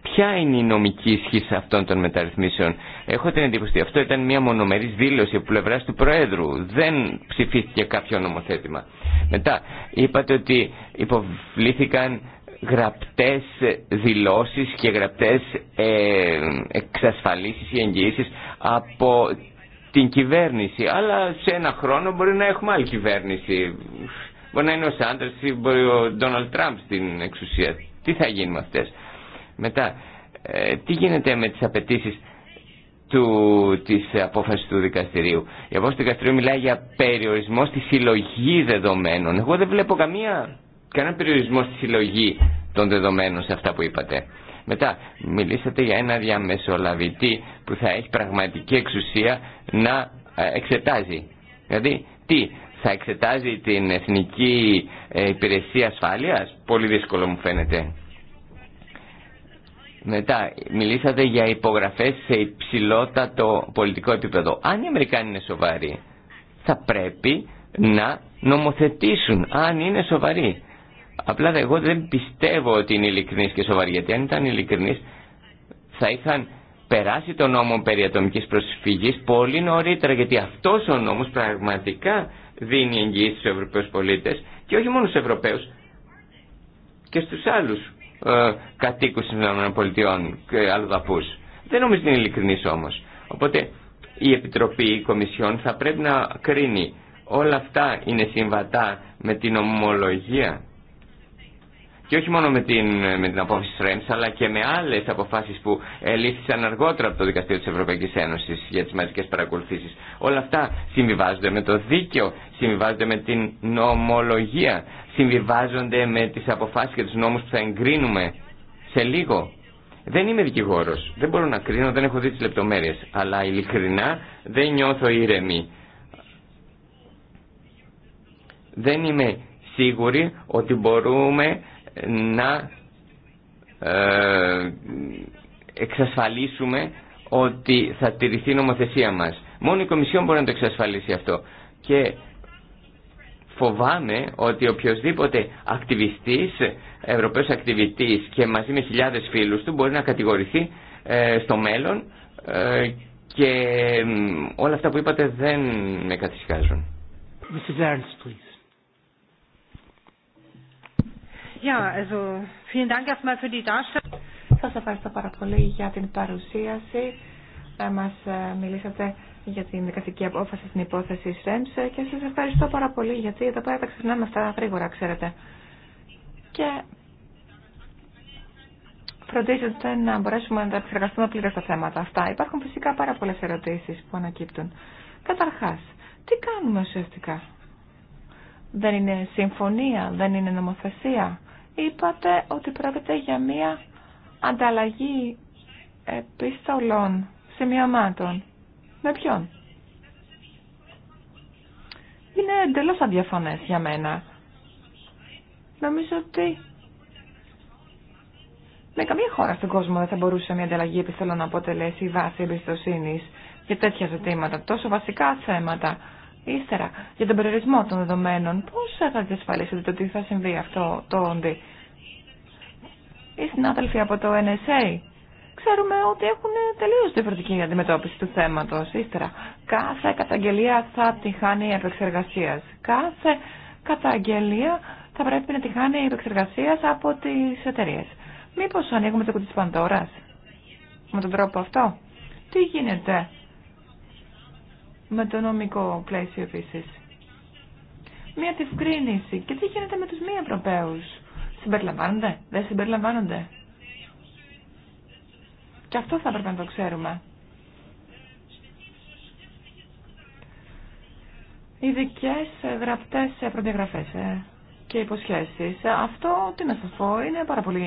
S2: Ποια είναι η νομική ισχύ αυτών των μεταρρυθμίσεων Έχω την εντύπωση αυτό ήταν μια μονομερής δήλωση από πλευρά του Προέδρου. Δεν ψηφίστηκε κάποιο νομοθέτημα. Μετά είπατε ότι υποβλήθηκαν γραπτές δηλώσεις και γραπτές ε, εξασφαλίσεις ή εγγυήσεις από την κυβέρνηση. Αλλά σε ένα χρόνο μπορεί να έχουμε άλλη κυβέρνηση. Μπορεί να είναι ο Σάντερς ή μπορεί ο Ντόναλτ Τραμπ στην εξουσία. Τι θα γίνει με αυτές. Μετά, ε, τι γίνεται με τις απαιτήσει του, της απόφασης του δικαστηρίου. Η απόφαση του δικαστηρίου μιλάει για περιορισμό στη συλλογή δεδομένων. Εγώ δεν βλέπω καμία, κανένα περιορισμό στη συλλογή των δεδομένων σε αυτά που είπατε. Μετά, μιλήσατε για ένα διαμεσολαβητή που θα έχει πραγματική εξουσία να ε, εξετάζει. Δηλαδή, τι, θα εξετάζει την Εθνική ε, Υπηρεσία Ασφάλειας. Πολύ δύσκολο μου φαίνεται. Μετά μιλήσατε για υπογραφές σε υψηλότατο πολιτικό επίπεδο. Αν οι Αμερικάνοι είναι σοβαροί, θα πρέπει να νομοθετήσουν, αν είναι σοβαροί. Απλά εγώ δεν πιστεύω ότι είναι ειλικρινή και σοβαρή, γιατί αν ήταν ειλικρινή θα είχαν περάσει το νόμο περί ατομικής προσφυγής πολύ νωρίτερα, γιατί αυτός ο νόμος πραγματικά δίνει εγγύηση στους Ευρωπαίους πολίτες και όχι μόνο στους Ευρωπαίους, και στους άλλους Κατοίκου ε, κατοίκους των Πολιτείων και αλλοδαπού. Δεν νομίζω ότι είναι ειλικρινής όμως. Οπότε η Επιτροπή η Κομισιόν θα πρέπει να κρίνει όλα αυτά είναι συμβατά με την ομολογία και όχι μόνο με την, με την απόφαση της ΡΕΜΣ αλλά και με άλλε αποφάσει που ελήφθησαν αργότερα από το Δικαστήριο τη Ευρωπαϊκή Ένωση για τι μαζικές παρακολουθήσει. Όλα αυτά συμβιβάζονται με το δίκαιο, συμβιβάζονται με την νομολογία, συμβιβάζονται με τι αποφάσει και του νόμου που θα εγκρίνουμε σε λίγο. Δεν είμαι δικηγόρο. δεν μπορώ να κρίνω, δεν έχω δει τι λεπτομέρειε. αλλά ειλικρινά δεν νιώθω ήρεμη. Δεν είμαι σίγουρη ότι μπορούμε να ε, εξασφαλίσουμε ότι θα τηρηθεί η νομοθεσία μας. Μόνο η Κομισιόν μπορεί να το εξασφαλίσει αυτό. Και φοβάμαι ότι οποιοδήποτε ακτιβιστής, ευρωπαίος ακτιβιστής και μαζί με χιλιάδες φίλους του μπορεί να κατηγορηθεί ε, στο μέλλον ε, και όλα αυτά που είπατε δεν με καθησυχάζουν.
S1: Σα also, vielen Dank erstmal für die Darstellung. Σας ευχαριστώ πάρα πολύ για την παρουσίαση. Ε, μας ε, μιλήσατε για την δικαστική απόφαση στην υπόθεση ΣΡΕΜΣ ε, και σα ευχαριστώ πάρα πολύ γιατί εδώ πέρα τα ξεχνάμε αυτά γρήγορα, ξέρετε. Και φροντίζετε να μπορέσουμε να τα επεξεργαστούμε πλήρω τα θέματα αυτά. Υπάρχουν φυσικά πάρα πολλέ ερωτήσει που ανακύπτουν. Καταρχά, τι κάνουμε ουσιαστικά. Δεν είναι συμφωνία, δεν είναι νομοθεσία είπατε ότι πρόκειται για μία ανταλλαγή επιστολών, σημειωμάτων. Με ποιον? Είναι εντελώς αδιαφανές για μένα. Νομίζω ότι με καμία χώρα στον κόσμο δεν θα μπορούσε μια ανταλλαγή επιστολών να αποτελέσει βάση εμπιστοσύνη για τέτοια ζητήματα, τόσο βασικά θέματα Ύστερα, για τον περιορισμό των δεδομένων, πώς θα διασφαλίσετε ότι θα συμβεί αυτό το όντι. Οι συνάδελφοι από το NSA ξέρουμε ότι έχουν τελείως διαφορετική αντιμετώπιση του θέματος. Ύστερα, κάθε καταγγελία θα τη χάνει επεξεργασία. Κάθε καταγγελία θα πρέπει να τη χάνει επεξεργασία από τις εταιρείε. Μήπως ανοίγουμε το κουτί τη Παντόρα, με τον τρόπο αυτό. Τι γίνεται με το νομικό πλαίσιο επίση. Μία διευκρίνηση. Και τι γίνεται με τους μη Ευρωπαίους. Συμπεριλαμβάνονται, δεν συμπεριλαμβάνονται. Και αυτό θα έπρεπε να το ξέρουμε. Ειδικέ ε, γραπτέ ε, προδιαγραφέ ε, και υποσχέσει. Αυτό, τι να σα πω, είναι πάρα πολύ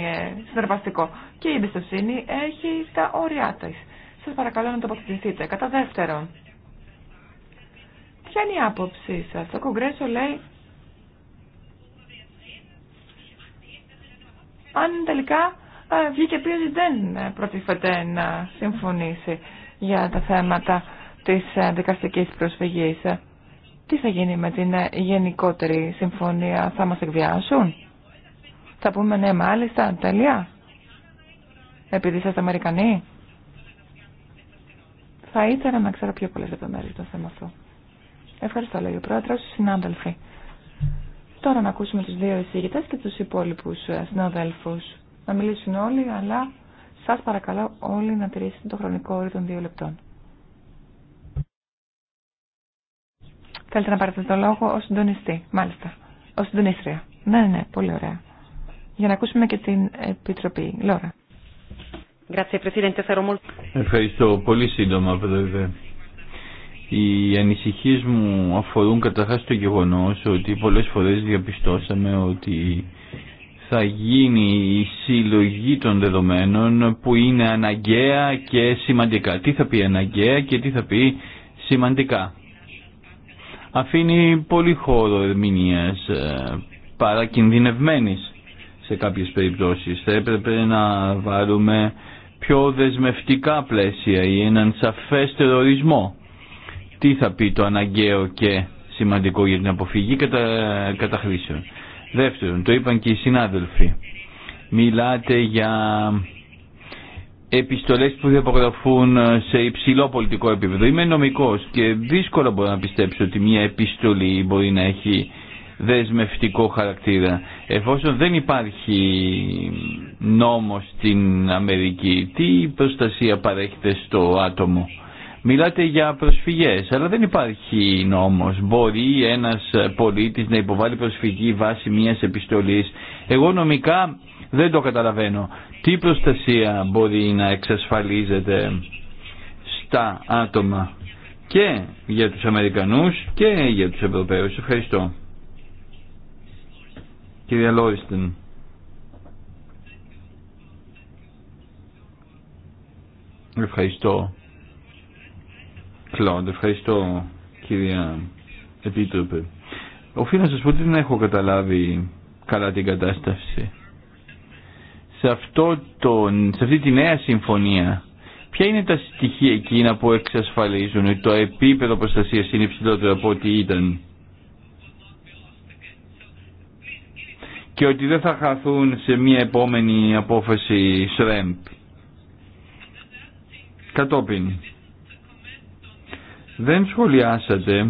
S1: συνεργαστικό. Και η εμπιστοσύνη έχει τα όρια τη. Σα παρακαλώ να το Κατά δεύτερον, Ποια είναι η άποψή σας. Το Κογκρέσο λέει αν τελικά ε, βγήκε πει ότι δεν ε, προτίθεται να συμφωνήσει για τα θέματα της ε, δικαστικής προσφυγής. Τι θα γίνει με την γενικότερη συμφωνία, θα μας εκβιάσουν. Θα πούμε ναι μάλιστα, τέλεια. Επειδή είστε Αμερικανοί. Θα ήθελα να ξέρω πιο πολλές λεπτομέρειες το θέμα αυτό. Ευχαριστώ, λέει ο πρόεδρο. συνάδελφοι. Τώρα να ακούσουμε του δύο εισηγητέ και του υπόλοιπου ε, συναδέλφου. Να μιλήσουν όλοι, αλλά σα παρακαλώ όλοι να τηρήσετε το χρονικό όριο των δύο λεπτών. Θέλετε να πάρετε το λόγο ω συντονιστή, μάλιστα. Ως συντονίστρια. Ναι, ναι, πολύ ωραία. Για να ακούσουμε και την Επιτροπή. Λόρα.
S3: Ευχαριστώ. Πολύ σύντομα, βέβαια. Οι ανησυχίες μου αφορούν καταρχάς το γεγονός ότι πολλές φορές διαπιστώσαμε ότι θα γίνει η συλλογή των δεδομένων που είναι αναγκαία και σημαντικά. Τι θα πει αναγκαία και τι θα πει σημαντικά. Αφήνει πολύ χώρο ερμηνείας ε, παρακινδυνευμένης σε κάποιες περιπτώσεις. Θα έπρεπε να βάλουμε πιο δεσμευτικά πλαίσια ή έναν σαφέστερο ορισμό τι θα πει το αναγκαίο και σημαντικό για την αποφυγή κατα... καταχρήσεων. Δεύτερον, το είπαν και οι συνάδελφοι, μιλάτε για επιστολές που διαπογραφούν σε υψηλό πολιτικό επίπεδο. Είμαι νομικός και δύσκολο μπορώ να πιστέψω ότι μια επιστολή μπορεί να έχει δεσμευτικό χαρακτήρα. Εφόσον δεν υπάρχει νόμος στην Αμερική, τι προστασία παρέχεται στο άτομο. Μιλάτε για προσφυγές, αλλά δεν υπάρχει νόμος. Μπορεί ένας πολίτης να υποβάλει προσφυγή βάσει μιας επιστολής. Εγώ νομικά δεν το καταλαβαίνω. Τι προστασία μπορεί να εξασφαλίζεται στα άτομα και για τους Αμερικανούς και για τους Ευρωπαίους. Ευχαριστώ. Κυρία Λόριστον. Ευχαριστώ. Κλόντ, ευχαριστώ κυρία Επίτροπε. Οφείλω να σας πω ότι δεν έχω καταλάβει καλά την κατάσταση. Σε, αυτό το, σε αυτή τη νέα συμφωνία, ποια είναι τα στοιχεία εκείνα που εξασφαλίζουν ότι το επίπεδο προστασίας είναι υψηλότερο από ό,τι ήταν και ότι δεν θα χαθούν σε μια επόμενη απόφαση ΣΡΕΜΠ. Κατόπιν, δεν σχολιάσατε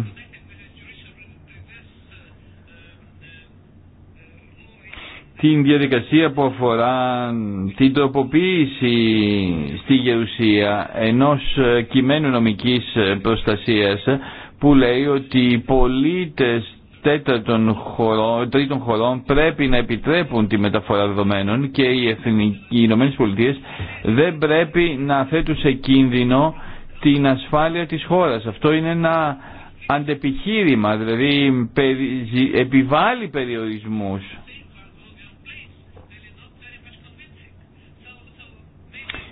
S3: την διαδικασία που αφορά την τροποποίηση στη γερουσία ενός κειμένου νομικής προστασίας που λέει ότι οι πολίτες τέταρτων χωρών, τρίτων χωρών πρέπει να επιτρέπουν τη μεταφορά δεδομένων και οι, Εθνικοί, οι Ηνωμένες δεν πρέπει να θέτουν σε κίνδυνο την ασφάλεια της χώρας. Αυτό είναι ένα αντεπιχείρημα, δηλαδή επιβάλλει περιορισμούς.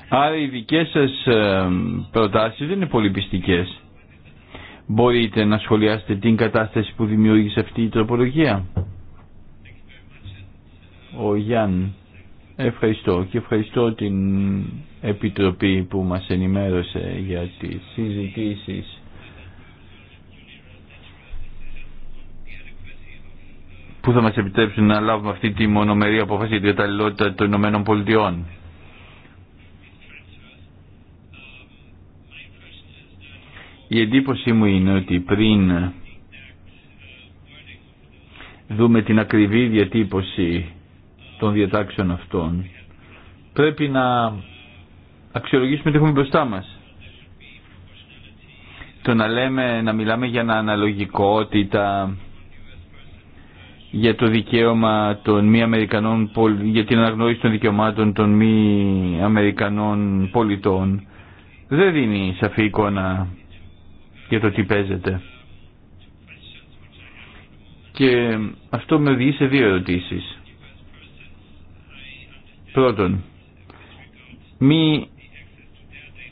S3: Άρα οι δικές σας ε, προτάσεις δεν είναι πολύ πιστικές. Μπορείτε να σχολιάσετε την κατάσταση που δημιούργησε αυτή η τροπολογία. Ο Γιάννη. Ε. Ευχαριστώ και ευχαριστώ την Επιτροπή που μας ενημέρωσε για τις συζητήσεις που θα μας επιτρέψουν να λάβουμε αυτή τη μονομερή αποφάση για την καταλληλότητα των Ηνωμένων Πολιτειών. Η εντύπωσή μου είναι ότι πριν δούμε την ακριβή διατύπωση των διατάξεων αυτών πρέπει να αξιολογήσουμε τι έχουμε μπροστά μας. Το να, λέμε, να μιλάμε για αναλογικότητα, για το δικαίωμα των μη Αμερικανών, για την αναγνώριση των δικαιωμάτων των μη Αμερικανών πολιτών, δεν δίνει σαφή εικόνα για το τι παίζεται. Και αυτό με οδηγεί σε δύο ερωτήσεις. Πρώτον, μη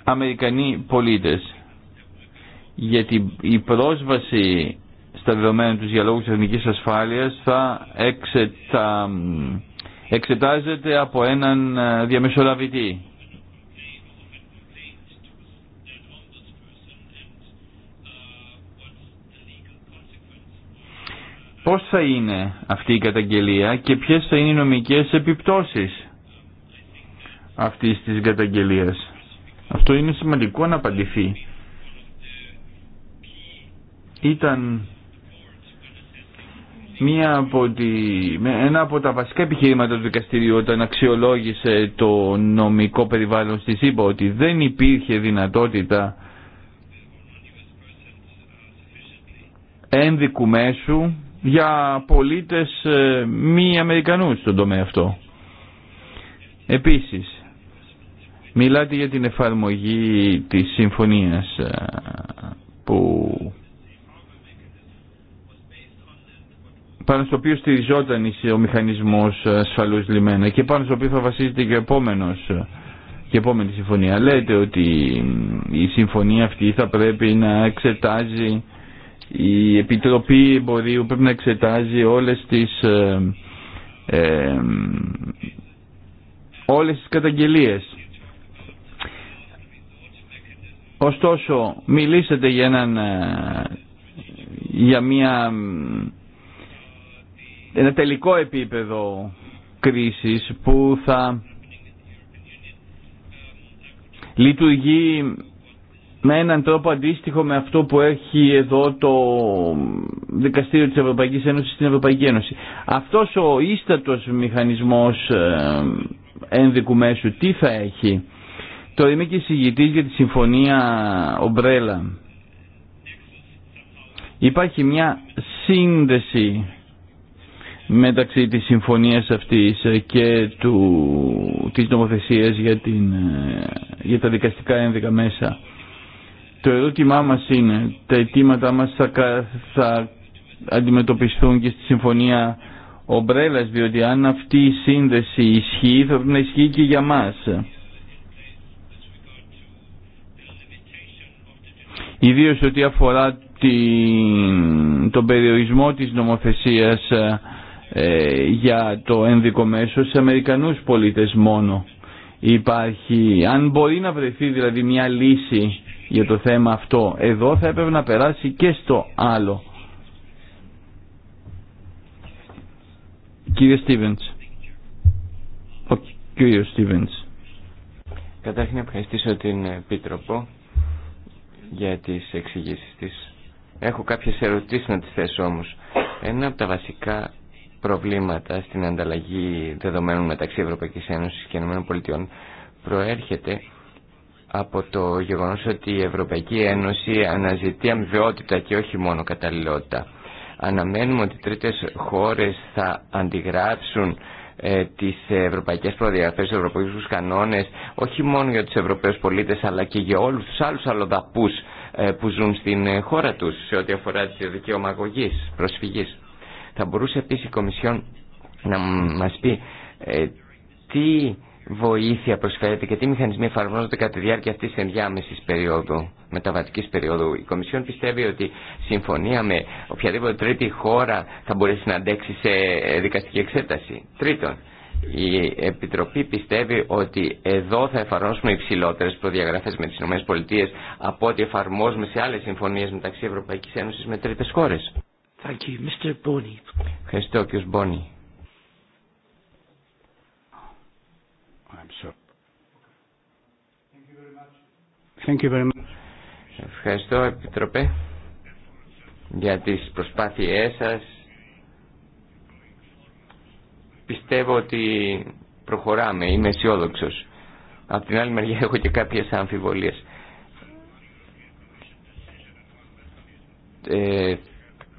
S3: Αμερικανοί πολίτες γιατί η πρόσβαση στα δεδομένα τους για λόγους εθνικής ασφάλειας θα εξετάζεται από έναν ε, διαμεσολαβητή. Πώς θα είναι αυτή η καταγγελία και ποιες θα είναι οι νομικές επιπτώσεις αυτής της καταγγελίας. Αυτό είναι σημαντικό να απαντηθεί. Ήταν μία από τη, ένα από τα βασικά επιχειρήματα του δικαστηρίου όταν αξιολόγησε το νομικό περιβάλλον στη ΣΥΠΑ ότι δεν υπήρχε δυνατότητα ένδικου μέσου για πολίτες ε, μη Αμερικανούς στον τομέα αυτό. Επίσης, Μιλάτε για την εφαρμογή της συμφωνίας ε, που πάνω στο οποίο στηριζόταν ο μηχανισμός ασφαλούς λιμένα και πάνω στο οποίο θα βασίζεται και, επόμενος, ε, και επόμενη συμφωνία. Λέτε ότι η συμφωνία αυτή θα πρέπει να εξετάζει η Επιτροπή Εμπορίου πρέπει να εξετάζει όλες τις ε, ε όλες τις καταγγελίες Ωστόσο, μιλήσατε για, έναν, ε, για μια, ένα τελικό επίπεδο κρίσης που θα λειτουργεί με έναν τρόπο αντίστοιχο με αυτό που έχει εδώ το Δικαστήριο της Ευρωπαϊκής Ένωσης στην Ευρωπαϊκή Ένωση. Αυτός ο ίστατος μηχανισμός ε, ένδικου μέσου τι θα έχει Τώρα είμαι και συγητής για τη συμφωνία Ομπρέλα. Υπάρχει μια σύνδεση μεταξύ της συμφωνίας αυτής και του, της νομοθεσίας για, την, για τα δικαστικά ένδικα μέσα. Το ερώτημά μας είναι, τα αιτήματά μας θα, θα αντιμετωπιστούν και στη συμφωνία ομπρέλας, διότι αν αυτή η σύνδεση ισχύει θα πρέπει να ισχύει και για μας. ιδίως ό,τι αφορά την, τον περιορισμό της νομοθεσίας ε, ε, για το ένδικο μέσο σε Αμερικανούς πολίτες μόνο υπάρχει. Αν μπορεί να βρεθεί δηλαδή μια λύση για το θέμα αυτό εδώ θα έπρεπε να περάσει και στο άλλο. Κύριε Στίβενς. Ο Στίβενς. Καταρχήν
S2: ευχαριστήσω την Επίτροπο για τις εξηγήσεις της. Έχω κάποιες ερωτήσεις να τις θέσω όμως. Ένα από τα βασικά προβλήματα στην ανταλλαγή δεδομένων μεταξύ Ευρωπαϊκής Ένωσης και ΗΠΑ προέρχεται από το γεγονός ότι η Ευρωπαϊκή Ένωση αναζητεί αμοιβαιότητα και όχι μόνο καταλληλότητα. Αναμένουμε ότι τρίτες χώρες θα αντιγράψουν ε, τις ευρωπαϊκές προδιαγραφές, τους ευρωπαϊκούς κανόνες, όχι μόνο για τους Ευρωπαίους πολίτες, αλλά και για όλους τους άλλους αλλοδαπούς ε, που ζουν στην ε, χώρα τους, σε ό,τι αφορά τη δικαιομαγωγή προσφυγή. προσφυγής. Θα μπορούσε επίσης η Κομισιόν να μας πει ε, τι βοήθεια προσφέρεται και τι μηχανισμοί εφαρμόζονται κατά τη διάρκεια αυτή τη ενδιάμεση περίοδου, μεταβατική περίοδου. Η Κομισιόν πιστεύει ότι συμφωνία με οποιαδήποτε τρίτη χώρα θα μπορέσει να αντέξει σε δικαστική εξέταση. Τρίτον, η Επιτροπή πιστεύει ότι εδώ θα εφαρμόσουμε υψηλότερε προδιαγραφέ με τι ΗΠΑ από ό,τι εφαρμόζουμε σε άλλε συμφωνίε μεταξύ Ευρωπαϊκή Ένωση με τρίτε χώρε. Ευχαριστώ, κ. Bonnie. I'm Thank you very much. Thank you very much. Ευχαριστώ Επιτροπέ για τις προσπάθειές σας. Πιστεύω ότι προχωράμε, είμαι αισιόδοξο. Απ' την άλλη μεριά έχω και κάποιες αμφιβολίες. Ε,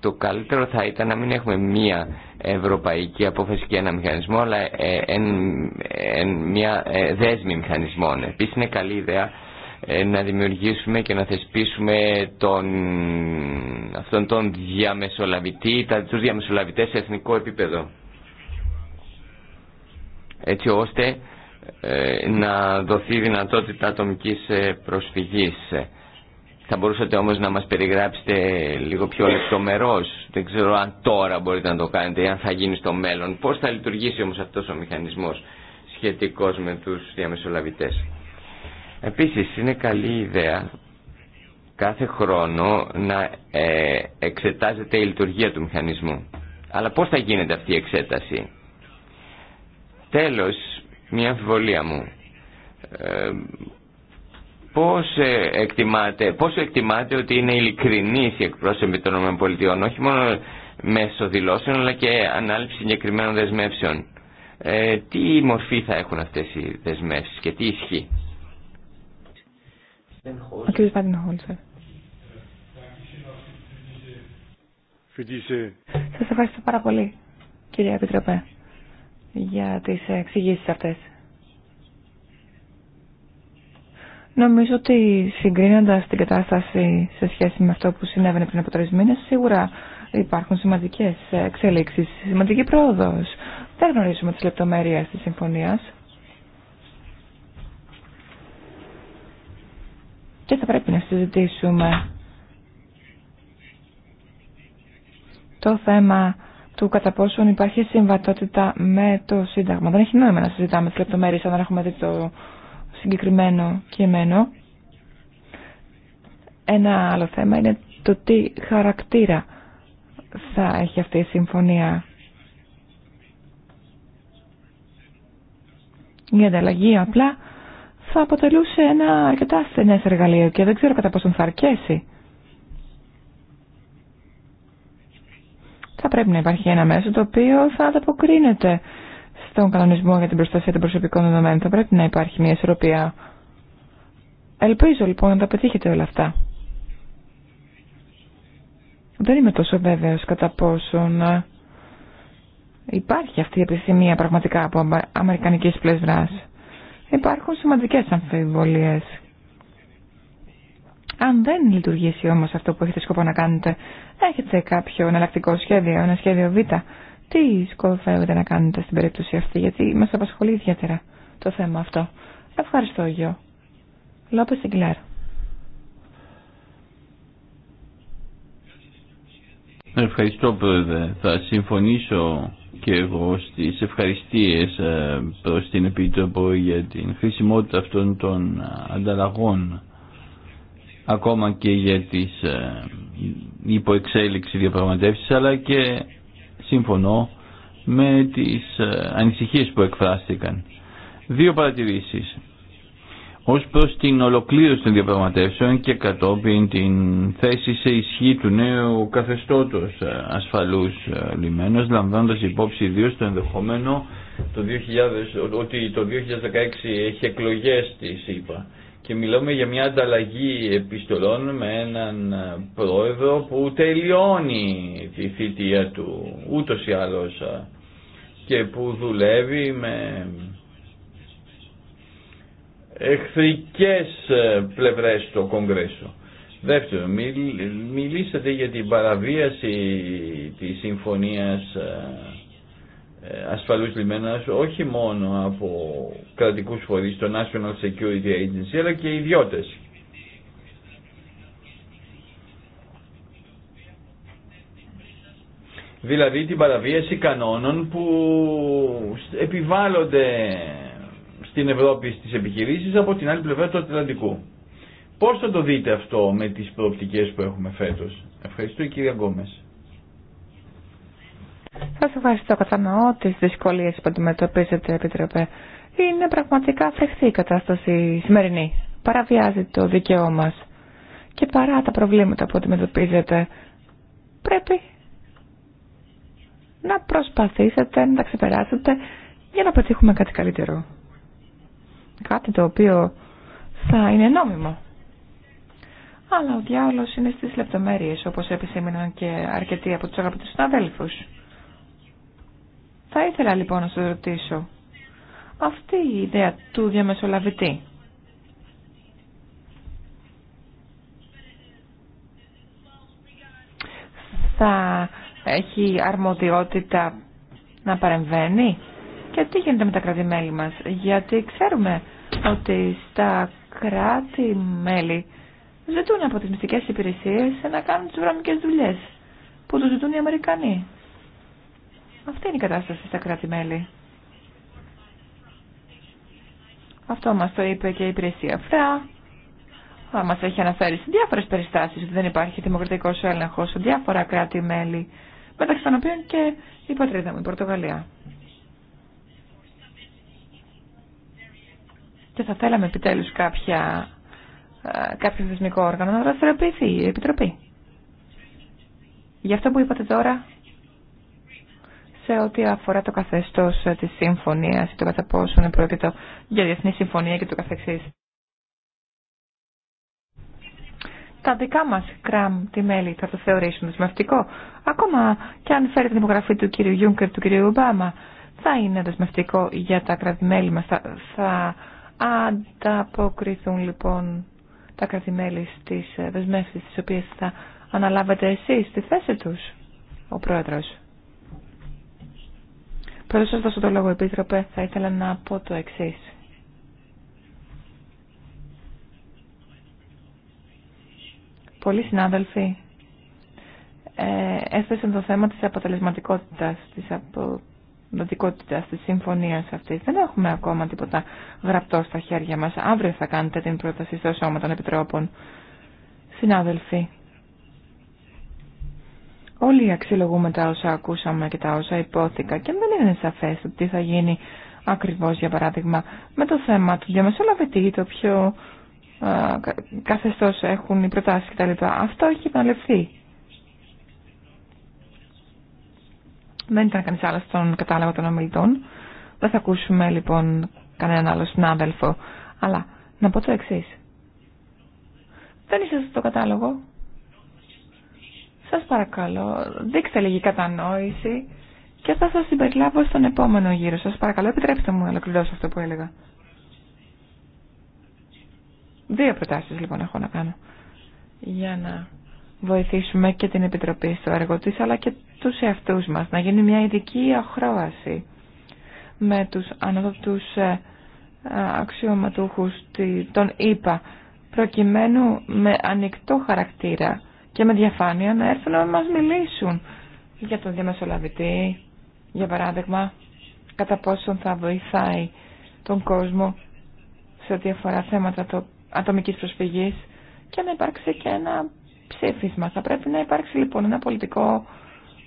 S2: το καλύτερο θα ήταν να μην έχουμε μία ευρωπαϊκή απόφαση και ένα μηχανισμό, αλλά ε, μία ε, δέσμη μηχανισμών. Επίσης είναι καλή ιδέα ε, να δημιουργήσουμε και να θεσπίσουμε τον, αυτόν τον διαμεσολαβητή, τα, τους διαμεσολαβητές σε εθνικό επίπεδο. Έτσι ώστε να δοθεί δυνατότητα ατομικής προσφυγής. Θα μπορούσατε όμως να μας περιγράψετε λίγο πιο λεπτομερώς. Δεν ξέρω αν τώρα μπορείτε να το κάνετε ή αν θα γίνει στο μέλλον. Πώς θα λειτουργήσει όμως αυτός ο μηχανισμός σχετικός με τους διαμεσολαβητές. Επίσης είναι καλή ιδέα κάθε χρόνο να ε, εξετάζεται η λειτουργία του μηχανισμού. Αλλά πώς θα γίνεται αυτή η εξέταση. Τέλος, μια αμφιβολία μου. Ε, πώς ε, εκτιμάτε, Πώς εκτιμάτε ότι είναι ειλικρινής η εκπρόσωπη των ΗΠΑ, όχι μόνο μέσω δηλώσεων, αλλά και ανάληψη συγκεκριμένων δεσμεύσεων. Ε, τι μορφή θα έχουν αυτές οι δεσμεύσεις και τι ισχύει.
S1: Ο Σας ευχαριστώ πάρα πολύ, κύριε Επιτροπέ, για τις εξηγήσεις αυτές. Νομίζω ότι συγκρίνοντας την κατάσταση σε σχέση με αυτό που συνέβαινε πριν από τρει μήνε, σίγουρα υπάρχουν σημαντικέ εξέλιξεις, σημαντική πρόοδο. Δεν γνωρίζουμε τι λεπτομέρειες της συμφωνίας. Και θα πρέπει να συζητήσουμε το θέμα του κατά πόσον υπάρχει συμβατότητα με το Σύνταγμα. Δεν έχει νόημα να συζητάμε τι λεπτομέρειε αν δεν έχουμε δει το συγκεκριμένο κείμενο. Ένα άλλο θέμα είναι το τι χαρακτήρα θα έχει αυτή η συμφωνία. Η ανταλλαγή απλά θα αποτελούσε ένα αρκετά στενές εργαλείο και δεν ξέρω κατά πόσον θα αρκέσει. Θα πρέπει να υπάρχει ένα μέσο το οποίο θα ανταποκρίνεται στον κανονισμό για την προστασία των προσωπικών δεδομένων. Θα πρέπει να υπάρχει μια ισορροπία. Ελπίζω λοιπόν να τα πετύχετε όλα αυτά. Δεν είμαι τόσο βέβαιος κατά πόσον ε, υπάρχει αυτή η επιθυμία πραγματικά από αμερικανικής πλευράς. Υπάρχουν σημαντικές αμφιβολίες. Αν δεν λειτουργήσει όμως αυτό που έχετε σκοπό να κάνετε, έχετε κάποιο εναλλακτικό σχέδιο, ένα σχέδιο β' τι σκοπεύετε να κάνετε στην περίπτωση αυτή, γιατί μας απασχολεί ιδιαίτερα το θέμα αυτό. Ευχαριστώ, Γιώ. Λόπες Σιγκλέρ.
S3: Ευχαριστώ, Πρόεδρε. Θα συμφωνήσω και εγώ στις ευχαριστίες ε, προς την Επίτροπο για την χρησιμότητα αυτών των ε, ανταλλαγών ακόμα και για τις ε, υποεξέλιξη διαπραγματεύσεις αλλά και συμφωνώ με τις ε, ανησυχίες που εκφράστηκαν. Δύο παρατηρήσεις. Ως προς την ολοκλήρωση των διαπραγματεύσεων και κατόπιν την θέση σε ισχύ του νέου καθεστώτος ε, ασφαλούς ε, λιμένος, λαμβάνοντας υπόψη ιδίω το ενδεχόμενο το 2000, ότι το 2016 έχει εκλογές στη ΣΥΠΑ και μιλάμε για μια ανταλλαγή επιστολών με έναν ε, πρόεδρο που τελειώνει τη θητεία του ούτως ή άλλως ε, και που δουλεύει με εχθρικές ε, πλευρές στο Κογκρέσο. Δεύτερον, μιλήσατε για την παραβίαση της συμφωνίας ε, ασφαλούς λιμένας όχι μόνο από κρατικούς φορείς, το National Security Agency, αλλά και ιδιώτες. Δηλαδή την παραβίαση κανόνων που επιβάλλονται στην Ευρώπη στις επιχειρήσεις από την άλλη πλευρά του Ατλαντικού. Πώς θα το δείτε αυτό με τις προοπτικές που έχουμε φέτος. Ευχαριστώ η κυρία Γκόμες.
S1: Σας ευχαριστώ. Κατανοώ τι δυσκολίε που αντιμετωπίζετε, Επιτροπέ. Είναι πραγματικά φρεχτή η κατάσταση σημερινή. Παραβιάζει το δικαίωμα μας. Και παρά τα προβλήματα που αντιμετωπίζετε, πρέπει να προσπαθήσετε να τα ξεπεράσετε για να πετύχουμε κάτι καλύτερο. Κάτι το οποίο θα είναι νόμιμο. Αλλά ο διάολος είναι στις λεπτομέρειες, όπως επισήμεναν και αρκετοί από τους αγαπητούς συναδέλφους. Θα ήθελα λοιπόν να σα ρωτήσω, αυτή η ιδέα του διαμεσολαβητή, θα έχει αρμοδιότητα να παρεμβαίνει και τι γίνεται με τα κράτη-μέλη μας. Γιατί ξέρουμε ότι στα κράτη-μέλη ζητούν από τις μυστικές υπηρεσίες να κάνουν τις βρώμικες δουλειές που τους ζητούν οι Αμερικανοί. Αυτή είναι η κατάσταση στα κράτη-μέλη. Αυτό μας το είπε και η υπηρεσία ΦΡΑ. Μας έχει αναφέρει σε διάφορες περιστάσεις ότι δεν υπάρχει δημοκρατικό έλεγχος σε διάφορα κράτη-μέλη, μεταξύ των οποίων και η πατρίδα μου, η Πορτογαλία. Και θα θέλαμε επιτέλους κάποια, ε, κάποιο θεσμικό όργανο να δραστηριοποιηθεί η Επιτροπή. Γι' αυτό που είπατε τώρα, σε ό,τι αφορά το καθεστώς ε, της συμφωνίας ή το κατά πόσο πρόκειτο για διεθνή συμφωνία και το καθεξής. Τα δικά μας κραμ, τη μέλη, θα το θεωρήσουν δεσμευτικό. Ακόμα και αν φέρει την υπογραφή του κύριου Γιούγκερ, του κύριου Ομπάμα, θα είναι δεσμευτικό για τα κρατη μας. Θα, ανταποκριθούν λοιπόν τα κράτη-μέλη στις ε, δεσμεύσεις τις οποίες θα αναλάβετε εσείς στη θέση τους, ο Πρόεδρος. Πριν σας δώσω το λόγο, Επίτροπε, θα ήθελα να πω το εξής. Πολλοί συνάδελφοι ε, έθεσαν το θέμα της αποτελεσματικότητας, της αποδοτικότητας, της συμφωνίας αυτής. Δεν έχουμε ακόμα τίποτα γραπτό στα χέρια μας. Αύριο θα κάνετε την πρόταση στο Σώμα των Επιτρόπων. Συνάδελφοι, Όλοι αξιολογούμε τα όσα ακούσαμε και τα όσα υπόθηκα και δεν είναι σαφές το τι θα γίνει ακριβώς για παράδειγμα με το θέμα του διαμεσολαβητή, το πιο α, καθεστώς έχουν οι προτάσεις κτλ. Αυτό έχει επαναληφθεί. Δεν ήταν κανείς άλλος στον κατάλογο των ομιλητών. Δεν θα ακούσουμε λοιπόν κανέναν άλλο συνάδελφο. Αλλά να πω το εξή. Δεν είσαι στο κατάλογο. Σας παρακαλώ, δείξτε λίγη κατανόηση και θα σας συμπεριλάβω στον επόμενο γύρο. Σας παρακαλώ, επιτρέψτε μου να ολοκληρώσω αυτό που έλεγα. Δύο προτάσεις λοιπόν έχω να κάνω για να βοηθήσουμε και την Επιτροπή στο έργο της αλλά και τους εαυτούς μας να γίνει μια ειδική αχρόαση με τους ανώτατους ε, αξιωματούχους των ΙΠΑ προκειμένου με ανοιχτό χαρακτήρα και με διαφάνεια να έρθουν να μας μιλήσουν για τον διαμεσολαβητή, για παράδειγμα, κατά πόσον θα βοηθάει τον κόσμο σε ό,τι αφορά θέματα το, ατομικής προσφυγής και να υπάρξει και ένα ψήφισμα. Θα πρέπει να υπάρξει λοιπόν ένα πολιτικό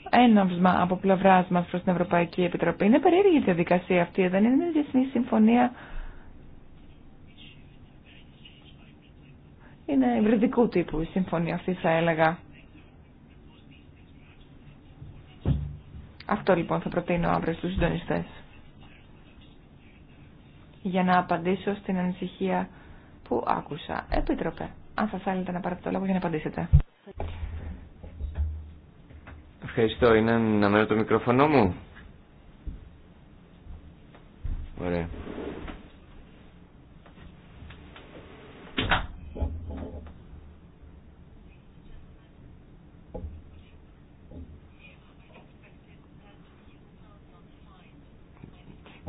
S1: έναυσμα από πλευρά μα προς την Ευρωπαϊκή Επιτροπή. Είναι περίεργη η διαδικασία αυτή, δεν είναι διεθνή συμφωνία Είναι υβριδικού τύπου η συμφωνία αυτή θα έλεγα. Αυτό λοιπόν θα προτείνω αύριο στους συντονιστές. Για να απαντήσω στην ανησυχία που άκουσα. Επίτροπε, αν θα θέλετε να πάρετε το λόγο για να απαντήσετε.
S2: Ευχαριστώ. Είναι να μένω το μικρόφωνο μου. Ωραία.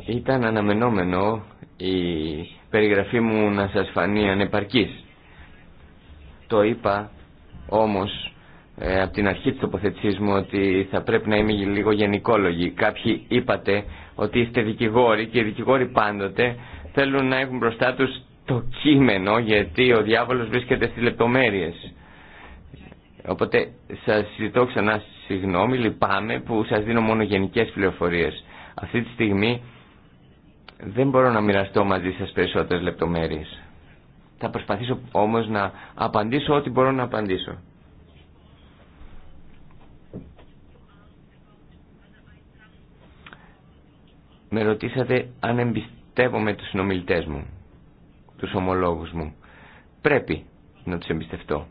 S2: Ήταν αναμενόμενο η περιγραφή μου να σας φανεί ανεπαρκής. Το είπα όμως ε, από την αρχή της τοποθετησής μου ότι θα πρέπει να είμαι λίγο γενικόλογη. Κάποιοι είπατε ότι είστε δικηγόροι και οι δικηγόροι πάντοτε θέλουν να έχουν μπροστά τους το κείμενο γιατί ο διάβολος βρίσκεται στις λεπτομέρειες. Οπότε σας ζητώ ξανά συγγνώμη, λυπάμαι που σας δίνω μόνο γενικές πληροφορίες. Αυτή τη στιγμή δεν μπορώ να μοιραστώ μαζί σας περισσότερες λεπτομέρειες. Θα προσπαθήσω όμως να απαντήσω ό,τι μπορώ να απαντήσω. Με ρωτήσατε αν εμπιστεύομαι τους συνομιλητές μου, τους ομολόγους μου. Πρέπει να τους εμπιστευτώ.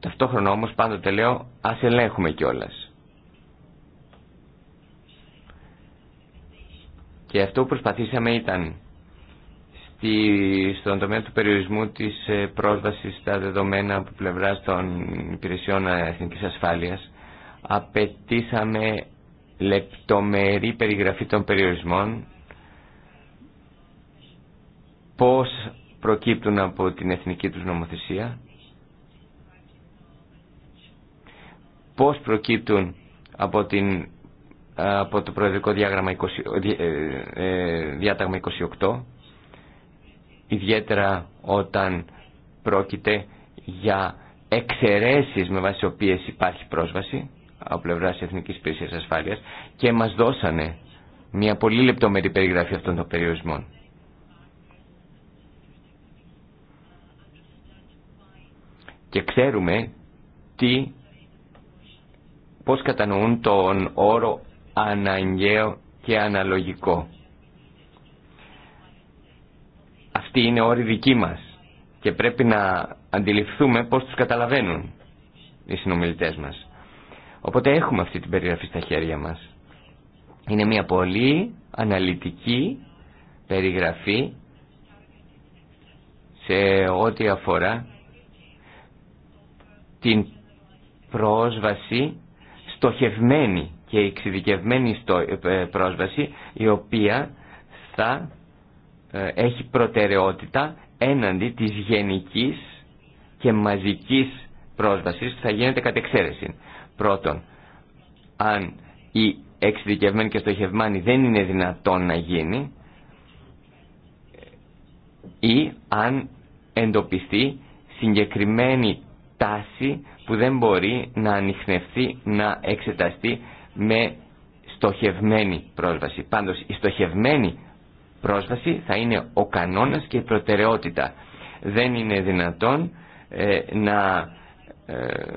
S2: Ταυτόχρονα όμως πάντοτε λέω ας ελέγχουμε κιόλας. Και αυτό που προσπαθήσαμε ήταν στη, στον τομέα του περιορισμού της ε, πρόσβασης στα δεδομένα από πλευρά των υπηρεσιών ε, εθνικής ασφάλειας απαιτήσαμε λεπτομερή περιγραφή των περιορισμών πώς προκύπτουν από την εθνική τους νομοθεσία πώς προκύπτουν από την από το προεδρικό διάγραμμα ε, ε, διάταγμα 28 ιδιαίτερα όταν πρόκειται για εξαιρέσει με βάση οποίε οποίες υπάρχει πρόσβαση από πλευρά τη Εθνική Υπηρεσία Ασφάλεια και μα δώσανε μια πολύ λεπτομερή περιγραφή αυτών των περιορισμών. Και ξέρουμε τι, πώς κατανοούν τον όρο αναγκαίο και αναλογικό. αυτή είναι όροι δικοί μας και πρέπει να αντιληφθούμε πώς τους καταλαβαίνουν οι συνομιλητές μας. Οπότε έχουμε αυτή την περιγραφή στα χέρια μας. Είναι μια πολύ αναλυτική περιγραφή σε ό,τι αφορά την πρόσβαση στοχευμένη και εξειδικευμένη ε, πρόσβαση η οποία θα ε, έχει προτεραιότητα έναντι της γενικής και μαζικής πρόσβασης θα γίνεται κατ' εξαίρεση. Πρώτον, αν η εξειδικευμένη και στοχευμένη δεν είναι δυνατόν να γίνει ή αν εντοπιστεί συγκεκριμένη τάση που δεν μπορεί να ανοιχνευτεί, να εξεταστεί με στοχευμένη πρόσβαση. Πάντως η στοχευμένη πρόσβαση θα είναι ο κανόνας και η προτεραιότητα. Δεν είναι δυνατόν ε, να ε, ε,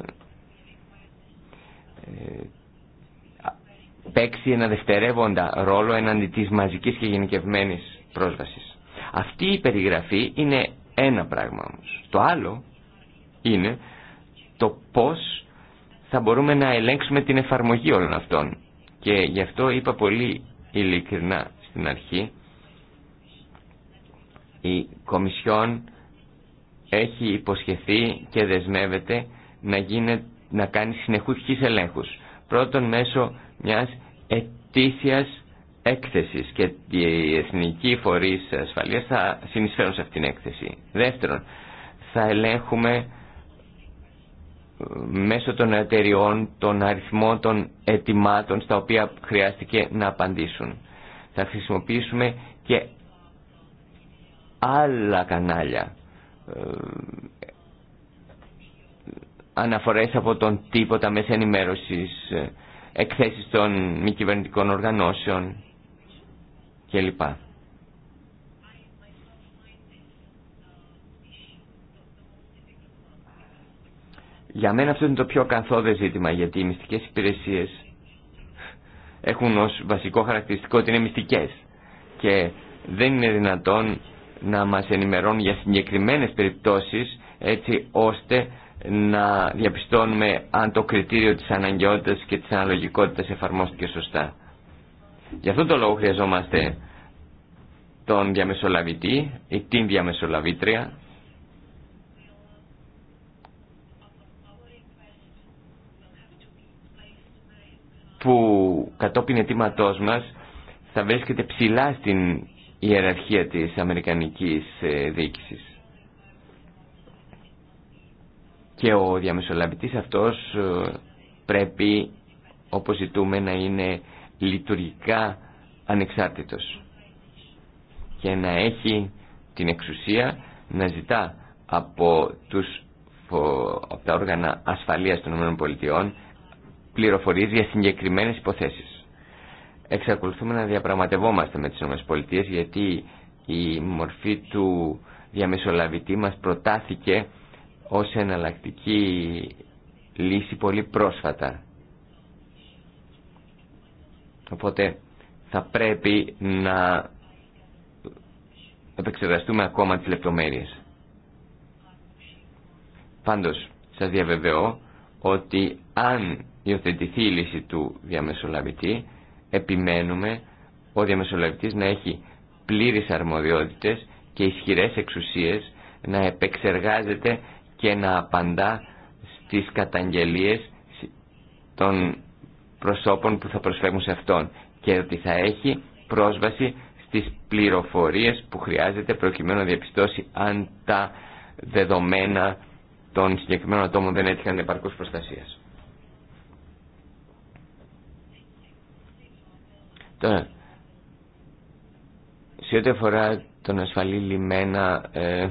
S2: παίξει ένα δευτερεύοντα ρόλο εναντί της μαζικής και γενικευμένης πρόσβασης. Αυτή η περιγραφή είναι ένα πράγμα όμως. Το άλλο είναι το πώς θα μπορούμε να ελέγξουμε την εφαρμογή όλων αυτών. Και γι' αυτό είπα πολύ ειλικρινά στην αρχή, η Κομισιόν έχει υποσχεθεί και δεσμεύεται να, να κάνει συνεχούς ελέγχους. Πρώτον μέσω μιας ετήσιας έκθεσης και οι εθνικοί φορείς ασφαλείας θα συνεισφέρουν σε αυτήν την έκθεση. Δεύτερον, θα ελέγχουμε μέσω των εταιριών των αριθμών των ετοιμάτων στα οποία χρειάστηκε να απαντήσουν. Θα χρησιμοποιήσουμε και άλλα κανάλια ε, αναφορές από τον τύπο, τα μέσα ενημέρωσης, ε, εκθέσεις των μη κυβερνητικών οργανώσεων κλπ. Για μένα αυτό είναι το πιο καθόδε ζήτημα, γιατί οι μυστικές υπηρεσίες έχουν ως βασικό χαρακτηριστικό ότι είναι μυστικές και δεν είναι δυνατόν να μας ενημερώνουν για συγκεκριμένες περιπτώσεις έτσι ώστε να διαπιστώνουμε αν το κριτήριο της αναγκαιότητας και της αναλογικότητας εφαρμόστηκε σωστά. Γι' αυτόν τον λόγο χρειαζόμαστε τον διαμεσολαβητή ή την διαμεσολαβήτρια που κατόπιν αιτήματός μας θα βρίσκεται ψηλά στην ιεραρχία της αμερικανικής ε, διοίκησης. Και ο διαμεσολαβητής αυτός ε, πρέπει, όπως ζητούμε, να είναι λειτουργικά ανεξάρτητος και να έχει την εξουσία να ζητά από, τους, από τα όργανα ασφαλείας των ΗΠΑ πληροφορίε για συγκεκριμένε υποθέσεις. Εξακολουθούμε να διαπραγματευόμαστε με τις ΗΠΑ γιατί η μορφή του διαμεσολαβητή μας προτάθηκε ως εναλλακτική λύση πολύ πρόσφατα. Οπότε θα πρέπει να επεξεργαστούμε ακόμα τις λεπτομέρειες. Πάντως, σας διαβεβαιώ ότι αν υιοθετηθεί η λύση του διαμεσολαβητή, επιμένουμε ο διαμεσολαβητής να έχει πλήρεις αρμοδιότητες και ισχυρές εξουσίες να επεξεργάζεται και να απαντά στις καταγγελίες των προσώπων που θα προσφέρουν σε αυτόν και ότι θα έχει πρόσβαση στις πληροφορίες που χρειάζεται προκειμένου να διαπιστώσει αν τα δεδομένα των συγκεκριμένων ατόμων δεν έτυχαν επαρκούς προστασίας. Τώρα, σε ό,τι αφορά τον ασφαλή λιμένα, ε,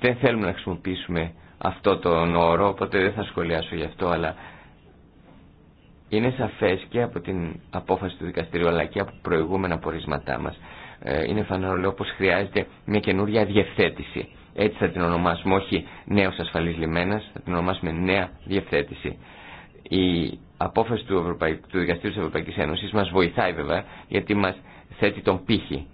S2: δεν θέλουμε να χρησιμοποιήσουμε αυτό τον όρο, οπότε δεν θα σχολιάσω γι' αυτό, αλλά είναι σαφές και από την απόφαση του δικαστηρίου, αλλά και από προηγούμενα πορίσματά μας, ε, είναι φανερό πως χρειάζεται μια καινούρια διευθέτηση. Έτσι θα την ονομάσουμε, όχι νέος ασφαλής λιμένας, θα την ονομάσουμε νέα διευθέτηση. Η απόφαση του, Ευρωπαϊκού, του Δικαστήριου της Ευρωπαϊκής Ένωσης μας βοηθάει βέβαια γιατί μας θέτει τον πύχη.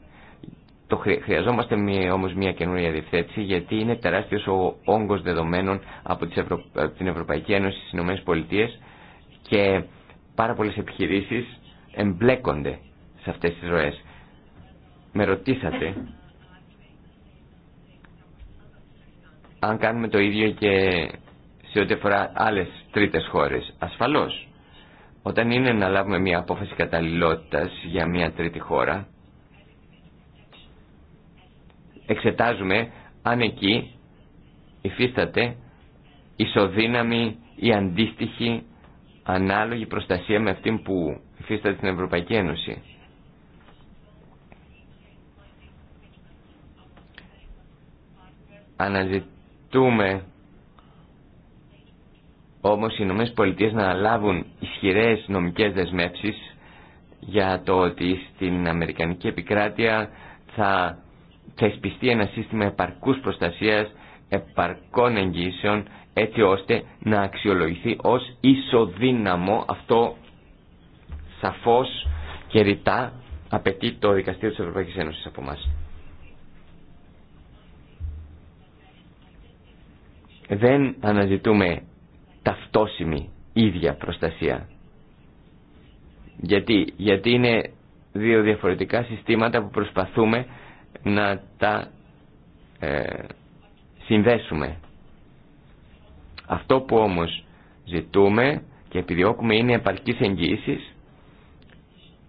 S2: Το χρειαζόμαστε μία, όμως μια καινούρια διευθέτηση γιατί είναι τεράστιος ο όγκος δεδομένων από, τις Ευρω... από την Ευρωπαϊκή Ένωση στις Ηνωμένες Πολιτείες και πάρα πολλές επιχειρήσεις εμπλέκονται σε αυτές τις ροές. Με ρωτήσατε αν κάνουμε το ίδιο και σε ό,τι αφορά άλλες τρίτες χώρες. Ασφαλώς. Όταν είναι να λάβουμε μια απόφαση καταλληλότητας για μια τρίτη χώρα, εξετάζουμε αν εκεί υφίσταται ισοδύναμη ή αντίστοιχη ανάλογη προστασία με αυτήν που υφίσταται στην Ευρωπαϊκή Ένωση. Αναζητούμε όμως οι πολιτείες να λάβουν ισχυρές νομικές δεσμεύσεις για το ότι στην Αμερικανική επικράτεια θα θεσπιστεί ένα σύστημα επαρκούς προστασίας, επαρκών εγγύσεων, έτσι ώστε να αξιολογηθεί ως ισοδύναμο αυτό σαφώς και ρητά απαιτεί το Δικαστήριο της Ευρωπαϊκής Ένωσης από μας. Δεν αναζητούμε ταυτόσιμη ίδια προστασία. Γιατί, γιατί είναι δύο διαφορετικά συστήματα που προσπαθούμε να τα ε, συνδέσουμε. Αυτό που όμως ζητούμε και επιδιώκουμε είναι επαρκής εγγύησης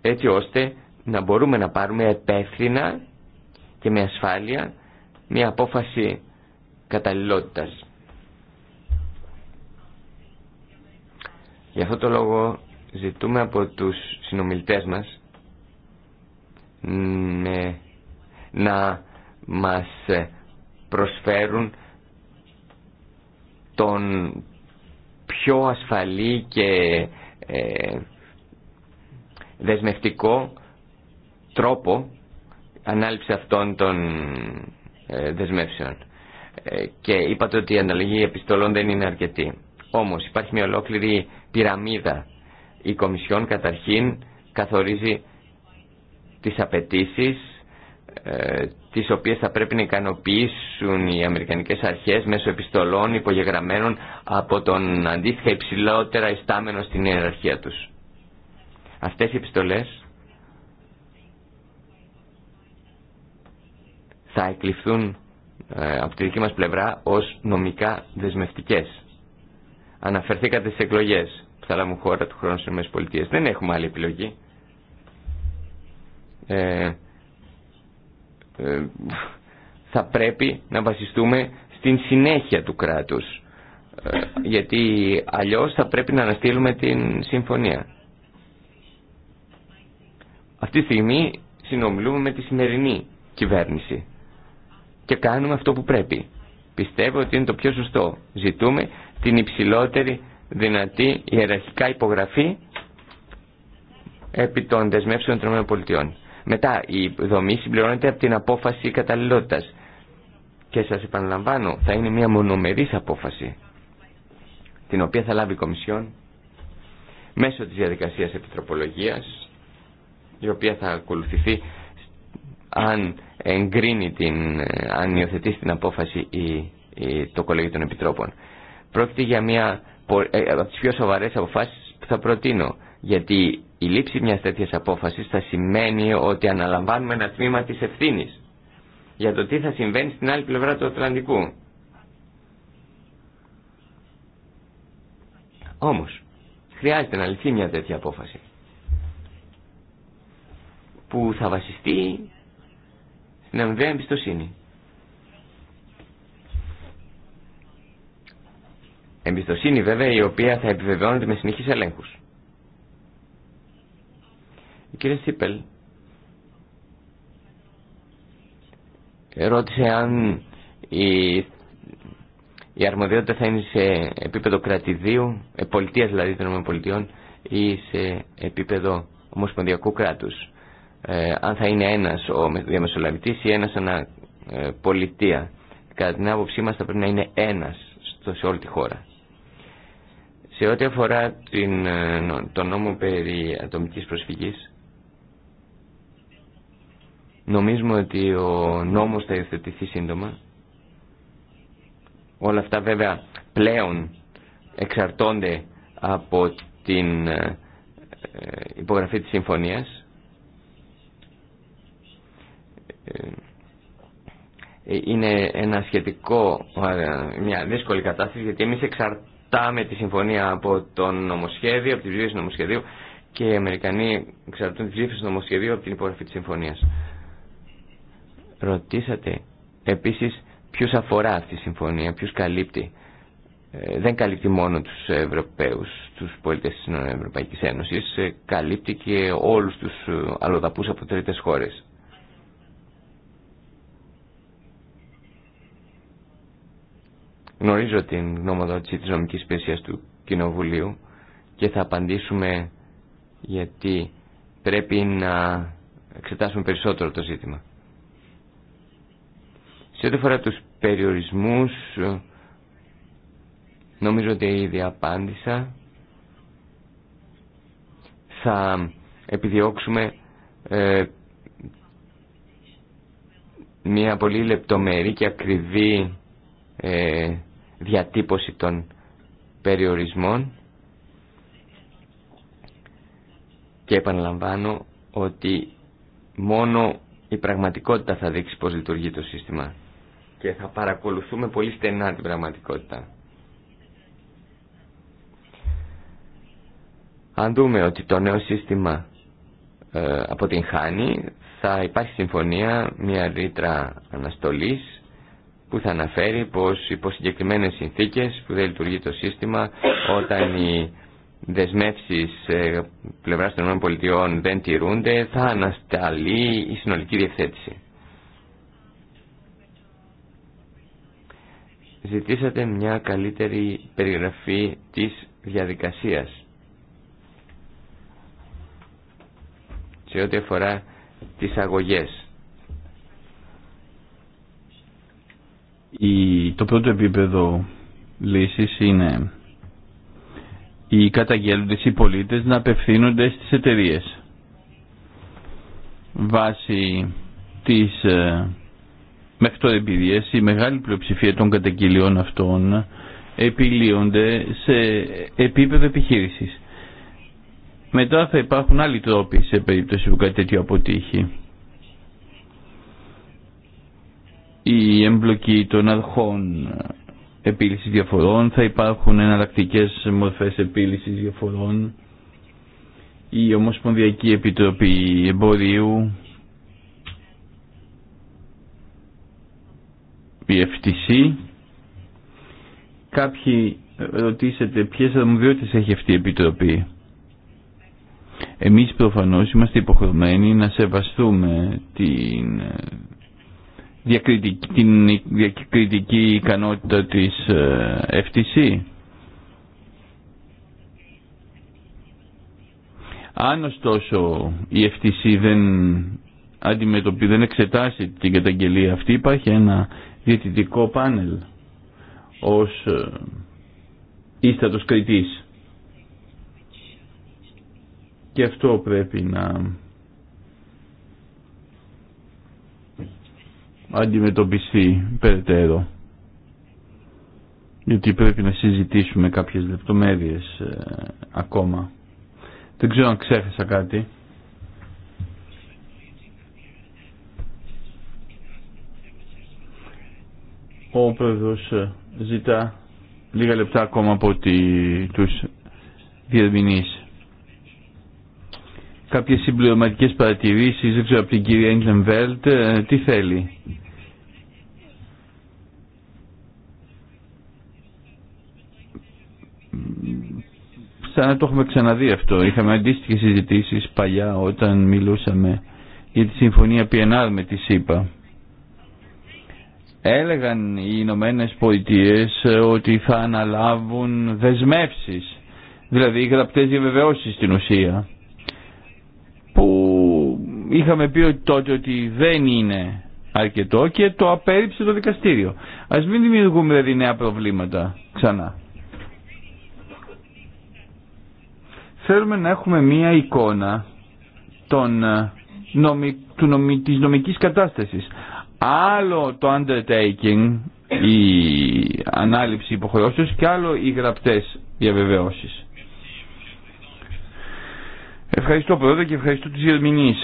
S2: έτσι ώστε να μπορούμε να πάρουμε επέθυνα και με ασφάλεια μια απόφαση καταλληλότητας. Γι' αυτό το λόγο ζητούμε από τους συνομιλητές μας να μας προσφέρουν τον πιο ασφαλή και ε, δεσμευτικό τρόπο ανάληψη αυτών των ε, δεσμεύσεων. Ε, και είπατε ότι η αναλογή επιστολών δεν είναι αρκετή. Όμως υπάρχει μια ολόκληρη πυραμίδα. Η Κομισιόν καταρχήν καθορίζει τις απαιτήσει ε, τις οποίες θα πρέπει να ικανοποιήσουν οι Αμερικανικές αρχές μέσω επιστολών υπογεγραμμένων από τον αντίστοιχα υψηλότερα ιστάμενο στην ιεραρχία τους. Αυτές οι επιστολές θα εκλειφθούν ε, από τη δική μας πλευρά ως νομικά δεσμευτικές. Αναφερθήκατε στι εκλογέ. που θα λάβουν χώρα του χρόνου στις ΗΠΑ. Δεν έχουμε άλλη επιλογή. Ε, ε, θα πρέπει να βασιστούμε στην συνέχεια του κράτους. Ε, γιατί αλλιώς θα πρέπει να αναστείλουμε την συμφωνία. Αυτή τη στιγμή συνομιλούμε με τη σημερινή κυβέρνηση και κάνουμε αυτό που πρέπει πιστεύω ότι είναι το πιο σωστό. Ζητούμε την υψηλότερη δυνατή ιεραρχικά υπογραφή επί των δεσμεύσεων των ΗΠΑ. Μετά η δομή συμπληρώνεται από την απόφαση καταλληλότητας. Και σας επαναλαμβάνω, θα είναι μια μονομερής απόφαση, την οποία θα λάβει η Κομισιόν μέσω της διαδικασίας επιτροπολογίας, η οποία θα ακολουθηθεί αν εγκρίνει την, ε, αν υιοθετεί την απόφαση η, το Κολέγιο των Επιτρόπων. Πρόκειται για μια ε, από τις πιο σοβαρές αποφάσεις που θα προτείνω, γιατί η λήψη μιας τέτοιας απόφασης θα σημαίνει ότι αναλαμβάνουμε ένα τμήμα της ευθύνη για το τι θα συμβαίνει στην άλλη πλευρά του Ατλαντικού. Όμως, χρειάζεται να λυθεί μια τέτοια απόφαση που θα βασιστεί την αμοιβαία εμπιστοσύνη. Εμπιστοσύνη βέβαια η οποία θα επιβεβαιώνεται με συνεχείς ελέγχους. Η κυρία Σίπελ ρώτησε αν η, η αρμοδιότητα θα είναι σε επίπεδο κρατηδίου, ε, πολιτείας δηλαδή των πολιτιών, ή σε επίπεδο ομοσπονδιακού κράτους. Ε, αν θα είναι ένας ο διαμεσολαβητής ή ένας ανα ε, πολιτεία. Κατά την άποψή μας θα πρέπει να είναι ένας στο, σε όλη τη χώρα. Σε ό,τι αφορά την, ε, τον νόμο περί ατομικής προσφυγής, νομίζουμε ότι ο νόμος θα υιοθετηθεί σύντομα. Όλα αυτά βέβαια πλέον εξαρτώνται από την υπογραφή της συμφωνίας ε, ε, είναι ένα σχετικό, μια δύσκολη κατάσταση γιατί εμείς εξαρτάμε τη συμφωνία από το νομοσχέδιο, από τη ψήφιση του νομοσχεδίου και οι Αμερικανοί εξαρτούν τη ψήφιση του νομοσχεδίου από την υπογραφή της συμφωνίας. Ρωτήσατε επίσης ποιους αφορά αυτή η συμφωνία, ποιους καλύπτει. Ε, δεν καλύπτει μόνο τους Ευρωπαίους, τους πολίτες της Ευρωπαϊκής Ένωσης, καλύπτει και όλους τους αλλοδαπούς από τρίτες χώρες. Γνωρίζω την γνωμοδότηση της νομικής υπηρεσίας του Κοινοβουλίου και θα απαντήσουμε γιατί πρέπει να εξετάσουμε περισσότερο το ζήτημα. Σε ό,τι αφορά τους περιορισμούς, νομίζω ότι ήδη απάντησα. Θα επιδιώξουμε ε, μια πολύ λεπτομερή και ακριβή ε, διατύπωση των περιορισμών και επαναλαμβάνω ότι μόνο η πραγματικότητα θα δείξει πώς λειτουργεί το σύστημα και θα παρακολουθούμε πολύ στενά την πραγματικότητα. Αν δούμε ότι το νέο σύστημα ε, αποτυγχάνει, θα υπάρχει συμφωνία, μια ρήτρα αναστολής που θα αναφέρει πως υπό συγκεκριμένε συνθήκες που δεν λειτουργεί το σύστημα όταν οι δεσμεύσει ε, πλευρά των ΗΠΑ δεν τηρούνται θα ανασταλεί η συνολική διευθέτηση. Ζητήσατε μια καλύτερη περιγραφή της διαδικασίας σε ό,τι αφορά τις αγωγές.
S3: η, το πρώτο επίπεδο λύσης είναι οι καταγγέλλοντες, οι πολίτες να απευθύνονται στις εταιρείε. Βάσει της ε, μέχρι τώρα η μεγάλη πλειοψηφία των καταγγελιών αυτών επιλύονται σε επίπεδο επιχείρησης. Μετά θα υπάρχουν άλλοι τρόποι σε περίπτωση που κάτι τέτοιο αποτύχει. η εμπλοκή των αρχών επίλυση διαφορών, θα υπάρχουν εναλλακτικέ μορφές επίλυσης διαφορών, η Ομοσπονδιακή Επιτροπή Εμπορίου, η FTC. Κάποιοι ρωτήσετε ποιες αρμοδιότητες έχει αυτή η Επιτροπή. Εμείς προφανώς είμαστε υποχρεωμένοι να σεβαστούμε την διακριτική, την διακριτική ικανότητα της ε, FTC. Αν ωστόσο η FTC δεν αντιμετωπίζει δεν εξετάσει την καταγγελία αυτή, υπάρχει ένα διαιτητικό πάνελ ως ε, ίστατος κριτής. Και αυτό πρέπει να αντιμετωπιστεί περαιτέρω. Γιατί πρέπει να συζητήσουμε κάποιες λεπτομέρειες ε, ακόμα. Δεν ξέρω αν ξέχασα κάτι. Ο πρόεδρος ε, ζητά λίγα λεπτά ακόμα από τη, τους διερμηνείς. Κάποιες συμπληρωματικές παρατηρήσεις, δεν ξέρω από την κυρία Έγκλεμβέλτ, ε, τι θέλει. σαν να το έχουμε ξαναδεί αυτό. Είχαμε αντίστοιχε συζητήσει παλιά όταν μιλούσαμε για τη συμφωνία PNR με τη ΣΥΠΑ. Έλεγαν οι Ηνωμένε Πολιτείε ότι θα αναλάβουν δεσμεύσει, δηλαδή γραπτές διαβεβαιώσει στην ουσία, που είχαμε πει ότι τότε ότι δεν είναι αρκετό και το απέρριψε το δικαστήριο. Ας μην δημιουργούμε δηλαδή νέα προβλήματα ξανά. Θέλουμε να έχουμε μία εικόνα των, ε, νομι, του νομι, της νομικής κατάστασης. Άλλο το undertaking, η ανάληψη υποχρεώσεως και άλλο οι γραπτές διαβεβαιώσεις. Ευχαριστώ πρώτα και ευχαριστώ τις Γερμηνείς.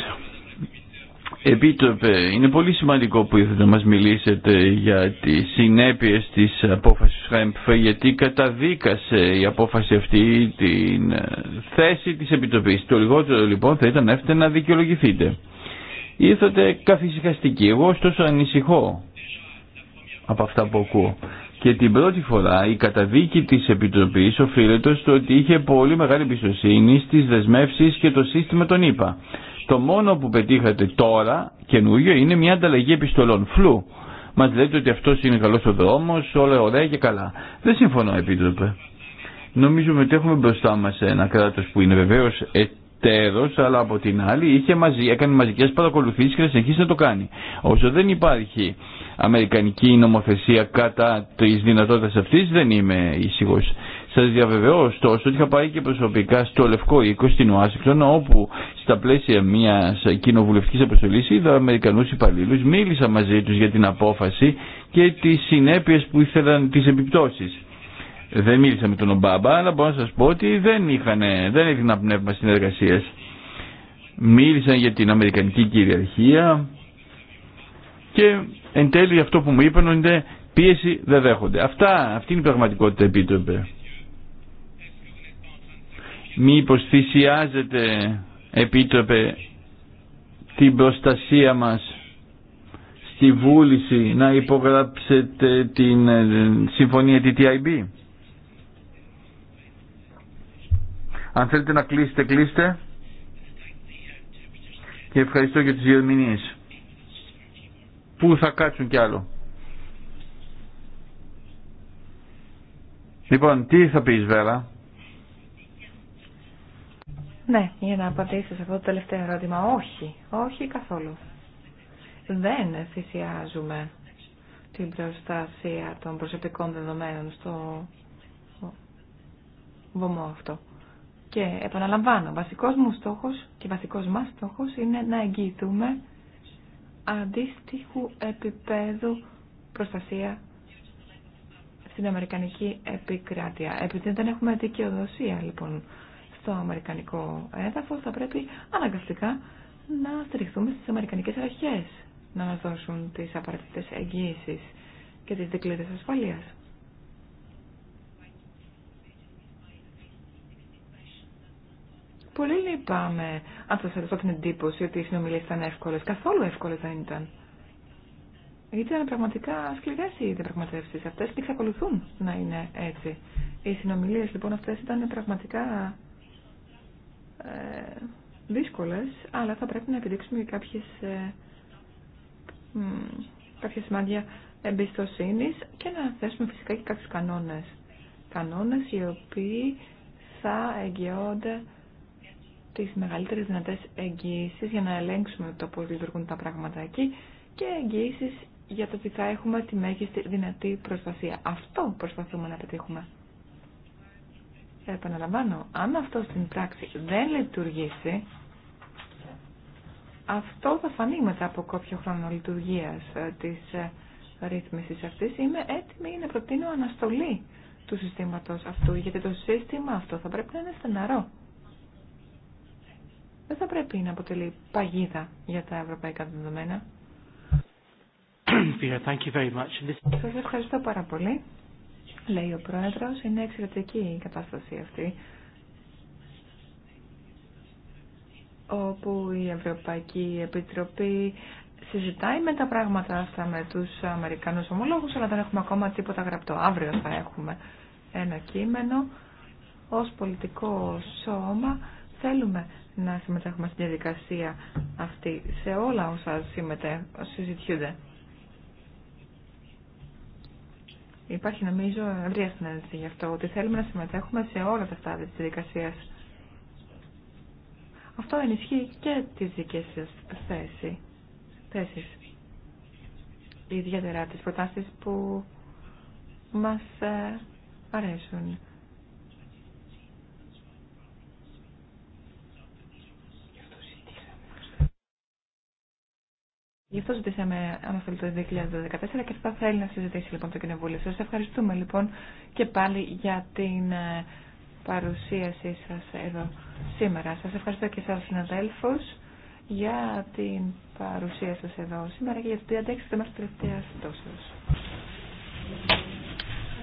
S3: Επίτροπε, είναι πολύ σημαντικό που ήρθατε να μας μιλήσετε για τις συνέπειες της απόφασης ΧΕΜΠΦ γιατί καταδίκασε η απόφαση αυτή την ε, θέση της Επιτροπής. Το λιγότερο λοιπόν θα ήταν να να δικαιολογηθείτε. Ήρθατε καθυσυχαστικοί, Εγώ ωστόσο ανησυχώ από αυτά που ακούω. Και την πρώτη φορά η καταδίκη της Επιτροπής οφείλεται στο ότι είχε πολύ μεγάλη εμπιστοσύνη στις δεσμεύσεις και το σύστημα των ΗΠΑ. Το μόνο που πετύχατε τώρα καινούριο είναι μια ανταλλαγή επιστολών. Φλου. Μα λέτε ότι αυτό είναι καλό ο δρόμο, όλα ωραία και καλά. Δεν συμφωνώ, Επίτροπε. Νομίζουμε ότι έχουμε μπροστά μα ένα κράτο που είναι βεβαίω εταίρο, αλλά από την άλλη είχε μαζί, έκανε μαζικέ παρακολουθήσει και θα συνεχίσει να το κάνει. Όσο δεν υπάρχει αμερικανική νομοθεσία κατά τη δυνατότητα αυτή, δεν είμαι ήσυχο. Σα διαβεβαιώ ωστόσο ότι είχα πάει και προσωπικά στο Λευκό Οίκο στην Ουάσιγκτον, όπου στα πλαίσια μια κοινοβουλευτική αποστολή είδα Αμερικανού υπαλλήλου, μίλησα μαζί του για την απόφαση και τι συνέπειε που ήθελαν, τι επιπτώσει. Δεν μίλησα με τον Ομπάμπα, αλλά μπορώ να σα πω ότι δεν, είχαν, δεν πνεύμα συνεργασία. Μίλησαν για την Αμερικανική κυριαρχία και εν τέλει αυτό που μου είπαν είναι πίεση δεν δέχονται. Αυτά, αυτή είναι η πραγματικότητα επίτροπε. Μήπως θυσιάζετε, επίτροπε, την προστασία μας στη βούληση να υπογράψετε την ε, συμφωνία TTIB. Αν θέλετε να κλείσετε, κλείστε. Και ευχαριστώ για τις γερμηνίες. Πού θα κάτσουν κι άλλο. Λοιπόν, τι θα πεις Βέρα.
S1: Ναι, για να απαντήσω σε αυτό το τελευταίο ερώτημα. Όχι, όχι καθόλου. Δεν θυσιάζουμε την προστασία των προσωπικών δεδομένων στο βωμό αυτό. Και επαναλαμβάνω, βασικός μου στόχος και βασικός μας στόχος είναι να εγγυηθούμε αντίστοιχου επίπεδου προστασία στην Αμερικανική επικράτεια. Επειδή δεν έχουμε δικαιοδοσία λοιπόν το αμερικανικό έδαφος θα πρέπει αναγκαστικά να στηριχθούμε στις αμερικανικές αρχές να μας δώσουν τις απαραίτητες εγγύησεις και τις δικλείδες ασφαλείας. Πολύ λυπάμαι αν σας έδωσα την εντύπωση ότι οι συνομιλίες ήταν εύκολες. Καθόλου εύκολες δεν ήταν. Ήταν πραγματικά σκληρές οι διαπραγματεύσεις αυτές και εξακολουθούν να είναι έτσι. Οι συνομιλίες λοιπόν αυτές ήταν πραγματικά ε, δύσκολες, αλλά θα πρέπει να επιδείξουμε κάποιες, ε, κάποια σημάδια εμπιστοσύνη και να θέσουμε φυσικά και κάποιους κανόνες. Κανόνες οι οποίοι θα εγγυώνται τις μεγαλύτερες δυνατές εγγυήσεις για να ελέγξουμε το πώς λειτουργούν τα πράγματα εκεί και εγγυήσεις για το ότι θα έχουμε τη μέγιστη δυνατή προστασία. Αυτό προσπαθούμε να πετύχουμε. Επαναλαμβάνω, αν αυτό στην πράξη δεν λειτουργήσει, αυτό θα φανεί μετά από κάποιο χρόνο λειτουργία ε, τη ε, ρύθμιση αυτής. Είμαι έτοιμη να προτείνω αναστολή του συστήματος αυτού, γιατί το σύστημα αυτό θα πρέπει να είναι στεναρό. Δεν θα πρέπει να αποτελεί παγίδα για τα ευρωπαϊκά δεδομένα. Σα ευχαριστώ πάρα πολύ λέει ο Πρόεδρος, είναι εξαιρετική η κατάσταση αυτή όπου η Ευρωπαϊκή Επιτροπή συζητάει με τα πράγματα αυτά με τους Αμερικανούς ομολόγους, αλλά δεν έχουμε ακόμα τίποτα γραπτό. Αύριο θα έχουμε ένα κείμενο. Ως πολιτικό σώμα θέλουμε να συμμετέχουμε στην διαδικασία αυτή σε όλα όσα συζητιούνται. Υπάρχει νομίζω ευρία συνέντευξη γι' αυτό, ότι θέλουμε να συμμετέχουμε σε όλα τα στάδια της διαδικασία. Αυτό ενισχύει και τις δικές σα θέσει θέσεις. Ιδιαίτερα τις προτάσεις που μας ε, αρέσουν. Γι' αυτό ζητήσαμε αναστολή το 2014 και αυτά θέλει να συζητήσει λοιπόν το Κοινοβούλιο. Σας ευχαριστούμε λοιπόν και πάλι για την ε, παρουσίασή σας εδώ σήμερα. Σας ευχαριστώ και σας συναδέλφους για την παρουσία σας εδώ σήμερα και για το ότι αντέξετε μας τελευταία τόσο.